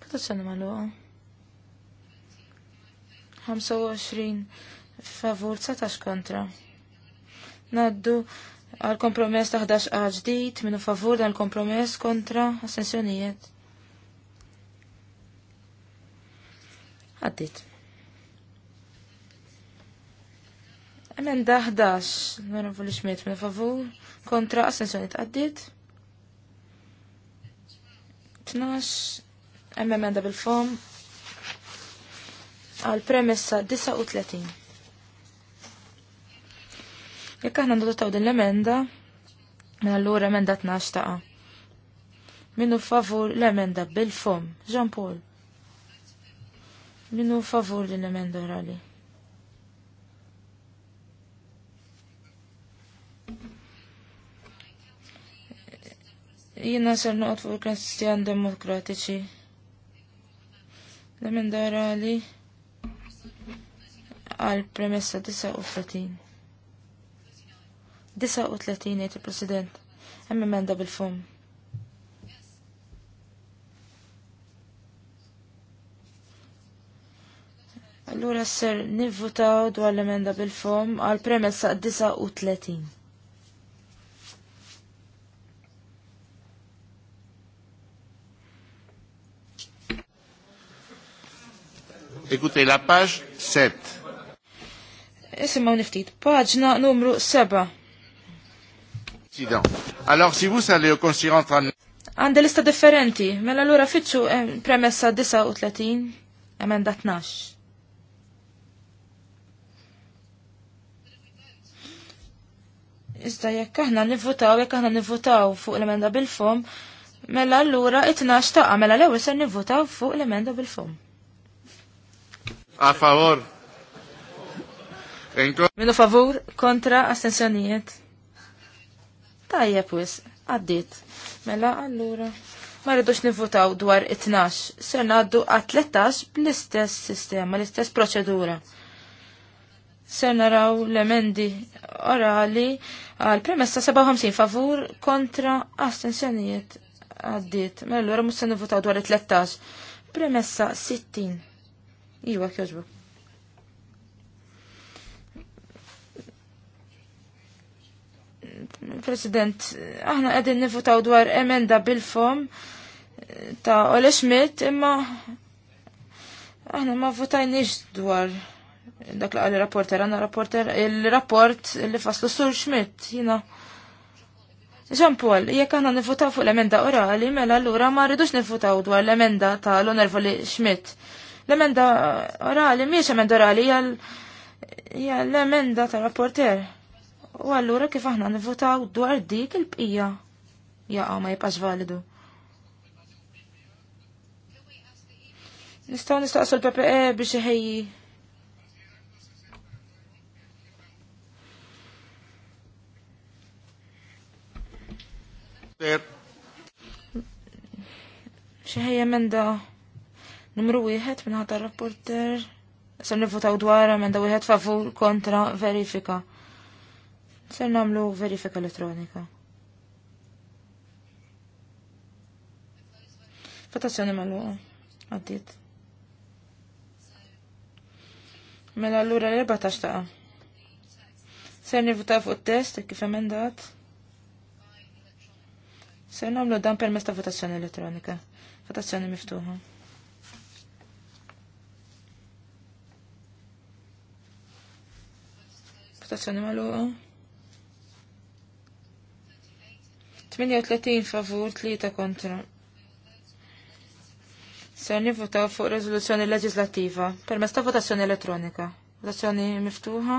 Kata Votazzjoni magħluqa. 25 favur 19 kontra. Naddu għal kompromess ta' 11 għal ġdid minu favur dan kompromess kontra ascensjonijiet. Għaddit. da' 11, narafu li xmiet minn favur, kontra ascensjonijiet. għaddit. 12, emmenda bil-fom għal premessa 39. Jekk aħna ndottaw din l-emenda, minn mela allura emenda 12 taqa. Minnu favur l-emenda bil-fom, Jean Paul. Minnu favur din l-emenda rali? Jina ser noqot fuq il-Kristjan Demokratiċi. L-emenda orali għal premessa 39. 39 jt il-President. Hemm emenda bil-fum. Allura ser nivvutaw dwar l-emenda bil-fum għal premessa 39. Écoutez, la paġ 7. Isimaw niftit, paġna numru 7. Alors, si vous allez au considérant 39... Għande lista differenti, mela l-ura fitxu eh, premessa 39, emenda 12. Iżda jekk aħna nivvutaw, jekk aħna nivvutaw fuq l-emenda bil-fom, mela l-ura it-12 taqa, mela l-ewel se nivvutaw fuq l-emenda bil-fom. A favor. Minu favur, kontra, astensjonijiet. Tajjeb pwis, għaddit. Mela, allura. Ma rridux nivvotaw dwar it-12. Ser naddu għat-13 bl-istess sistema, l-istess proċedura. Ser naraw l-emendi orali għal premessa 57 favur kontra astensjonijiet għaddit. Mela, allura mus se nivvotaw dwar it-13. Premessa 60 Iwa, kjoġbu. President, aħna għedin nifutaw dwar emenda bil-fom ta' Ole Schmidt, imma aħna ma votajniex dwar dak li rapporter, għanna rapporter, il-rapport li faslu Sur Schmidt, jina. Ġan Paul, jekk għanna nifutaw fuq l-emenda orali, mela l-ura ma rridux nifutaw dwar l-emenda ta' l-onervoli Schmidt L-emenda orali, miex emenda orali, hija l-emenda ta' rapporter. U allura kif aħna nivotaw dwar dik il-bqija. Jaqa ma jibqax validu. Nistaw nistaqsu l-PPE biex iħejji. Xi ħejja Numru wieħed minn ħadda rapporter ser nivvotaw dwar emenda wieħed favur kontra verifika. Ser namlu verifika elettronika. Votazzjoni mal-luqa. Għaddit. Mela l-lura l-14 taqa. Ser nivvotaw fuq test kif emendat. Ser namlu dan permess ta' votazzjoni elettronika. Votazzjoni miftuħa. votazzjoni maluqa. 38 favur, 3 kontra. Ser nivvotaw fuq rezoluzzjoni leġislativa Permess ta' votazzjoni elettronika. Votazzjoni miftuħa.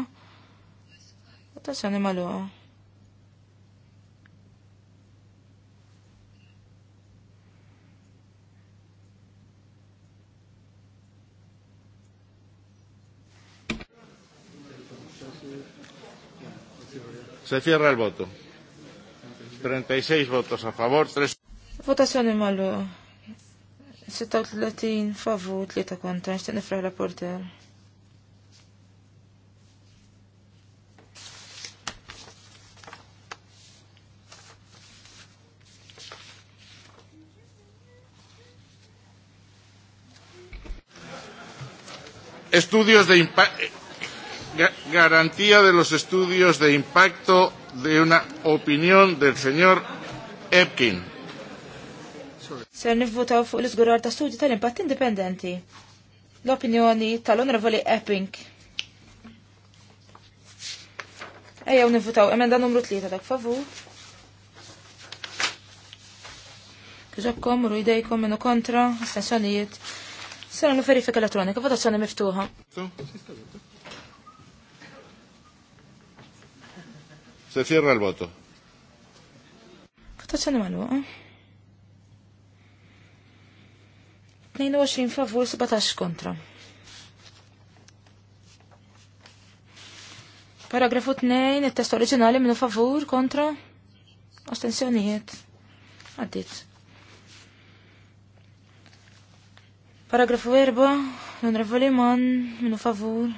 Votazzjoni maluqa. Se cierra el voto. 36 votos a favor, 3... Votazzjoni mallu. 36 favur, 3 kontra, nishtiq nifraħ rapporter. Estudios de impacto garantía de los estudios de impacto de una opinión del señor Epkin. Ser nivvotaw fuq l-izgurar ta' studi tal-impatt indipendenti. L-opinjoni tal-onorevoli Epping. Ejjew nivvotaw emenda numru 3 dak favur. Kġobkom, ru idejkom minnu kontra, astensjonijiet. Sena verifika elektronika, votazzjoni miftuħa. Se cierra el voto. Votazzjoni magħluqa. 22 favur 17 kontra. Paragrafu 2, il-test oriġinali minnu favur kontra Astensjonijiet. Għaddit. Paragrafu 4, l-onrevoli man minnu favur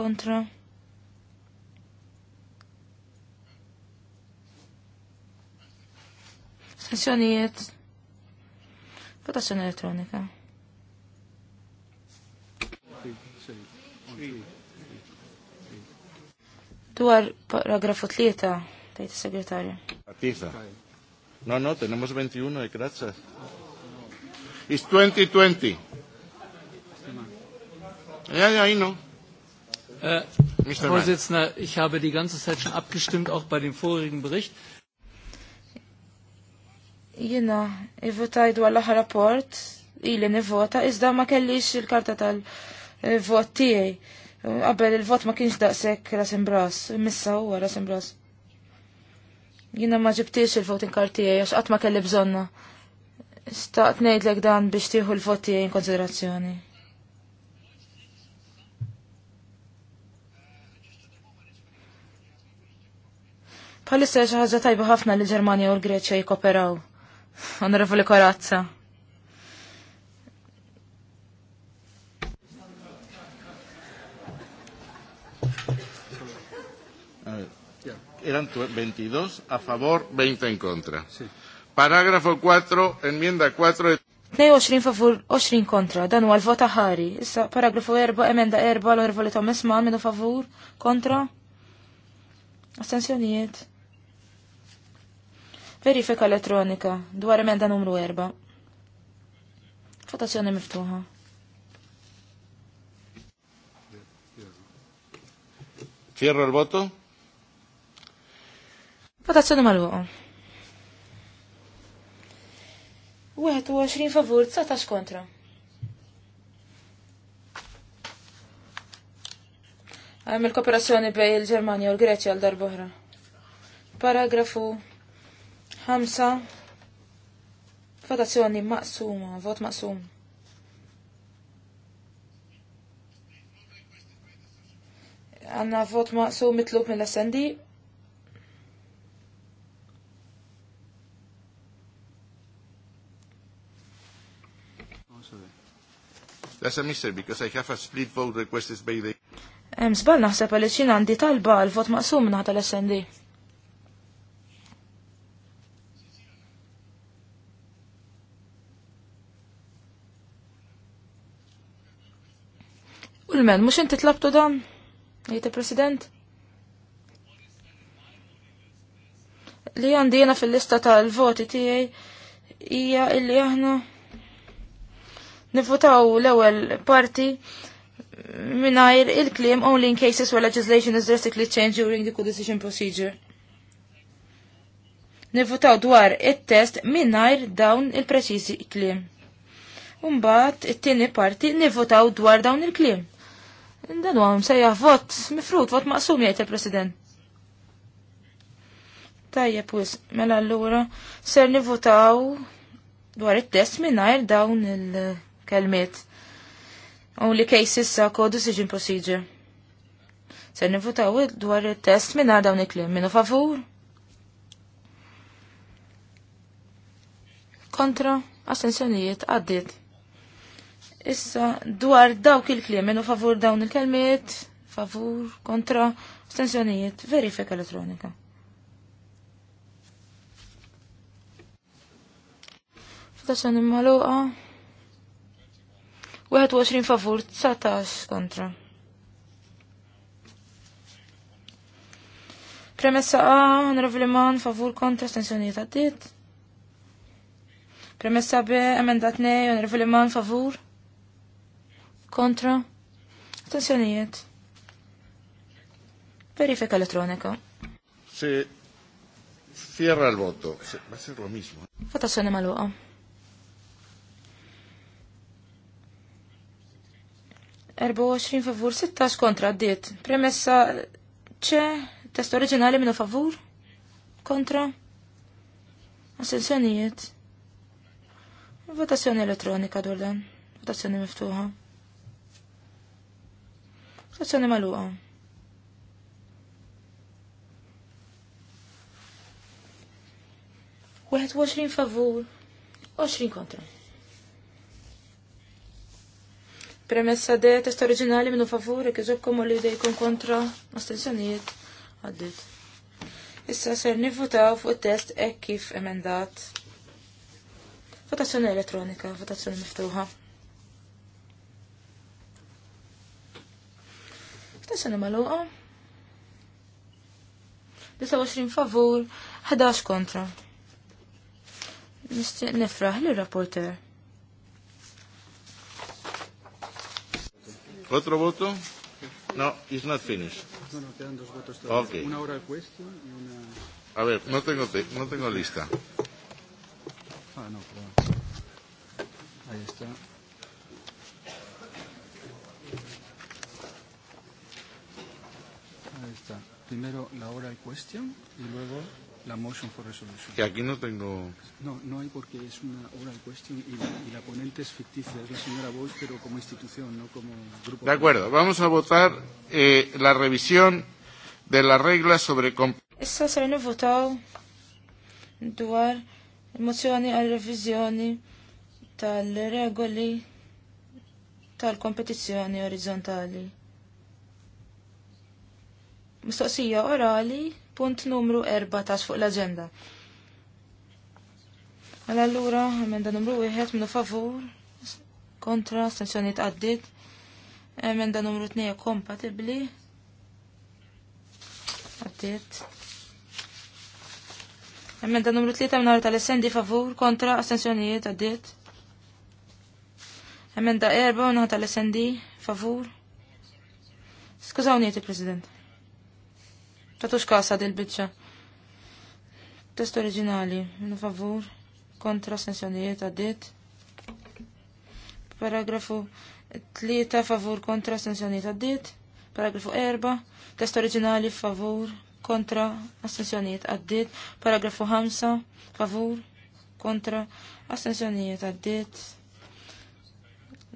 kontra Astensjonijiet. Votazzjoni elettronika. Dwar paragrafu tlieta tajt il-segretarju. Tieta. No, no, tenemos 21 y gracias. It's 2020. Ja, ja, ich Äh, Herr Vorsitzender, ich habe die ganze Zeit schon abgestimmt, auch bei dem vorigen Bericht. Jina, i dwar l-aħħar rapport, ili nivota, iżda ma kellix il-karta tal-vot tiegħi. Qabel il-vot ma kienx daqshekk rasim bras, missa huwa rasim bras. Jina ma ġibtix il-voting card tiegħi għax qatt ma kelli bżonna. Staqt ngħidlek dan biex tieħu l-vot tiegħi in konsiderazzjoni. Palissa ħaġa tajba ħafna li l Ġermanja u l-Greċja jikoperaw li Corazza. Eh, eran 22 a favor, 20 en contra. Sí. Parágrafo 4, enmienda 4. 22 favor, 20 kontra, dan huwa l-vota ħari. Issa, paragrafu 4, emenda 4, l-orvoli Thomas Mann, minu favor, kontra. Astensjonijiet. Verifika elettronika dwar emenda numru 4. Votazzjoni miftuħa. Fierro il voto? Fotazzjoni mal-luqa. 21 favur, 19 kontra. Għamil kooperazzjoni bej il-Germania u l-Greċja għal darbohra. Paragrafu Ħamsa. Votazzjoni maqsuma, vot maqsum. Għanna vot maqsum mitlub mill assendi That's a mystery because I have a split vote request is by the... Em, sbal naħseb għal ċina għandi talba għal-vot maqsum naħta l-SND. Gentlemen, mux inti tlabtu dan? Jgħid president Li għandi jena fil-lista tal-voti tiegħi hija illi aħna nifutaw l-ewwel parti mingħajr il-kliem only in cases where legislation is drastically changed during the co-decision procedure. Nivvotaw dwar it-test mingħajr dawn il-preċiżi kliem. Umbat, it-tieni parti nifutaw dwar dawn il-kliem u għam sejja vot, mifrut vot maqsum jgħid il-President. Tajja pus, mela allura ser nivutaw dwar it-test mingħajr dawn il kelmet Only cases sa code decision procedure. Ser nivotaw dwar it-test mingħajr dawn il-klim. Minu favur? Kontra? Astensjonijiet għaddit. Issa, dwar dawk il-kliem, minu favur dawn il-kelmiet, favur, kontra, stensjonijiet, verifika elettronika. Votazzjoni maluqa. 21 favur, 19 kontra. Premessa A, onorevoli man, favur kontra stensjonijiet għaddit. Premessa B, emendat nej, onorevoli man, favur kontra, attenzjonijiet. Verifika elettronika. Si Fierra l-voto. Ma si lo mismo. ¿eh? votazione maluqa. Erbo 20 favur, 16 kontra, għaddiet. Premessa ċe, test oriġinali minu favur? Kontra? Assenzjonijiet. Votazzjoni elettronika dwar dan. Votazzjoni miftuħa. Votazzjoni maluqa. Wieħed waxrin favur, 20 kontra. Premessa de test oriġinali minnu favur, e iġobkom u li dejkom kontra, astensjonijiet, għaddit. Issa ser nivvutaw fuq test e kif emendat. Votazzjoni elettronika, votazzjoni miftuħa. Stazzjoni maluqa. 29 favur, ħadax kontra. Nishtiq nifraħ li rapporter. Otro voto? No, it's not finished. No, no, quedan dos votos todavía. Okay. Una hora de cuestión y una... A ver, no tengo, te no tengo lista. Ah, no, pero... Ahí está. Ahí está. Primero la hora de cuestión y luego la motion for resolution. Que aquí no tengo... No, no hay porque es una hora de cuestión y y la ponente es ficticia, es la señora Boyd, pero como institución, no como grupo. De acuerdo, vamos a votar eh, la revisión de la regla sobre... Esa Issa ser nivvotaw dwar mozzjoni għal revizjoni tal-regoli tal-kompetizzjoni orizzontali. Mistoqsija orali, punt numru 4 ta' fuq l-agenda. Għal mela allura, emenda numru 1 minnu favur, kontra, stazzjoniet għaddit, emenda numru 2 kompatibli, għaddit. Emenda numru 3 minnar tal-essendi favur, kontra, astensjonijiet għaddit. Emenda 4 minnar tal-essendi favur. Skużawni, President. Tatux kasa del bitxa. Test oriġinali, minu favur, kontra sensjonijiet għaddit. Paragrafu 3 favur kontra sensjonijiet għaddit. Paragrafu 4, test oriġinali favur kontra astensjonijiet għaddit. Paragrafu 5, favur kontra astensjonijiet għaddit.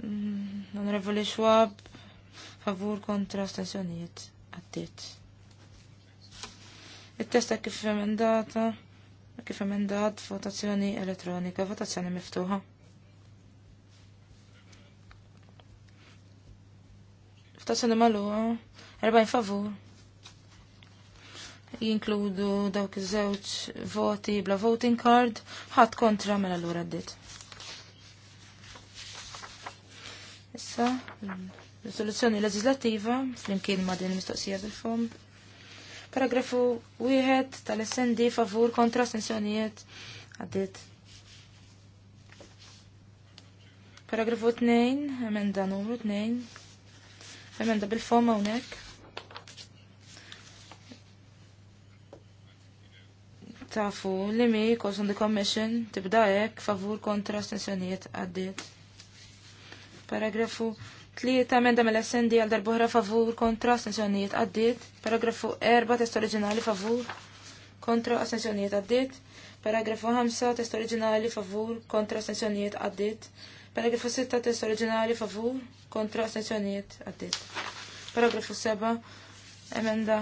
Mm, revoli Schwab, favur kontra astensjonijiet għaddit. Il-testa kif emendata, kif emendat, votazzjoni elettronika, votazzjoni miftuħa. Votazzjoni maluħa, in favur. Jinkludu dawk iż-żewġ voti bla voting card, ħadd kontra mela l-ura d Issa, risoluzzjoni leġislativa, flimkien ma din mistoqsija fil fond Paragrafu wieħed tal essendi favur kontra sensjonijiet għaddit. Paragrafu 2, emenda numru 2. Emenda bil-fom hawnhekk. Tafu li mi calls on the commission tibda hekk favur kontra sensjonijiet għaddiet. Paragrafu Tlieta emenda mill-SND għal darbohra favur kontra astensjonijiet għaddit. Paragrafu 4 test oriġinali favur kontra astensjonijiet għaddit. Paragrafu 5 test oriġinali favur kontra astensjonijiet għaddit. Paragrafu 6 test oriġinali favur kontra astensjonijiet għaddit. Paragrafu 7 emenda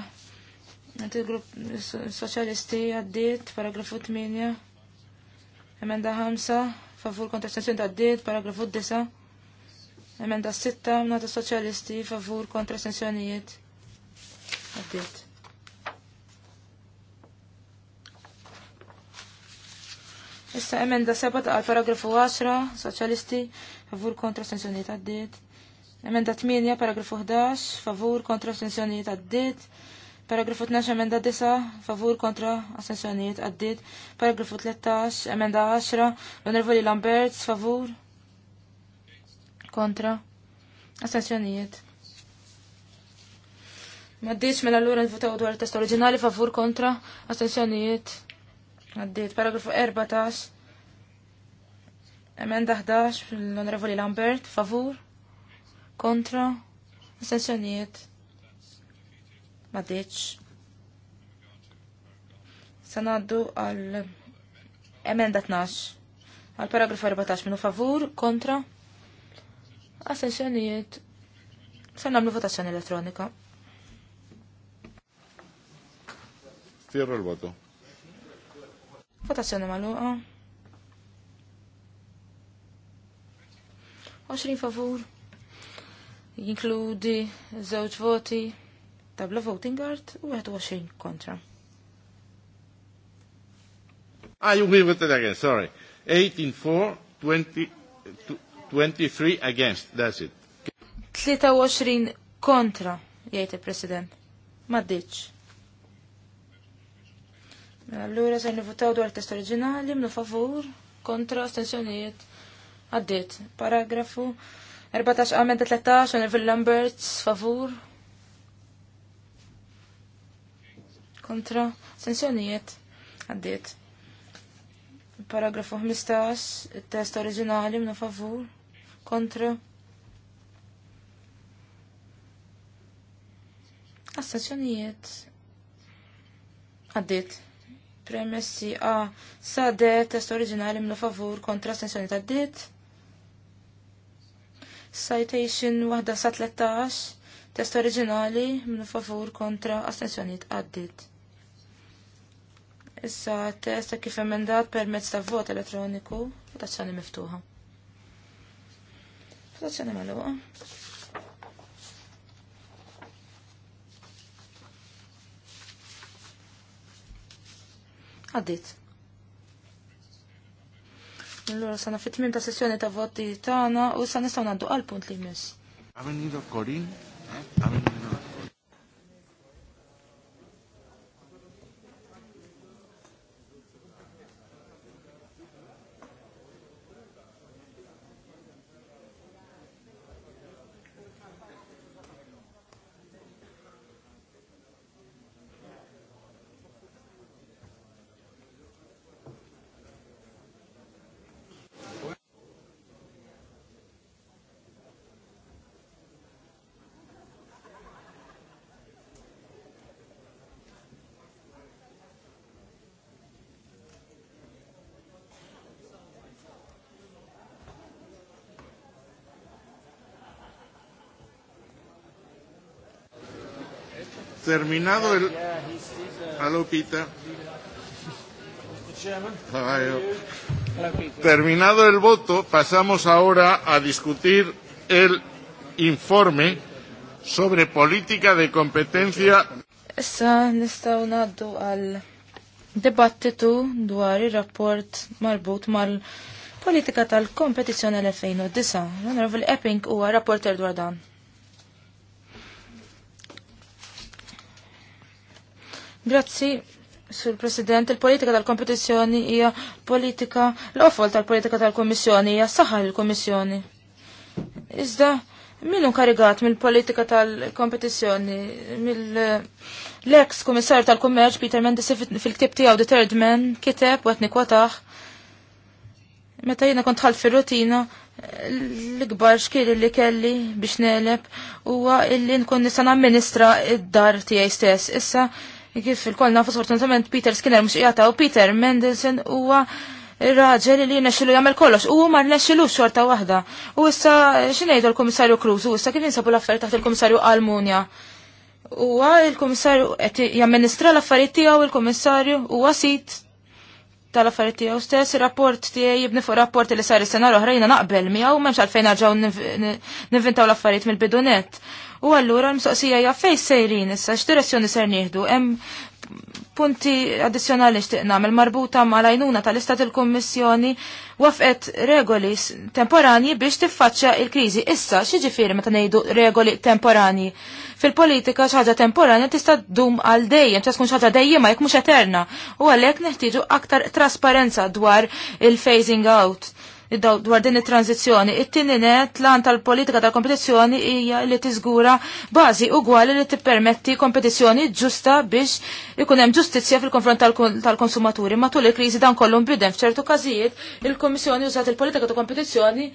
għant grupp soċjalisti għaddit. Paragrafu 8 emenda 5 favur kontra astensjonijiet għaddit. Paragrafu 10 Emenda sitta nota soċjalisti favur kontra sensjonijiet. Għaddit. Issa emenda seba ta' paragrafu 10, soċjalisti favur kontra sensjonijiet għaddit. Emenda 8, paragrafu 11, favur kontra sensjonijiet għaddit. Paragrafu 12, emenda 9, favur kontra assenzjoniet, għaddit. Paragrafu 13, emenda 10, l onervoli Lamberts, favur kontra assenzjonijiet. Maddiċ mela l-ura votaw dwar il-test oriġinali favur kontra astensjonijiet. Għaddit, paragrafu 14. Emenda 11 fil-Onorevoli Lambert, favur, kontra, assenzjonijiet. Maddiċ. Sanaddu għal emenda 12. Għal paragrafu 14 minu favur, kontra, Għas-sessjonijiet, Se għamlu votazzjoni elettronika. Tierra l-voto. Votazzjoni magħluqa. 20 favur. Jinkludi zewġ voti tabla voting guard u 21 kontra. Ah, you agree with that again, sorry. 18 for, 20, 23 against, that's it. 23 kontra, jgħid il-President. Maddiċ. Mela, allura se nivutaw dwar test oriġinali, mnu favur, kontra, astensjonijiet. Għaddit. Paragrafu 14 għamend 13, Neville Lamberts, favur. Kontra, astensjonijiet. Għaddit. Paragrafu 15, test oriġinali, mnu favur kontra assazzjonijiet għaddit premessi a sade test oriġinali mlu favur kontra astensjoni għaddit citation wahda sa 13 test oriġinali mlu favur kontra astensjoniet għaddit. Issa testa kif emendat permezz ta' vot elettroniku, votazzjoni miftuħa ma l-uqa. Għaddit. Allora sana fit-tmim ta' sessjoni ta' voti tagħna u sa nistgħu ngħaddu għal punt li mis. Għamil nido Korin, għamil nido terminado el... Uh, Hello, Peter. Terminado el voto, pasamos ahora a discutir el informe sobre política de competencia. Issa nistaw naddu għal dibattitu dwar ir-rapport marbut mal-politika tal kompetizjoni l-2009. l Epping u rapporter dwar dan. Grazzi. Sur President, il-politika tal-kompetizjoni hija politika, l-ofol tal-politika tal-Kommissjoni hija saħal il-Kommissjoni. Iżda, minu karigat mill-politika tal-kompetizjoni, mill-ex komissar tal-kummerċ Peter Mendes fil-ktib tiegħu The Third Man kiteb wet nikwataħ. Meta jiena kont ħalf fir-rutina, l-ikbar xkiri li kelli biex neleb huwa illi nkun nista' ministra id-dar tiegħi stess. Issa Kif il kolna nafu Peter Skinner mux jgħata u Peter Mendelson huwa raġel li nesċilu jagħmel kollox u ma nesċilu xorta waħda. U issa xinejdu l-Kummissarju Cruz u issa kif jinsabu l-affarijiet taħt il-Kummissarju Almunja. Huwa il-Kummissarju qed jamministra l-affarijiet tiegħu il-Kummissarju huwa sit tal-affarijiet tiegħu stess, rapport tiegħi jibni fuq rapport li sar is-sena l oħrajna naqbel miegħu m'hemmx għalfejn għalfejn nivvintaw l-affarijiet mill-bidunet. U allura l msoqsija ja fej sejrin issa x'direzzjoni ser nieħdu hemm punti addizzjonali xtieq nagħmel marbuta ma' lajnuna tal-istat il-Kummissjoni wafqet regoli temporani biex tiffaċċja il-kriżi. Issa x'jiġifieri meta ngħidu regoli temporani. Fil-politika xi ħaġa temporanja tista' ddum għal dejjem, ċaskun xi ħaġa dejjema jekk mhux eterna. U għalhekk neħtieġu aktar trasparenza dwar il-phasing out dwar din it-tranzizzjoni. It-tieni net lan tal-politika ta' kompetizzjoni hija li tiżgura bażi ugwali li tippermetti kompetizzjoni ġusta biex ikun hemm ġustizzja fil-konfront tal-konsumaturi. Matul il-kriżi dan kollu bidem f'ċertu każijiet il-Kummissjoni użat il-politika ta' kompetizzjoni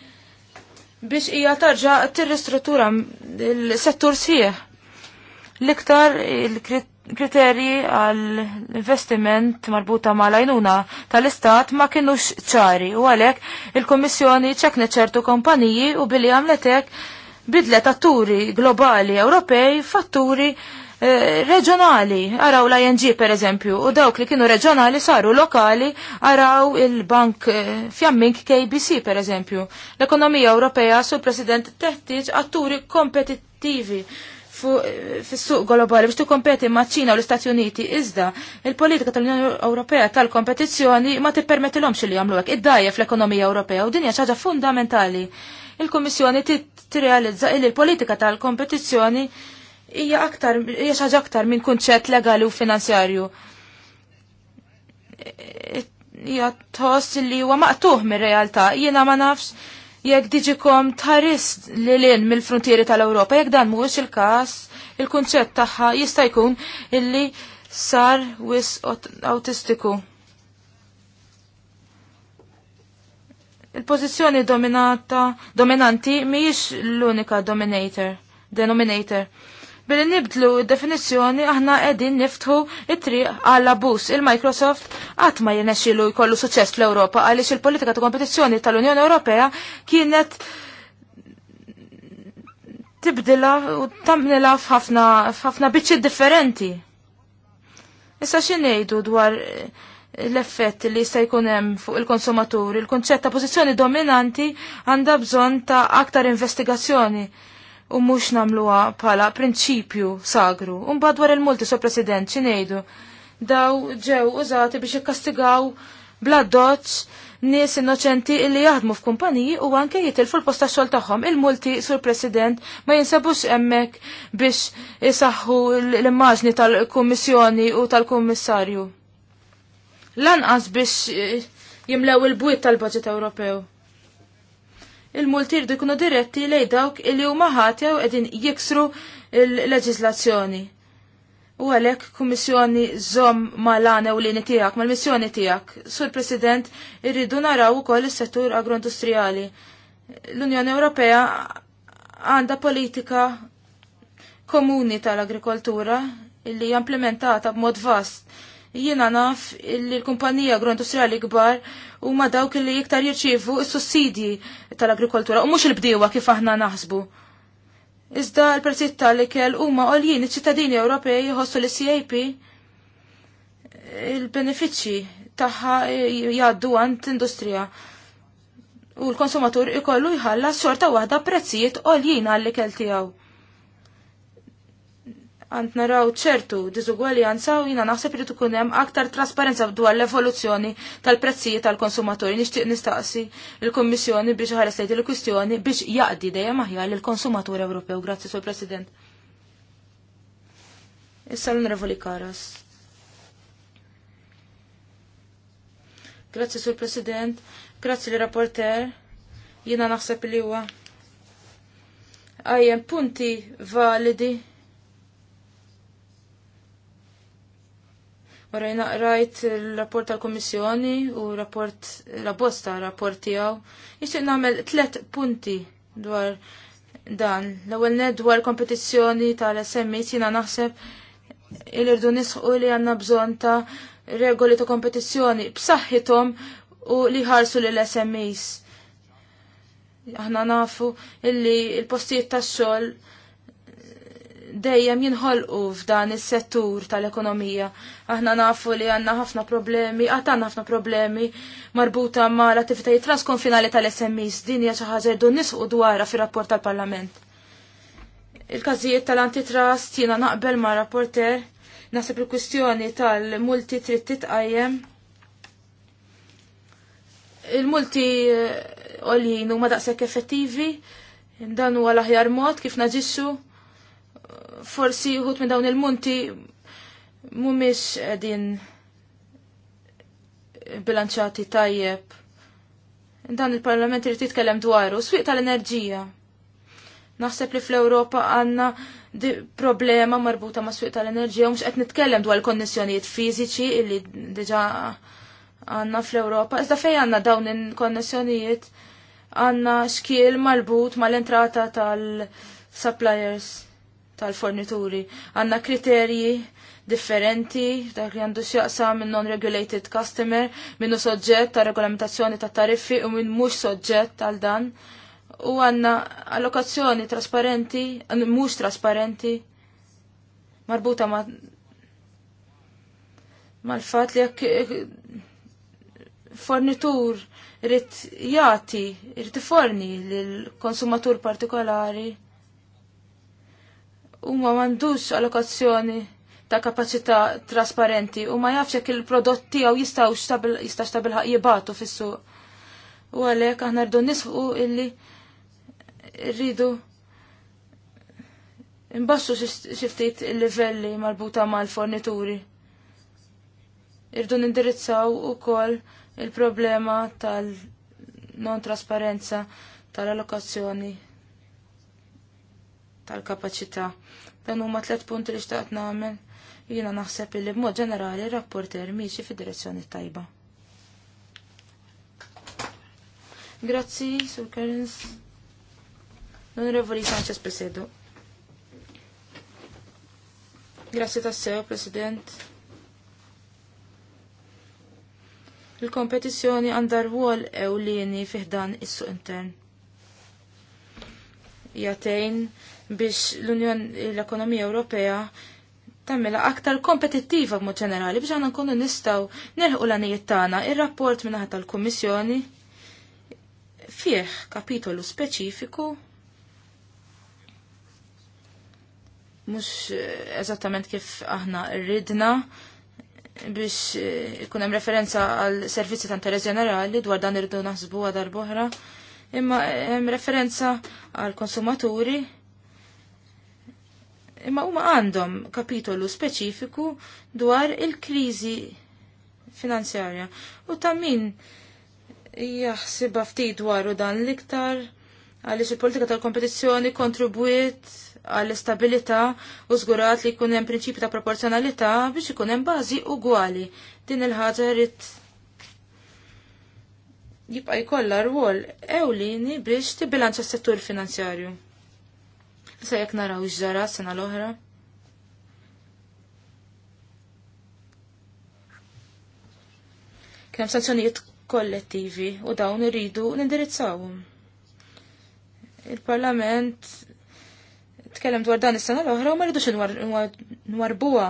biex hija tarġa' tirristruttura l-settur sħiħ L-iktar il-kriterji għall-investiment marbuta ma' lajnuna tal-istat ma' kienux ċari u għalek il komissjoni ċekne ċertu kompaniji u billi għamletek bidlet atturi globali Ewropej fatturi eh, reġjonali, araw l-ING per eżempju, u dawk li kienu reġjonali saru lokali, araw il-bank eh, fjamming KBC per eżempju. L-ekonomija Ewropea sul president teħtieġ atturi kompetittivi fis-suq globali biex tikkompeti ma' ċina u l-Istati Uniti. Iżda, il-politika tal-Unjoni Ewropea tal-kompetizzjoni ma tippermettilhomx li jagħmlu hekk. Iddajja fl-ekonomija Ewropea u din hija ħaġa fundamentali. Il-Kummissjoni tirrealizza li l-politika tal-kompetizzjoni hija aktar hija ħaġa aktar minn kunċett legali u finanzjarju. E, e, hija tħoss li huwa maqtuħ mir-realtà. Jiena ma nafx jekk diġikom taris li lin mill-frontieri tal-Ewropa, jekk dan mhuwiex il-każ, il-kunċett tagħha jista' jkun illi sar wis autistiku. Il-pożizzjoni dominata dominanti mhijiex l-unika dominator, denominator. Billi nibdlu id-definizzjoni aħna qegħdin niftħu it-triq għall abus il-Microsoft qatt ma jenexxilu jkollu suċċess fl-Ewropa għaliex il-politika ta' kompetizzjoni tal-Unjoni Ewropea kienet tibdilha u tamnila f'ħafna f'ħafna biċċi differenti. Issa xi ngħidu dwar eh, l-effett li jista' jkun hemm fuq il-konsumatur, il-konċett ta' pożizzjoni dominanti għandha bżonn ta' aktar investigazzjoni u mux namluwa pala prinċipju sagru. Umbad dwar il-multi, so president, ċinejdu, daw ġew użati biex jikkastigaw bla doċ nies innoċenti illi jaħdmu f'kumpaniji u anke jitilfu l-posta xogħol tagħhom. Il-multi sur President ma jinsabux hemmhekk biex isaħħu l-immaġni tal-Kummissjoni u tal-Kummissarju. Lanqas biex eh, jimlew il-bwiet tal-Baġit Ewropew il-multi jridu jkunu diretti lej dawk illi huma ħatew qegħdin jiksru l-leġiżlazzjoni. U għalhekk kummissjoni żomm mal-għana u lini tiegħek, mal-missjoni tiegħek. Sur President, irridu naraw ukoll is-settur Agroindustriali. L-Unjoni Ewropea għandha politika komuni tal-agrikoltura illi jamplementata b'mod vast Jiena naf li l-kumpanija agroindustriali kbar huma dawk li iktar jirċievu s-sussidji tal-agrikoltura u mhux il-bdiewa kif aħna naħsbu. Iżda l-prezzijiet tal-ikel huma għoljien iċ-ċittadini Ewropej jħossu li CAP il-benefiċċji tagħha jgħaddu għand industrija u l-konsumatur ikollu s sorta waħda prezzijiet għoljien għall-ikel tiegħu għant naraw ċertu diżugwaljanza u jina naħseb li tkun hemm aktar trasparenza dwar l-evoluzzjoni tal-prezzijiet tal-konsumatori. Nixtieq nistaqsi l-Kummissjoni biex ħares lejt il-kwistjoni biex jaqdi dejjem aħjar lill-konsumatur Ewropew. Grazzi sur President. Issa l-Onorevoli Karas. Grazzi sur President, grazzi l rapporter. Jina naħseb li huwa għajjem punti validi Warajna rajt il-rapport tal-Komissjoni u rapport la bosta rapport tiegħu. Nixtieq nagħmel tliet punti dwar dan. L-ewwel dwar kompetizzjoni tal smi jiena naħseb il-irdu nisħu li għandna bżonn ta' regoli ta' kompetizzjoni b'saħħithom u li ħarsu lil SMEs. Aħna nafu illi il-postijiet tax-xogħol dejjem jinħolqu f'dan is-settur tal-ekonomija. Aħna nafu li għandna ħafna problemi, għad għandna ħafna problemi marbuta ma' l-attivitajiet trasconfinali tal smis Din hija xi ħaġa rdu nisqu dwarha fir-rapport tal-Parlament. Il-każijiet tal-antitrust jiena naqbel ma' rapporter naħseb il-kwistjoni tal-multi trid titqajjem. Il-multi eh, olin huma daqshekk effettivi, dan huwa l-aħjar mod kif naġixxu forsi uħut minn dawn il-munti mumiex edin bilanċati tajjeb. Dan il-parlament irrid jitkellem dwaru, swieq tal-enerġija. Naħseb li fl-Ewropa għandna problema marbuta ma' swieq tal-enerġija u mhux qed nitkellem dwar il-konnessjonijiet fiżiċi illi diġà għandna fl-Ewropa. Iżda fejn għandna dawn il-konnessjonijiet għandna xkiel marbut mal-entrata tal-suppliers tal-fornituri. Għanna kriterji differenti, dak li għandu xjaqsa minn non-regulated customer, minnu soġġett ta' regolamentazzjoni ta' tariffi u minn mux soġġett għal dan. U għanna allokazzjoni trasparenti, mux trasparenti, marbuta ma' mal-fat li jekk fornitur rrit jati, rrit forni l-konsumatur partikolari u ma mandux allokazzjoni ta' kapacità trasparenti u ma jafx jekk il-prodotti għaw jistgħu jistax ta' jibatu fis-suq. U għalhekk aħna rridu nisfqu illi rridu imbassu xi ftit il-livelli marbuta mal-fornituri. Irdu nindirizzaw ukoll il-problema tal-non trasparenza tal-allokazzjoni tal-kapacità. Dan huma tliet punti li xtaqt nagħmel jiena naħseb li b'mod ġenerali r-rapporter miexi fid-direzzjoni tajba. Grazzi, Sur Kerins. L-Onorevoli Sanchez Presedo. Grazzi tassew, President. Il-kompetizzjoni għandha rwol ewlieni fiħdan is-suq intern. Jatejn biex l-Unjoni l-Ekonomija Ewropea tammela aktar kompetittiva b'mod ġenerali biex għanna nkunu nistgħu nelħu l-għanijiet tagħna. Ir-rapport minn tal-Kummissjoni fih kapitolu speċifiku mux eżattament kif aħna rridna biex eh, ikun hemm referenza għal servizzi ta' interess ġenerali dwar dan irridu naħsbu għadar boħra, imma hemm referenza għal konsumaturi imma huma għandhom kapitolu speċifiku dwar il-kriżi finanzjarja u ta' min jaħsibha ftit dwaru dan l-iktar għaliex il-politika tal-kompetizzjoni kontribwiet għall-istabilità u żgurat li jkun hemm prinċipju ta' proporzjonalità biex ikun hemm bażi ugwali. Din il-ħaġa rrid jibqa' jkollha rwol ewlieni biex tibbilanċa s-settur finanzjarju. Issa jekk naraw x'ġara sena l-oħra. Kien hemm sanzjonijiet kollettivi u dawn irridu nindirizzawhom. Il-Parlament tkellem dwar dan is-sena l-oħra u ma rridux nwarbuha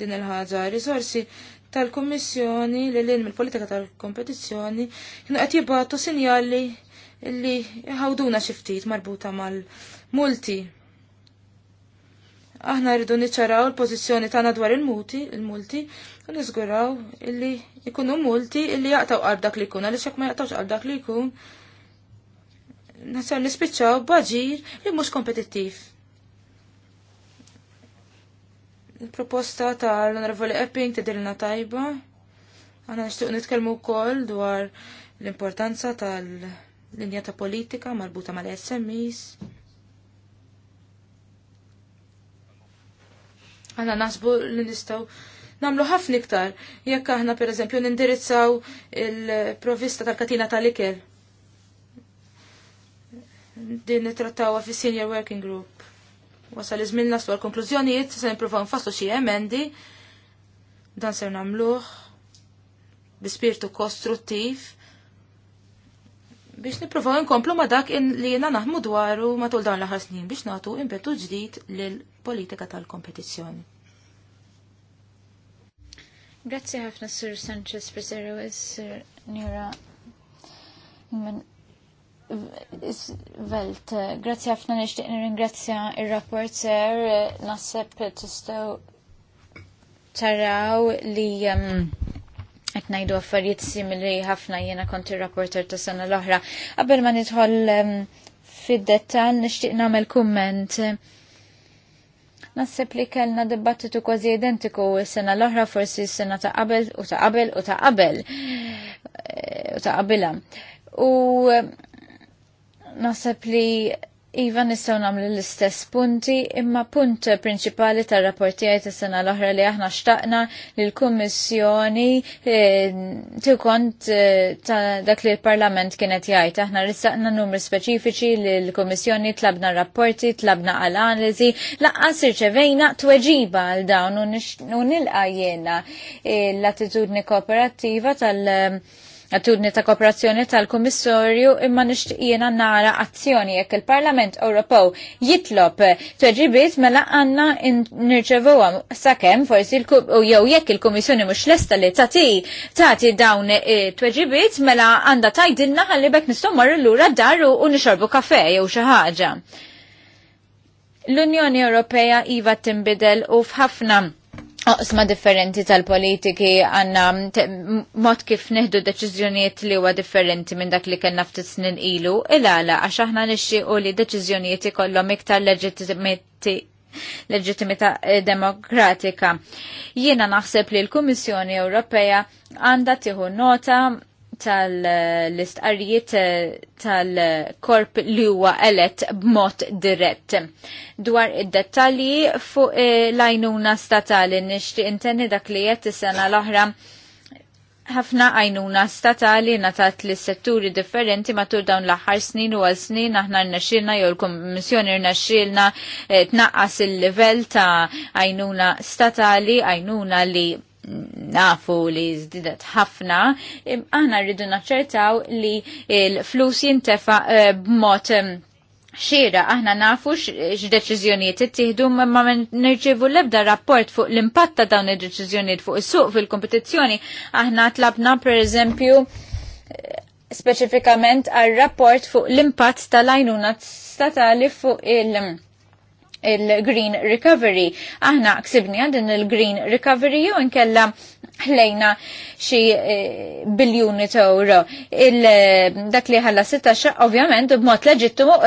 din il-ħaġa. Riżorsi tal kummissjoni li lin mill-politika tal-kompetizzjoni kienu qed jibgħatu sinjali li ħawduna xi ftit marbuta mal- multi. Aħna rridu niċċaraw il-pożizzjoni tagħna dwar il-multi, il-multi, u niżguraw illi ikunu multi illi jaqtaw qalb dak li jkun, għaliex jekk ma jaqtawx qalb dak li jkun. Nasar nispiċċaw baġir li mhux kompetittiv. Il-proposta tal-Onorevoli Epping tidilna tajba. Għana nixtieq nitkellmu wkoll dwar l-importanza tal-linja ta' politika marbuta mal-SMEs. Għanna nasbu li nistaw namlu ħafna iktar jekk aħna per eżempju nindirizzaw il-provista tal-katina tal-ikel. Din nitrattawa fi senior working group. Wasal iżmin nasbu għal-konklużjonijiet, se nippruvaw nfasslu xi emendi, dan ser namluħ bi spiritu kostruttiv biex niprofaw nkomplu ma dak li jena naħmu dwaru matul dan l-aħħar snin biex nagħtu impetu ġdid lill-politika tal-kompetizzjoni. Grazzi ħafna Sur Sanchez Presero is Sir Nira Velt. Grazzi ħafna nixtieq nirringrazzja ir-rapporter Nasseb tistgħu taraw li um, qed ngħidu affarijiet simili ħafna jiena konti rapporter ta' sena l-oħra. Qabel ma nidħol fid-dettall nixtieq nagħmel komment. Nasib li kellna dibattitu kważi identiku s-sena l-oħra forsi s-sena ta' qabel u ta' qabel u ta' qabel e, u ta' qabila. U naħseb li Iva nistaw namlu l-istess punti, imma punt prinċipali tar rapporti is sena l-oħra li aħna xtaqna li l-Kummissjoni eh, tikont eh, ta' dak li l-Parlament kienet jgħid. Aħna ristaqna numri speċifiċi li l-Kummissjoni tlabna rapporti, tlabna analizi, laqqas irċevejna tweġiba għal dawn u nilqajjena eh, l-attitudni kooperattiva tal- attitudni ta' kooperazzjoni tal komissorju imma nixtieq nara azzjoni jekk il-Parlament Ewropew jitlob tweġibiet mela għandna nirċevuha sakemm forsi jew jekk il-Kummissjoni mhux lesta li tagħti tagħti dawn e, tweġibiet mela għandha tgħidilna ħalli bekk nistgħu marru lura dar u nixorbu kafè jew xi ħaġa. L-Unjoni Ewropea iva timbidel u f'ħafna Oqsma differenti tal-politiki għanna mod kif neħdu deċizjonijiet li huwa differenti minn dak li kellna ftit snin ilu, il-għala għax aħna nixxiequ li deċizjonijiet ikollhom iktar leġittimità eh, demokratika. Jiena naħseb li l-Kummissjoni Ewropea għandha tieħu nota tal istqarijiet eh, tal-korp li huwa elet b'mod dirett. Dwar id-dettalji fuq eh, l-għajnuna statali nixtieq intenni dak li qed is-sena l-oħra ħafna għajnuna statali natat li setturi differenti matul dawn l-aħħar snin u għal snin aħna rnexxilna jew l kummissjoni rnexxilna eh, tnaqqas il-livell ta' għajnuna statali, għajnuna li nafu li zdidet ħafna, aħna rridu naċċertaw li l-flus jintefa eh, b'mod xira, aħna nafu x'deċiżjonijiet tihdu ma nirċievu l-ebda rapport fuq l-impatt ta' dawn id-deċiżjonijiet fuq is-suq fil-kompetizzjoni. Aħna tlabna pereżempju eh, speċifikament għal rapport fuq l-impatt tal ajnuna statali fuq il- il-Green Recovery. Aħna ksibni din il-Green Recovery u nkella ħlejna xi eh, biljuni ta' euro. Eh, dak li ħalla 16 ovvjament b'mod leġittimu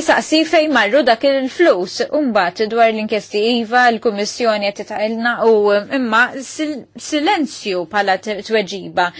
isaqsi fejn marru dak il-flus. Umbat dwar l-inkjesti IVA, l-Kummissjoni qed u imma silenzju bħala tweġiba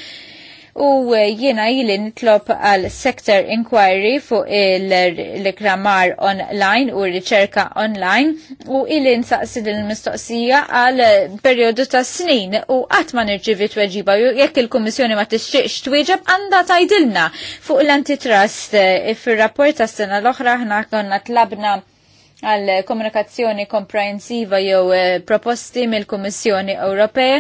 u eh, jiena jilin nitlob għal sector inquiry fuq il-reklamar online u riċerka online u jilin nsaqsi il-mistoqsija għal eh, periodu ta' snin u għatma nirġivi tweġiba jekk il komissjoni ma tixtieqx tweġeb għandha tajdilna fuq l-antitrust eh, fir-rapport ta' sena l-oħra ħna konna tlabna għal komunikazzjoni komprensiva jew eh, proposti mill-Kummissjoni Ewropea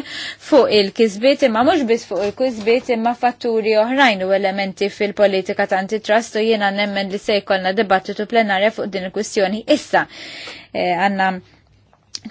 fuq il-kisbiet imma mhux biss fuq il-kisbiet imma fatturi oħrajn u elementi fil-politika ta' antitrust u jiena nemmen li se jkollna dibattitu plenarja fuq din il-kwistjoni issa eh, għandna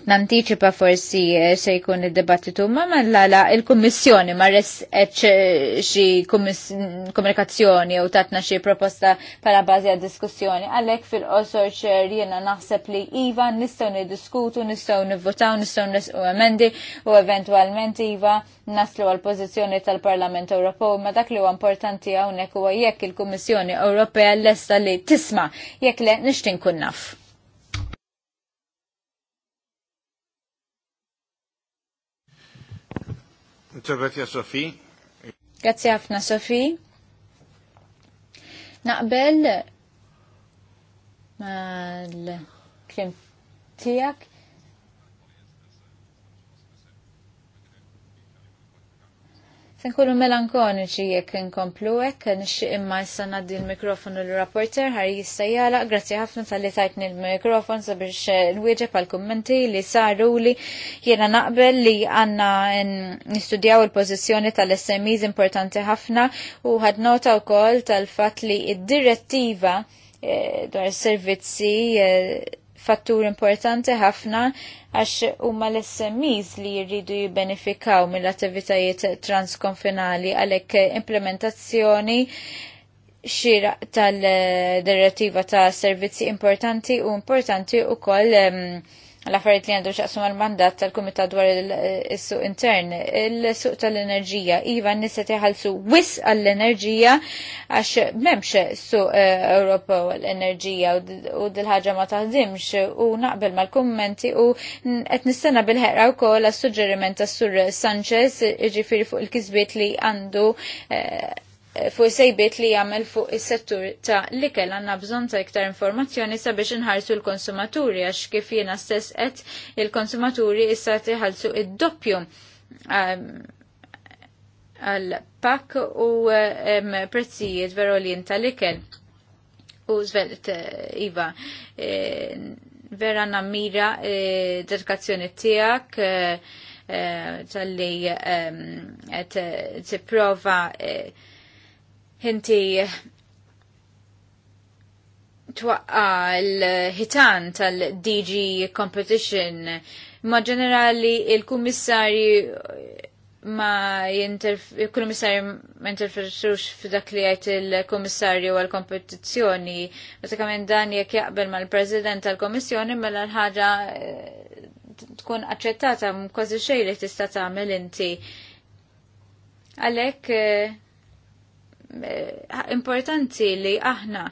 Nantiċipa forsi eh, se jkun id-debattitu ma la il-Kummissjoni ma resqetx eh, xi komunikazzjoni u tatna xi proposta pala bażi għad diskussjoni. Għalhekk fil-qosor jiena naħseb li iva nistgħu niddiskutu, nistgħu nivvotaw, nistgħu nisqu emendi u eventwalment iva naslu għal pożizzjoni tal-Parlament Ewropew ma dak li huwa importanti hawnhekk huwa jekk il-Kummissjoni Ewropea lesta li tisma' jekk le nishtin kunnaf. naf. Muchas Sofi. Grazie ħafna, Sofi. Naqbel ma l klim tijak Se nkunu melankoniċi jekk inkomplu hekk nixtieq imma issa ngħaddi l-mikrofon l-rapporter ħar jista' jala. Grazzi ħafna tal-li tajtni l-mikrofon sabiex eh, nwieġeb pal kummenti li saru li jiena naqbel li għandna nistudjaw il-pożizzjoni tal-SMEs importanti ħafna u ħad nota wkoll tal-fatt li id-direttiva eh, dwar servizzi eh, fattur importanti ħafna għax huma l-SMEs li jridu jibbenefikaw mill-attivitajiet transkonfinali għalhekk implementazzjoni xira tal-direttiva ta' servizzi importanti u importanti u koll l-affarijiet li għandu xaqsum għal-mandat tal-Kumitat dwar il-suq intern. Il-suq tal-enerġija, iva nisa tiħalsu wis għall-enerġija għax memx suq eh, Ewropa l enerġija u dil-ħagġa ma taħdimx u naqbel mal-kommenti u qed nistenna bil-ħerqa wkoll għas-suġġeriment tas-Sur Sanchez ġifieri fuq il-kisbiet li għandu eh, fuq sejbiet li jagħmel fuq is-settur ta' likel ikel għandna bżonn ta' iktar informazzjoni sabiex inħarsu l-konsumaturi għax kif jiena stess qed il-konsumaturi issa tiħallsu id-doppju um, għal pak u um, prezzijiet verolin tal-ikel. U zvelt Iva, e, vera nammira e, dedikazzjoni tiegħek e, tal-li t um, tipprova prova Inti twaqqa l-ħitan tal-DG Competition ma ġenerali il-kummissarji ma il kummissarju ma jinterferxux f'dak li għajt il-kummissarju għal-kompetizzjoni. Basikament dan jek jaqbel ma l-president tal-komissjoni ma mela l-ħaġa eh, tkun aċċettata kważi xej li tista' tagħmel inti. Għalhekk eh, Eh, importanti li aħna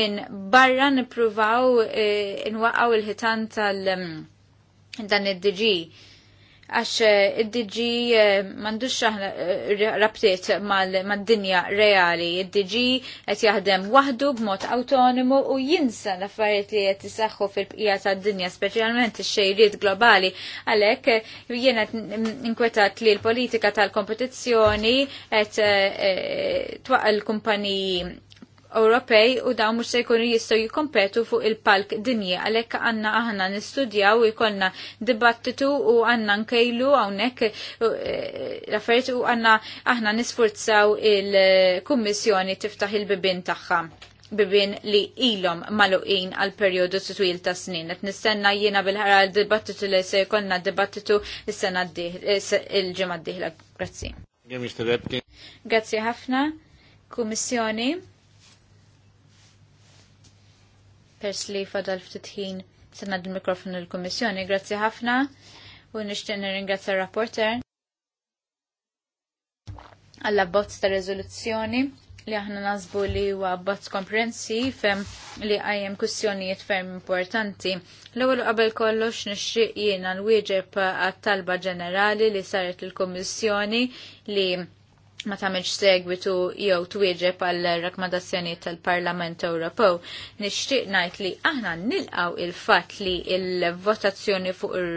minn barra nippruvaw eh, nwaqgħu il-ħitan tal- mm, dan id-DG għax eh, id-DG eh, mandux eh, rabtiet mad-dinja reali. Id-DG qed jaħdem waħdu b'mod autonomu u jinsa l-affarijiet li qed jisaxħu fil-bqija tad-dinja, speċjalment ix-xejriet globali. Għalhekk jiena inkwetat li l-politika tal-kompetizzjoni qed twaqqa l-kumpaniji Ewropej u dawn mhux se jkunu jistgħu jikkompetu fuq il-palk dinji għalhekk għandna aħna nistudjaw jkollna dibattitu u għandna nkejlu hawnhekk raffert eh, u għandna aħna nisfurzaw il-Kummissjoni tiftaħ il-bibin tagħha bibin li ilom maluqin għal periodu twil ta' snin. Et nistenna jiena bil-ħara l dibattitu li se jkollna dibattitu is sena il-ġemad diħla. Grazzi. Grazzi ħafna. Kummissjoni. Pers li fadal ftit ħin sena d-mikrofon il kummissjoni Grazzi ħafna u nishtiq nirringrazzja r-rapporter għall bozz ta' rezoluzzjoni li aħna nazbu li huwa bozz komprensiv li għajjem kussjonijiet ferm importanti. L-ewwel qabel kollox nixtieq jiena l-wieġeb għat-talba ġenerali li saret il-Kummissjoni li ma tagħmilx segwitu jew twieġeb għal rakkomandazzjonijiet tal-Parlament Ewropew. Nixtieq ngħid li aħna nilqgħu il-fatt li l-votazzjoni fuq ir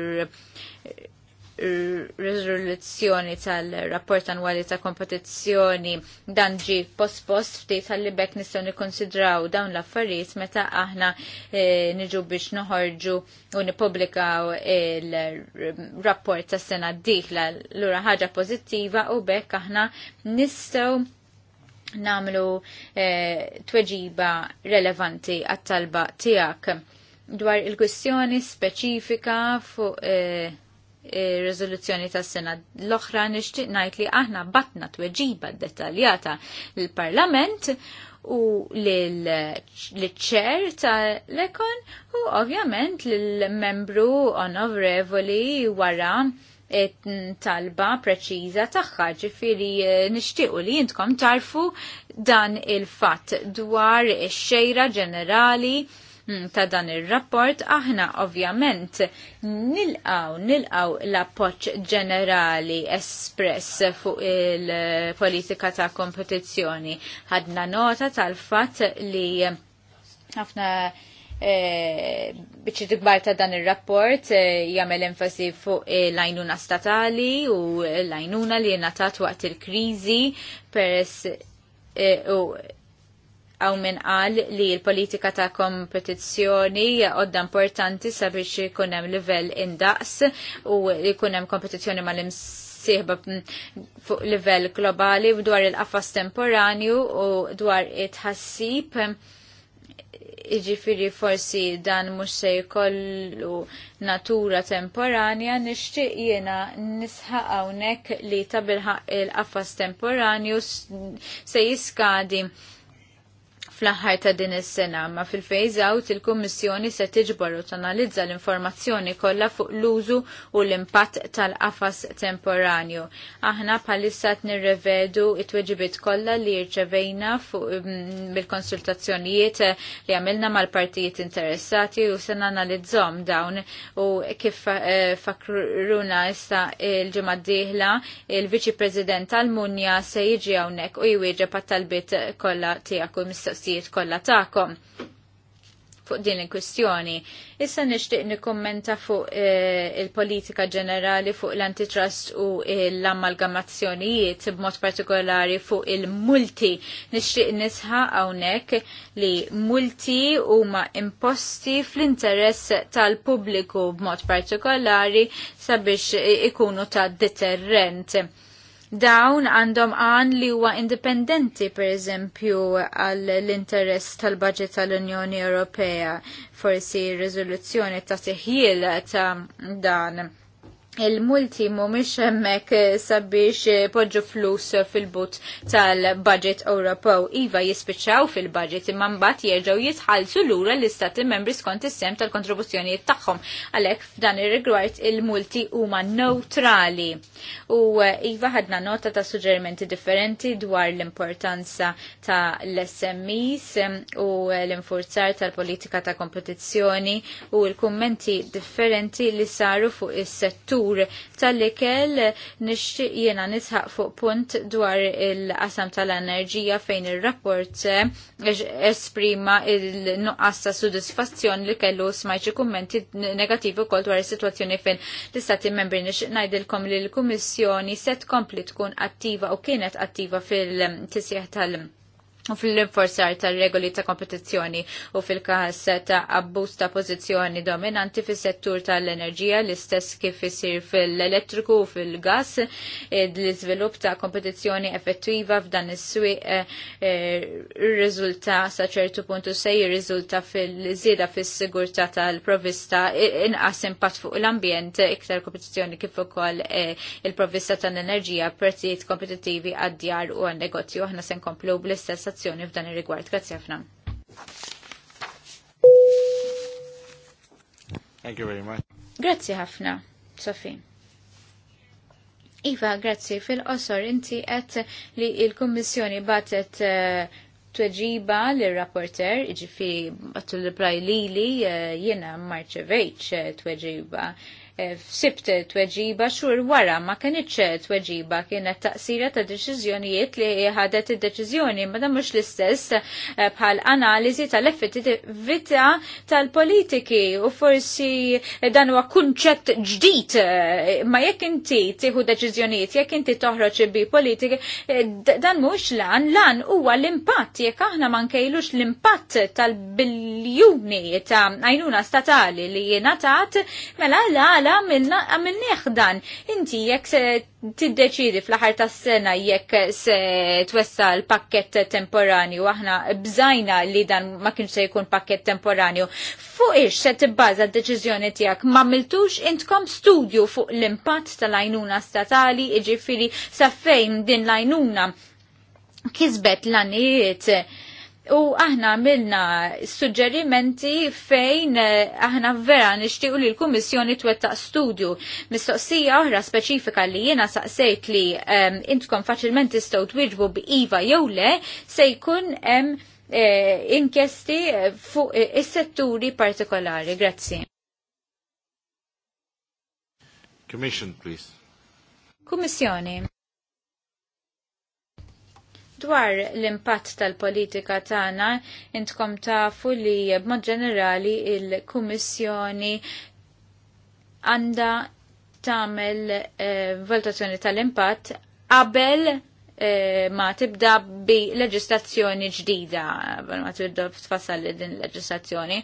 rezoluzzjoni tal-rapport annwali ta' kompetizzjoni dan ġi post-post ftit tal-li bekk nistgħu nikkonsidraw dawn l-affarijiet meta aħna eh, niġu biex noħorġu u nippubblikaw il-rapport tas sena d-dieħla l-ura ħaġa pożittiva u bekk aħna nistgħu namlu eh, tweġiba relevanti għat-talba tiegħek dwar il-kwistjoni speċifika fuq eh, rezoluzzjoni tas sena l-oħra nixtieq ngħid li aħna batna tweġiba dettaljata l-Parlament u l-ċer tal-ekon u ovvjament l-membru onorevoli wara talba preċiża tagħha ġifieri eh, nixtiequ li jintkom tarfu dan il-fatt dwar ix-xejra ġenerali Mm, ta' dan ir-rapport aħna ovvjament nilqaw nilqaw l-appoġġ ġenerali espress fuq il-politika ta' kompetizzjoni. Ħadna nota tal-fatt li ħafna eh, biċi tikbar ta' dan il-rapport eh, jagħmel enfasi fuq l ajnuna statali u l ajnuna li natat waqt il-kriżi peress eh, u għaw minn qal li l-politika ta' kompetizzjoni għodda importanti sabiex kunem livell indaqs u kunem kompetizzjoni mal-ims sieħba fuq livell globali dwar il-qafas temporanju u dwar it-ħassib iġifiri forsi dan mux se jkollu natura temporanja, nishtiq jena għawnek li tabilħa il-qafas temporanju se jiskadi fl-aħħar ta' din is-sena, ma fil-phase out il-Kummissjoni se tiġbor u tanalizza l-informazzjoni kollha fuq l-użu u l-impatt tal-qafas temporanju. Aħna bħalissa qed nirrevedu it-tweġibiet kollha li rċevejna mm, bil-konsultazzjonijiet li għamilna mal-partijiet interessati u se nanalizzhom dawn u kif eh, fakruna issa il-ġimgħa d-dieħla il-Viċi President tal-Munja se jiġi hawnhekk u jwieġeb għat-talbiet kollha tiegħek u mistoqsijiet l-affarijiet kollha tagħkom fuq din il-kwistjoni. Issa nixtieq nikkummenta fuq eh, il-politika ġenerali fuq l-antitrust u l-amalgamazzjonijiet b'mod partikolari fuq il-multi. Nixtieq nisħa hawnhekk li multi huma imposti fl-interess tal-pubbliku b'mod partikolari sabiex eh, ikunu ta' deterrent dawn għandhom għan li huwa indipendenti per eżempju għall l-interess tal-budget tal-Unjoni Ewropea forsi riżoluzzjoni ta' tiħjil ta' dan il-multi mumiex hemmhekk eh, sabiex eh, poġġu flus fil-but tal-budget Ewropew. Iva jispiċċaw fil-budget imma mbagħad jerġgħu jitħallsu lura l-istati membri skont is-sem tal-kontribuzzjonijiet tagħhom. Għalhekk f'dan ir-rigward il-multi huma neutrali. U eh, iva ħadna nota ta' suġġerimenti differenti dwar l-importanza ta' l-SMEs u l-infurzar tal-politika ta' kompetizzjoni u l-kummenti differenti li saru fuq is-settur settur tal-ikel nishtiq jena nisħaq fuq punt dwar il-qasam tal-enerġija fejn ir-rapport esprima il-nuqqas ta' sudisfazzjon li kellu smajċi kummenti negativi wkoll dwar is-sitwazzjoni fejn l-istati membri nishtiq ngħidilkom li l-Kummissjoni se tkompli tkun attiva u kienet attiva fil-tisjeħ tal- u fil-forzar tal-regoli ta' kompetizzjoni u fil-kas ta' abbus ta' pożizzjoni dominanti fis settur tal-enerġija l-istess kif isir fil-elettriku u fil-gas eh, l-iżvilupp ta' kompetizzjoni effettiva f'dan is-swieq ir-riżulta eh, eh, sa ċertu puntu se jirriżulta fil zida fis-sigurtà tal-provista inqas impatt fuq l-ambjent iktar kompetizzjoni kif ukoll il-provista tal-enerġija prezzijiet kompetitivi għad-djar u għan-negozju aħna se nkomplu bl-istess leġislazzjoni f'dan ir-rigward. Grazzi ħafna. Thank you very much. Grazzi ħafna, Sofi. Iva, grazzi. Fil-qosor, inti qed li l-Kummissjoni batet eh, tweġiba lir rapporter iġifi għattu l-praj li li eh, jena marċevejċ eh, tweġiba f'sibt tweġiba xhur wara ma kienitx tweġiba kienet taqsira ta' deċiżjonijiet li ħadet id-deċiżjoni ma mhux l-istess eh, bħal analiżi tal-effettività tal-politiki u forsi dan huwa kunċett ġdid eh, ma jekk inti tieħu deċiżjonijiet jekk inti toħroġ bi politika eh, dan mhux lan lan huwa l-impatt jekk aħna ma nkejlux l-impatt tal-biljuni ta' għajnuna statali li jingħatat mela la għala mela, għamilna għamilnieħ dan. Inti jekk se tiddeċidi fl ta' tas sena jekk se twessa l-pakket temporanju, aħna bżajna li dan ma kienx se jkun pakket temporanju. Fuq ix se tibbaża d-deċiżjoni tiegħek ma miltux intkom studju fuq l-impatt tal lajnuna statali, iġifiri sa fejn din l kizbet kisbet l-għanijiet U aħna milna suġġerimenti fejn eh, aħna vera nixtiequ li l-Kummissjoni twettaq studju. Mistoqsija oħra speċifika li jiena saqsejt li um, intkom faċilment tistgħu twieġbu b'iva jew le se jkun hemm um, inkjesti fuq eh, is-setturi partikolari. Grazzi. Commission, please. Kummissjoni. Dwar l-impatt tal-politika tagħna, intkom tafu li b'mod ġenerali il-Kummissjoni għandha tagħmel eh, valutazzjoni tal-impatt qabel Eh, ma tibda bi leġislazzjoni ġdida, ma tibda tfassal din leġislazzjoni,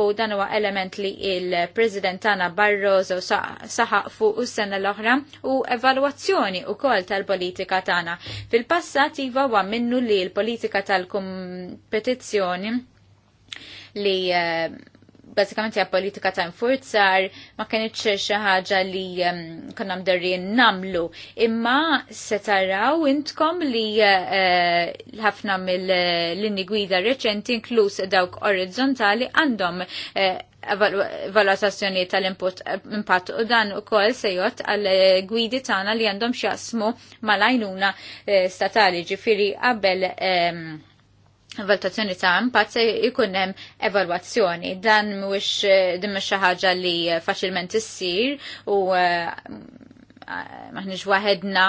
u dan huwa element li il-President tana Barroso saħaq fuq is sena l-oħra u evalwazzjoni u kol tal-politika tana. Fil-passat iva huwa minnu li l-politika tal-kompetizzjoni li eh, bazzikament hija politika ta' infurzar ma kienitx xi ħaġa li konna mderrin namlu. Imma se taraw intkom li eh, eh, ħafna mill-linni gwida reċenti inkluż dawk orizzontali għandhom eh, valutazzjoni tal-input impatt u dan u kol sejot għal gwidi tana li għandhom xjasmu mal-ajnuna statali ġifiri qabel valutazzjoni ta' impatt se jkun hemm evalwazzjoni. Dan mhuwiex din mhux xi ħaġa li faċilment issir u eh, maħniġ waħedna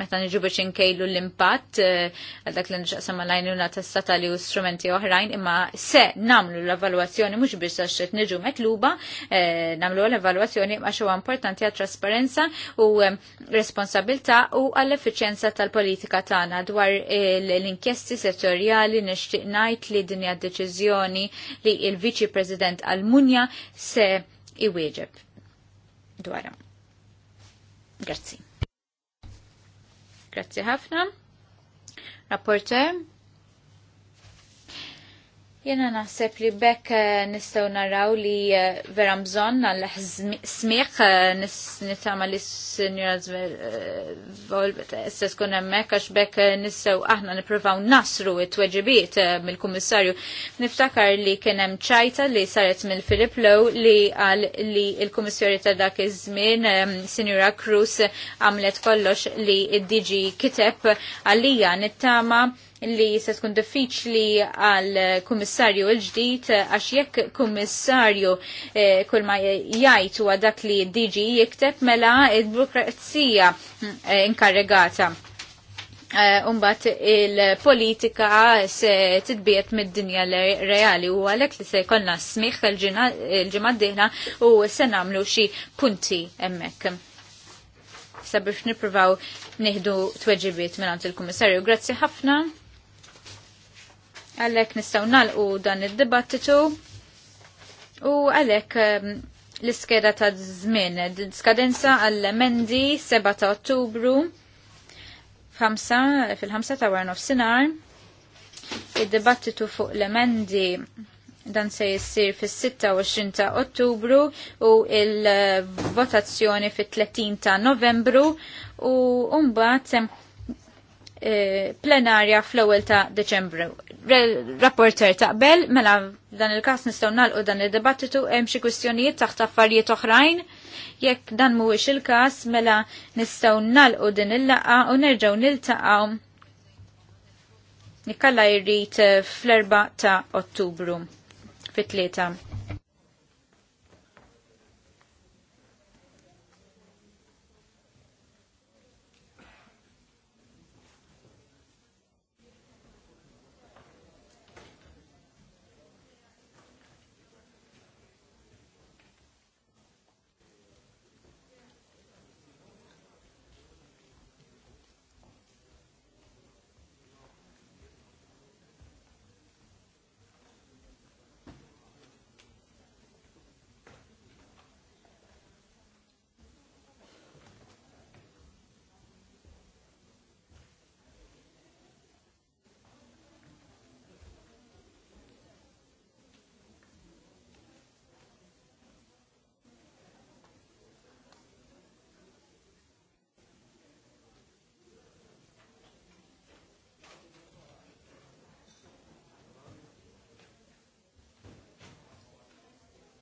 meta niġu biex inkejlu l-impatt eh, għal dak li nġaqsam għalajn l testata li u strumenti oħrajn imma se namlu l-evaluazzjoni mux biex saċċet nġu metluba eh, namlu l-evaluazzjoni għax huwa importanti għat trasparenza u eh, responsabilta u għall-efficienza tal-politika tagħna dwar l-inkjesti settorjali nixtieq ngħid li dinja deċiżjoni li il-Viċi President għall-munja se iwieġeb dwarha. Grazzi. Grazzi ħafna. Rapporter. Jena naħseb li bekk eh, nistaw naraw li eh, vera mżon għall smiq eh, nitama li s-sinjura Volbet s kun emmek għax bekk nistaw aħna niprofaw nasru it-tweġibiet mill-kummissarju. Niftakar li kienem ċajta li saret mill-Filip Low li għal li il-kummissarju ta' dak iż-żmien sinjura Cruz għamlet kollox li id-DG kiteb għalija nittama. tama li se tkun diffiċli għal kummissarju l-ġdid għax jekk kummissarju eh, kull ma jgħid huwa dak li diġi jikteb mela il-burokrazija eh, inkarregata. Eh, umbat il-politika se titbiet mid-dinja reali u għalek li se jkollna smiħ il ġimaddina u se namlu xi punti emmek. Sabiex neħdu nieħdu tweġibiet minn il-Kummissarju. Grazzi ħafna. Għalek nistaw nalqu dan il-dibattitu u għalek ehm, l-iskeda ta' żmien skadenza għall-emendi 7 ta' ottubru fil-5 ta' għarnof sinar. Id-dibattitu fuq l-emendi dan se jissir fis-26 ta' Ottubru u il-votazzjoni fit-30 ta' Novembru u mbagħad Eh, plenarja fl-ewwel ta' Deċembru. Rapporter taqbel mela dan il-każ nistgħu nagħlqu dan il-debattitu hemm xi kwistjonijiet taħt affarijiet oħrajn. Jekk dan mhuwiex il-każ mela nistgħu nagħlqu din il-laqgħa u nerġgħu niltaqgħu Nikalla jrid fl erba ta' Ottubru fit-tlieta.